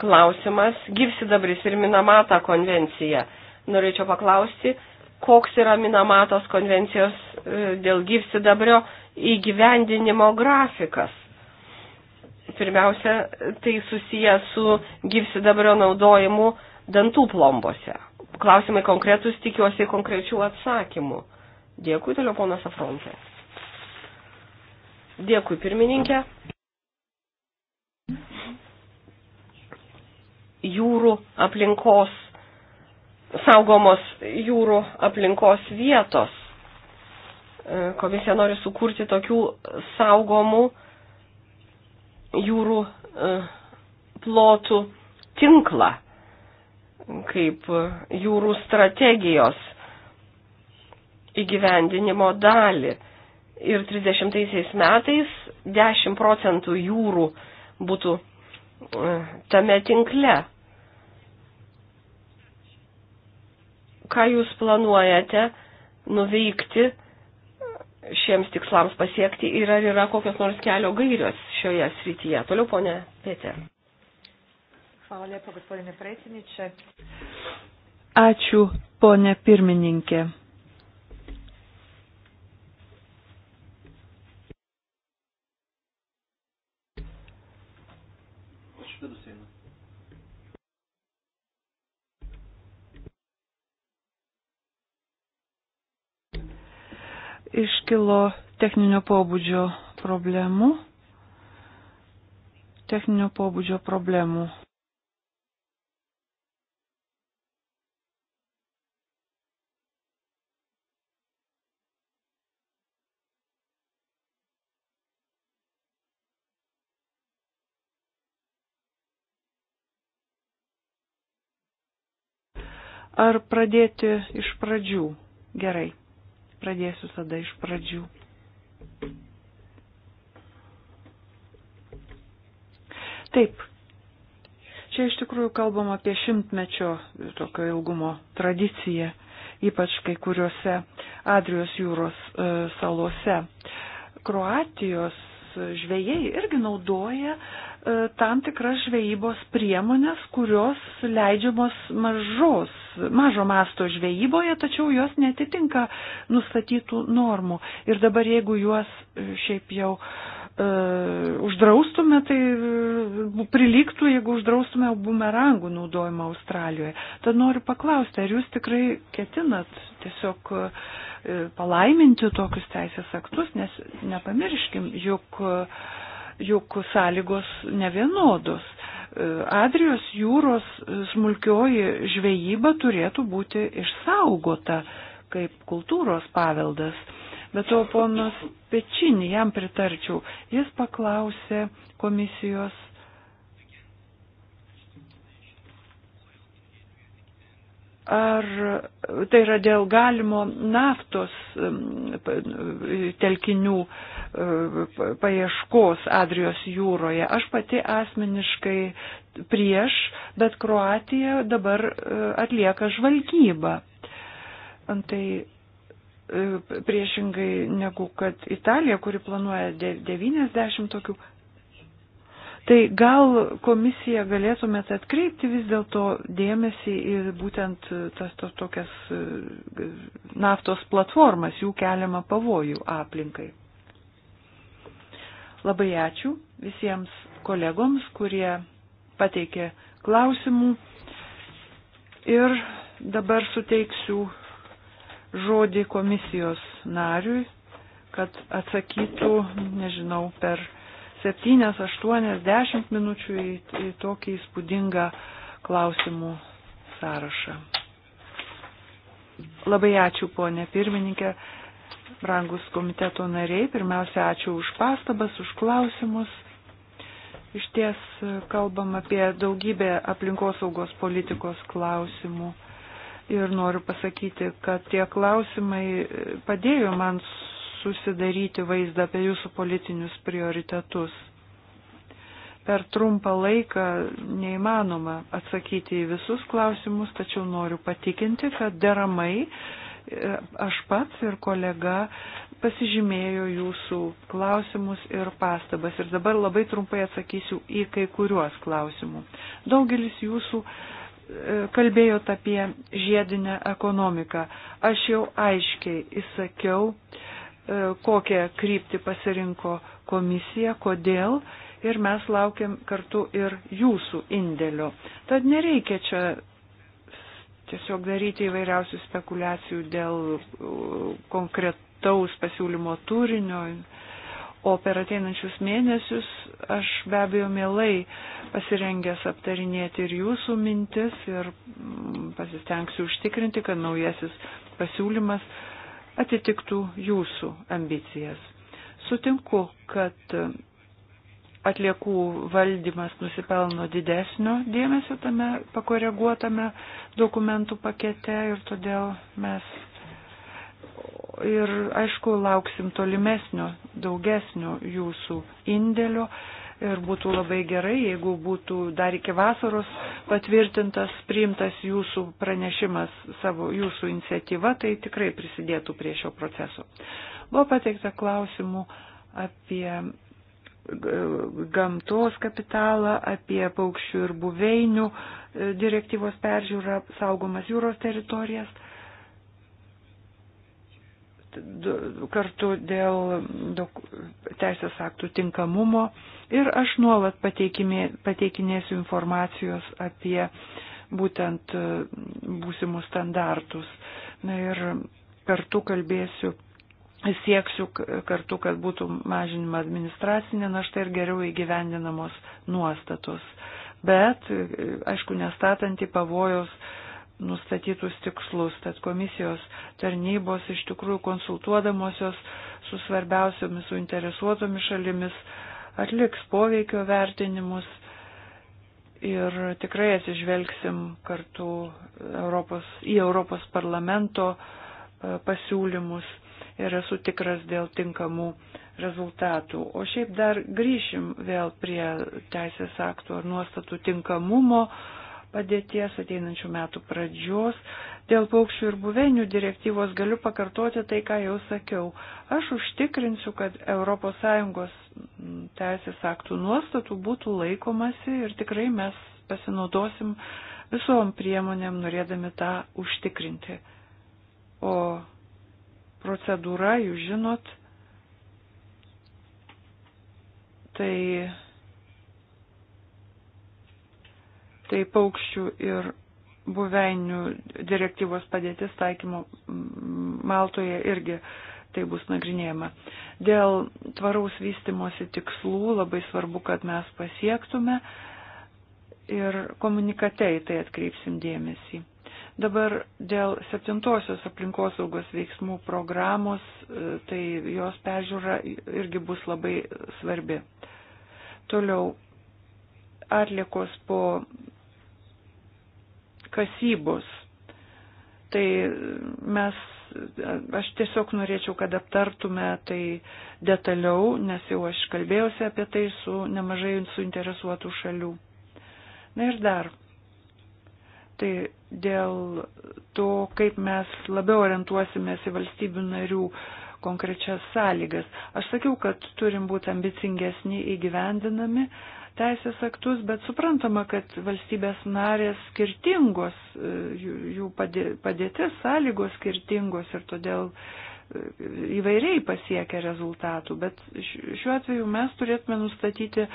S2: klausimas - gyvsidabris ir Minamata konvencija. Norėčiau paklausti, koks yra Minamatos konvencijos e, dėl gyvsidabrio įgyvendinimo grafikas pirmiausia, tai susiję su gyvsidabrio naudojimu dantų plombose. Klausimai konkretus, tikiuosi konkrečių atsakymų. Dėkui, toliau ponas Afrontė. Dėkui, pirmininkė. Jūrų aplinkos, saugomos jūrų aplinkos vietos. Komisija nori sukurti tokių saugomų jūrų e, plotų tinklą, kaip e, jūrų strategijos įgyvendinimo dalį. Ir 30 metais 10 procentų jūrų būtų e, tame tinkle. Ką jūs planuojate nuveikti šiems tikslams pasiekti ir ar yra kokios nors kelio gairios šioje srityje. Toliau, ponė
S3: Pėtė.
S4: Hvala lijepo,
S2: gospodine
S3: predsjedniče. Ačiū, ponė pirmininkė. Iškilo techninio pobūdžio problemų techninio pobūdžio problemų. Ar pradėti iš pradžių? Gerai, pradėsiu tada iš pradžių. Taip. Čia iš tikrųjų kalbam apie šimtmečio tokio ilgumo tradiciją, ypač kai kuriuose Adrijos jūros e, salose. Kroatijos žvėjai irgi naudoja e, tam tikras žvejybos priemonės, kurios leidžiamos mažos, mažo masto žvejyboje, tačiau jos netitinka nustatytų normų. Ir dabar jeigu juos e, šiaip jau e, E, uždraustume, tai e, prilygtų, jeigu uždraustume bumerangų naudojimą Australijoje. Tad noriu paklausti, ar jūs tikrai ketinat tiesiog e, palaiminti tokius teisės aktus, nes nepamirškim, juk, juk sąlygos nevienodos. Adrijos jūros smulkioji žvejyba turėtų būti išsaugota kaip kultūros paveldas. Bet to ponas Pečinį jam pritarčiau. Jis paklausė komisijos. Ar tai yra dėl galimo naftos telkinių paieškos Adrijos jūroje? Aš pati asmeniškai prieš, bet Kroatija dabar atlieka žvalgybą. Antai E, priešingai negu kad Italija, kuri planuoja 90 tokių. Tai gal komisija galėtumėt atkreipti vis dėlto dėmesį ir būtent tas to, tokias e, naftos platformas, jų keliamą pavojų aplinkai. Labai ačiū visiems kolegoms, kurie pateikė klausimų ir dabar suteiksiu žodį komisijos nariui, kad atsakytų, nežinau, per 7-8-10 minučių į, į tokį įspūdingą klausimų sąrašą. Labai ačiū, ponė pirmininkė, brangus komiteto nariai. Pirmiausia, ačiū už pastabas, už klausimus. Iš ties kalbam apie daugybę aplinkosaugos politikos klausimų ir noriu pasakyti, kad tie klausimai padėjo man susidaryti vaizdą apie jūsų politinius prioritetus. Per trumpą laiką neįmanoma atsakyti į visus klausimus, tačiau noriu patikinti, kad deramai e, aš pats ir kolega pasižymėjo jūsų klausimus ir pastabas. Ir dabar labai trumpai atsakysiu į kai kuriuos klausimus. Daugelis jūsų uh, kalbėjot apie žiedinę ekonomiką. Aš jau aiškiai įsakiau, e, kokią kryptį pasirinko komisija, kodėl ir mes laukiam kartu ir jūsų indėlio. Tad nereikia čia tiesiog daryti įvairiausių spekulacijų dėl e, konkretaus pasiūlymo turinio, O per ateinančius mėnesius aš be abejo mielai pasirengęs aptarinėti ir jūsų mintis ir mm, pasistengsiu užtikrinti, kad naujasis pasiūlymas atitiktų jūsų ambicijas. Sutinku, kad atliekų valdymas nusipelno didesnio dėmesio tame pakoreguotame dokumentų pakete ir todėl mes ir aišku lauksim tolimesnio, daugesnio jūsų indėlio ir būtų labai gerai, jeigu būtų dar iki vasaros patvirtintas, priimtas jūsų pranešimas savo jūsų iniciatyva, tai tikrai prisidėtų prie šio proceso. Buvo pateikta klausimų apie gamtos kapitalą, apie paukščių ir buveinių e, direktyvos peržiūrą saugomas jūros teritorijas kartu dėl teisės aktų tinkamumo ir aš nuolat pateikinėsiu informacijos apie būtent e, būsimus standartus. Na ir kartu kalbėsiu, sieksiu kartu, kad būtų mažinima administracinė našta ir geriau įgyvendinamos nuostatos. Bet, e, aišku, nestatant į pavojus nustatytus tikslus. Tad komisijos tarnybos iš tikrųjų konsultuodamosios su svarbiausiomis suinteresuotomis šalimis atliks poveikio vertinimus ir tikrai atsižvelgsim kartu Europos, į Europos parlamento e, pasiūlymus ir esu tikras dėl tinkamų rezultatų. O šiaip dar grįšim vėl prie teisės aktų ar nuostatų tinkamumo padėties ateinančių metų pradžios. Dėl paukščių ir buveinių direktyvos galiu pakartoti tai, ką jau sakiau. Aš užtikrinsiu, kad ES teisės aktų nuostatų būtų laikomasi ir tikrai mes pasinaudosim visom priemonėm norėdami tą užtikrinti. O procedūra, jūs žinot, tai tai paukščių ir buveinių direktyvos padėtis taikymo Maltoje irgi tai bus nagrinėjama. Dėl tvaraus vystimosi tikslų labai svarbu, kad mes pasiektume ir komunikate į tai atkreipsim dėmesį. Dabar dėl septintosios aplinkosaugos veiksmų programos, e, tai jos peržiūra irgi bus labai svarbi. Toliau atliekos po kasybos. Tai mes, aš tiesiog norėčiau, kad aptartume tai detaliau, nes jau aš kalbėjausi apie tai su nemažai suinteresuotų šalių. Na ir dar tai dėl to, kaip mes labiau orientuosimės į valstybių narių konkrečias sąlygas. Aš sakiau, kad turim būti ambicingesni įgyvendinami, teisės aktus, bet suprantama, kad valstybės narės skirtingos, e, jų padėtis, sąlygos skirtingos ir todėl e, įvairiai pasiekia rezultatų, bet šiuo atveju mes turėtume nustatyti e,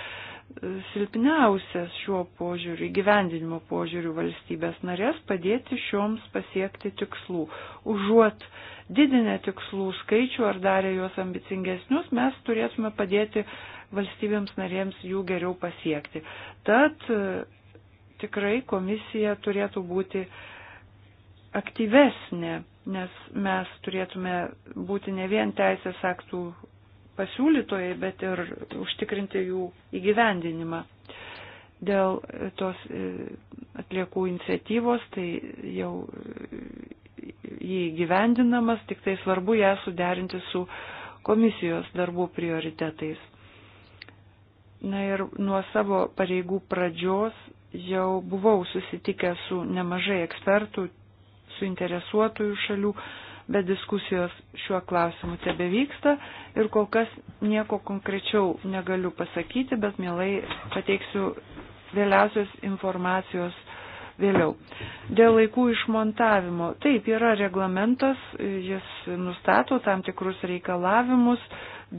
S3: silpniausias šiuo požiūriu, gyvendinimo požiūriu valstybės narės, padėti šioms pasiekti tikslų. Užuot didinę tikslų skaičių ar darę juos ambicingesnius, mes turėtume padėti valstybėms narėms jų geriau pasiekti. Tad e, tikrai komisija turėtų būti aktyvesnė, nes mes turėtume būti ne vien teisės aktų pasiūlytojai, bet ir užtikrinti jų įgyvendinimą. Dėl tos e, atliekų iniciatyvos, tai jau e, jį gyvendinamas, tik tai svarbu ją suderinti su komisijos darbų prioritetais. Na ir nuo savo pareigų pradžios jau buvau susitikęs su nemažai ekspertų, suinteresuotųjų šalių, bet diskusijos šiuo klausimu tebe vyksta ir kol kas nieko konkrečiau negaliu pasakyti, bet mielai pateiksiu vėliausios informacijos vėliau. Dėl laikų išmontavimo. Taip, yra reglamentas, jis nustato tam tikrus reikalavimus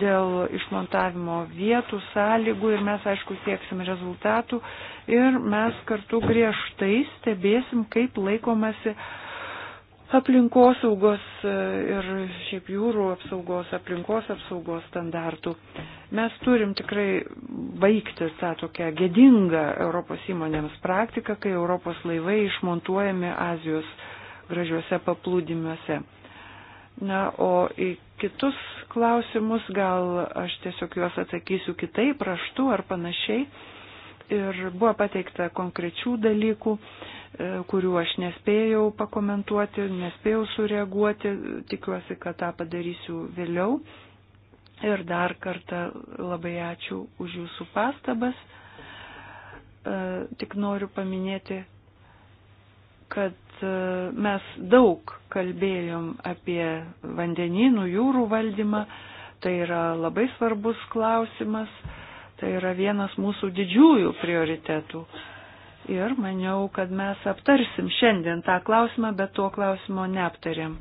S3: dėl išmontavimo vietų, sąlygų ir mes, aišku, sieksim rezultatų ir mes kartu griežtai stebėsim, kaip laikomasi aplinkosaugos e, ir šiaip jūrų apsaugos, aplinkos apsaugos standartų. Mes turim tikrai baigti tą tokią gedingą Europos įmonėms praktiką, kai Europos laivai išmontuojami Azijos gražiuose paplūdimiuose. Na, o į kitus klausimus gal aš tiesiog juos atsakysiu kitaip, raštu ar panašiai ir buvo pateikta konkrečių dalykų, e, kurių aš nespėjau pakomentuoti, nespėjau sureaguoti, tikiuosi, kad tą padarysiu vėliau. Ir dar kartą labai ačiū už jūsų pastabas. E, tik noriu paminėti, kad e, mes daug kalbėjom apie vandeninų jūrų valdymą. Tai yra labai svarbus klausimas Tai yra vienas mūsų didžiųjų prioritetų. Ir maniau, kad mes aptarsim šiandien tą klausimą, bet to klausimo neaptarėm.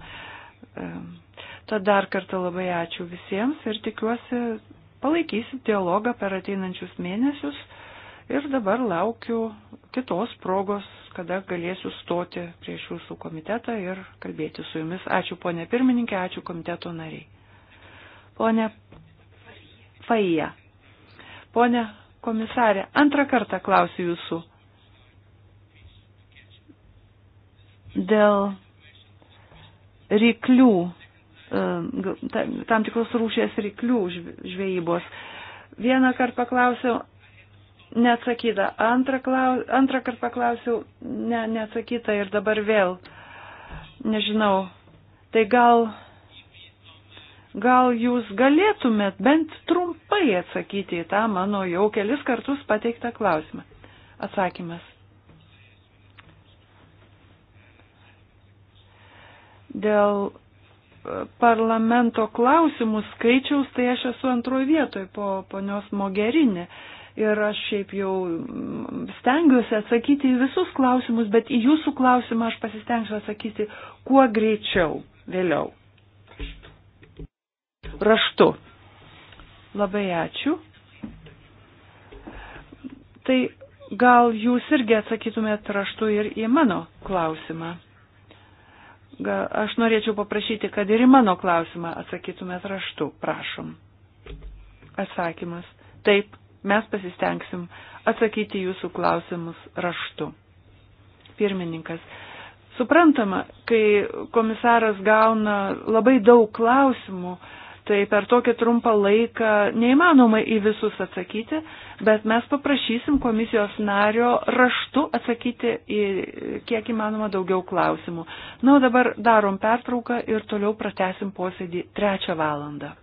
S3: Tad dar kartą labai ačiū visiems ir tikiuosi palaikysit dialogą per ateinančius mėnesius. Ir dabar laukiu kitos progos, kada galėsiu stoti prieš jūsų komitetą ir kalbėti su jumis. Ačiū ponė pirmininkė, ačiū komiteto nariai. Pone Faija. Pone komisarė, antrą kartą klausiu jūsų dėl ryklių, tam tikros rūšės ryklių žvejybos. Vieną kartą paklausiau, neatsakyta, antrą, klaus, antrą kartą paklausiau, ne, neatsakyta ir dabar vėl, nežinau, tai gal Gal jūs galėtumėt bent trumpai atsakyti į tą mano jau kelis kartus pateiktą klausimą? Atsakymas. Dėl e, parlamento klausimų skaičiaus, tai aš esu antroje vietoje po ponios Mogerinė. Ir aš šiaip jau mm, stengiuosi atsakyti į visus klausimus, bet į jūsų klausimą aš pasistengsiu atsakyti kuo greičiau vėliau raštu. Labai ačiū. Tai gal jūs irgi atsakytumėt raštu ir į mano klausimą. Gal aš norėčiau paprašyti, kad ir į mano klausimą atsakytumėt raštu. Prašom. Atsakymas. Taip, mes pasistengsim atsakyti jūsų klausimus raštu. Pirmininkas. Suprantama, kai komisaras gauna labai daug klausimų, uh, tai per tokį trumpą laiką neįmanoma į visus atsakyti, bet mes paprašysim komisijos nario raštu atsakyti į kiek įmanoma daugiau klausimų. Na, o dabar darom pertrauką ir toliau pratesim posėdį trečią valandą.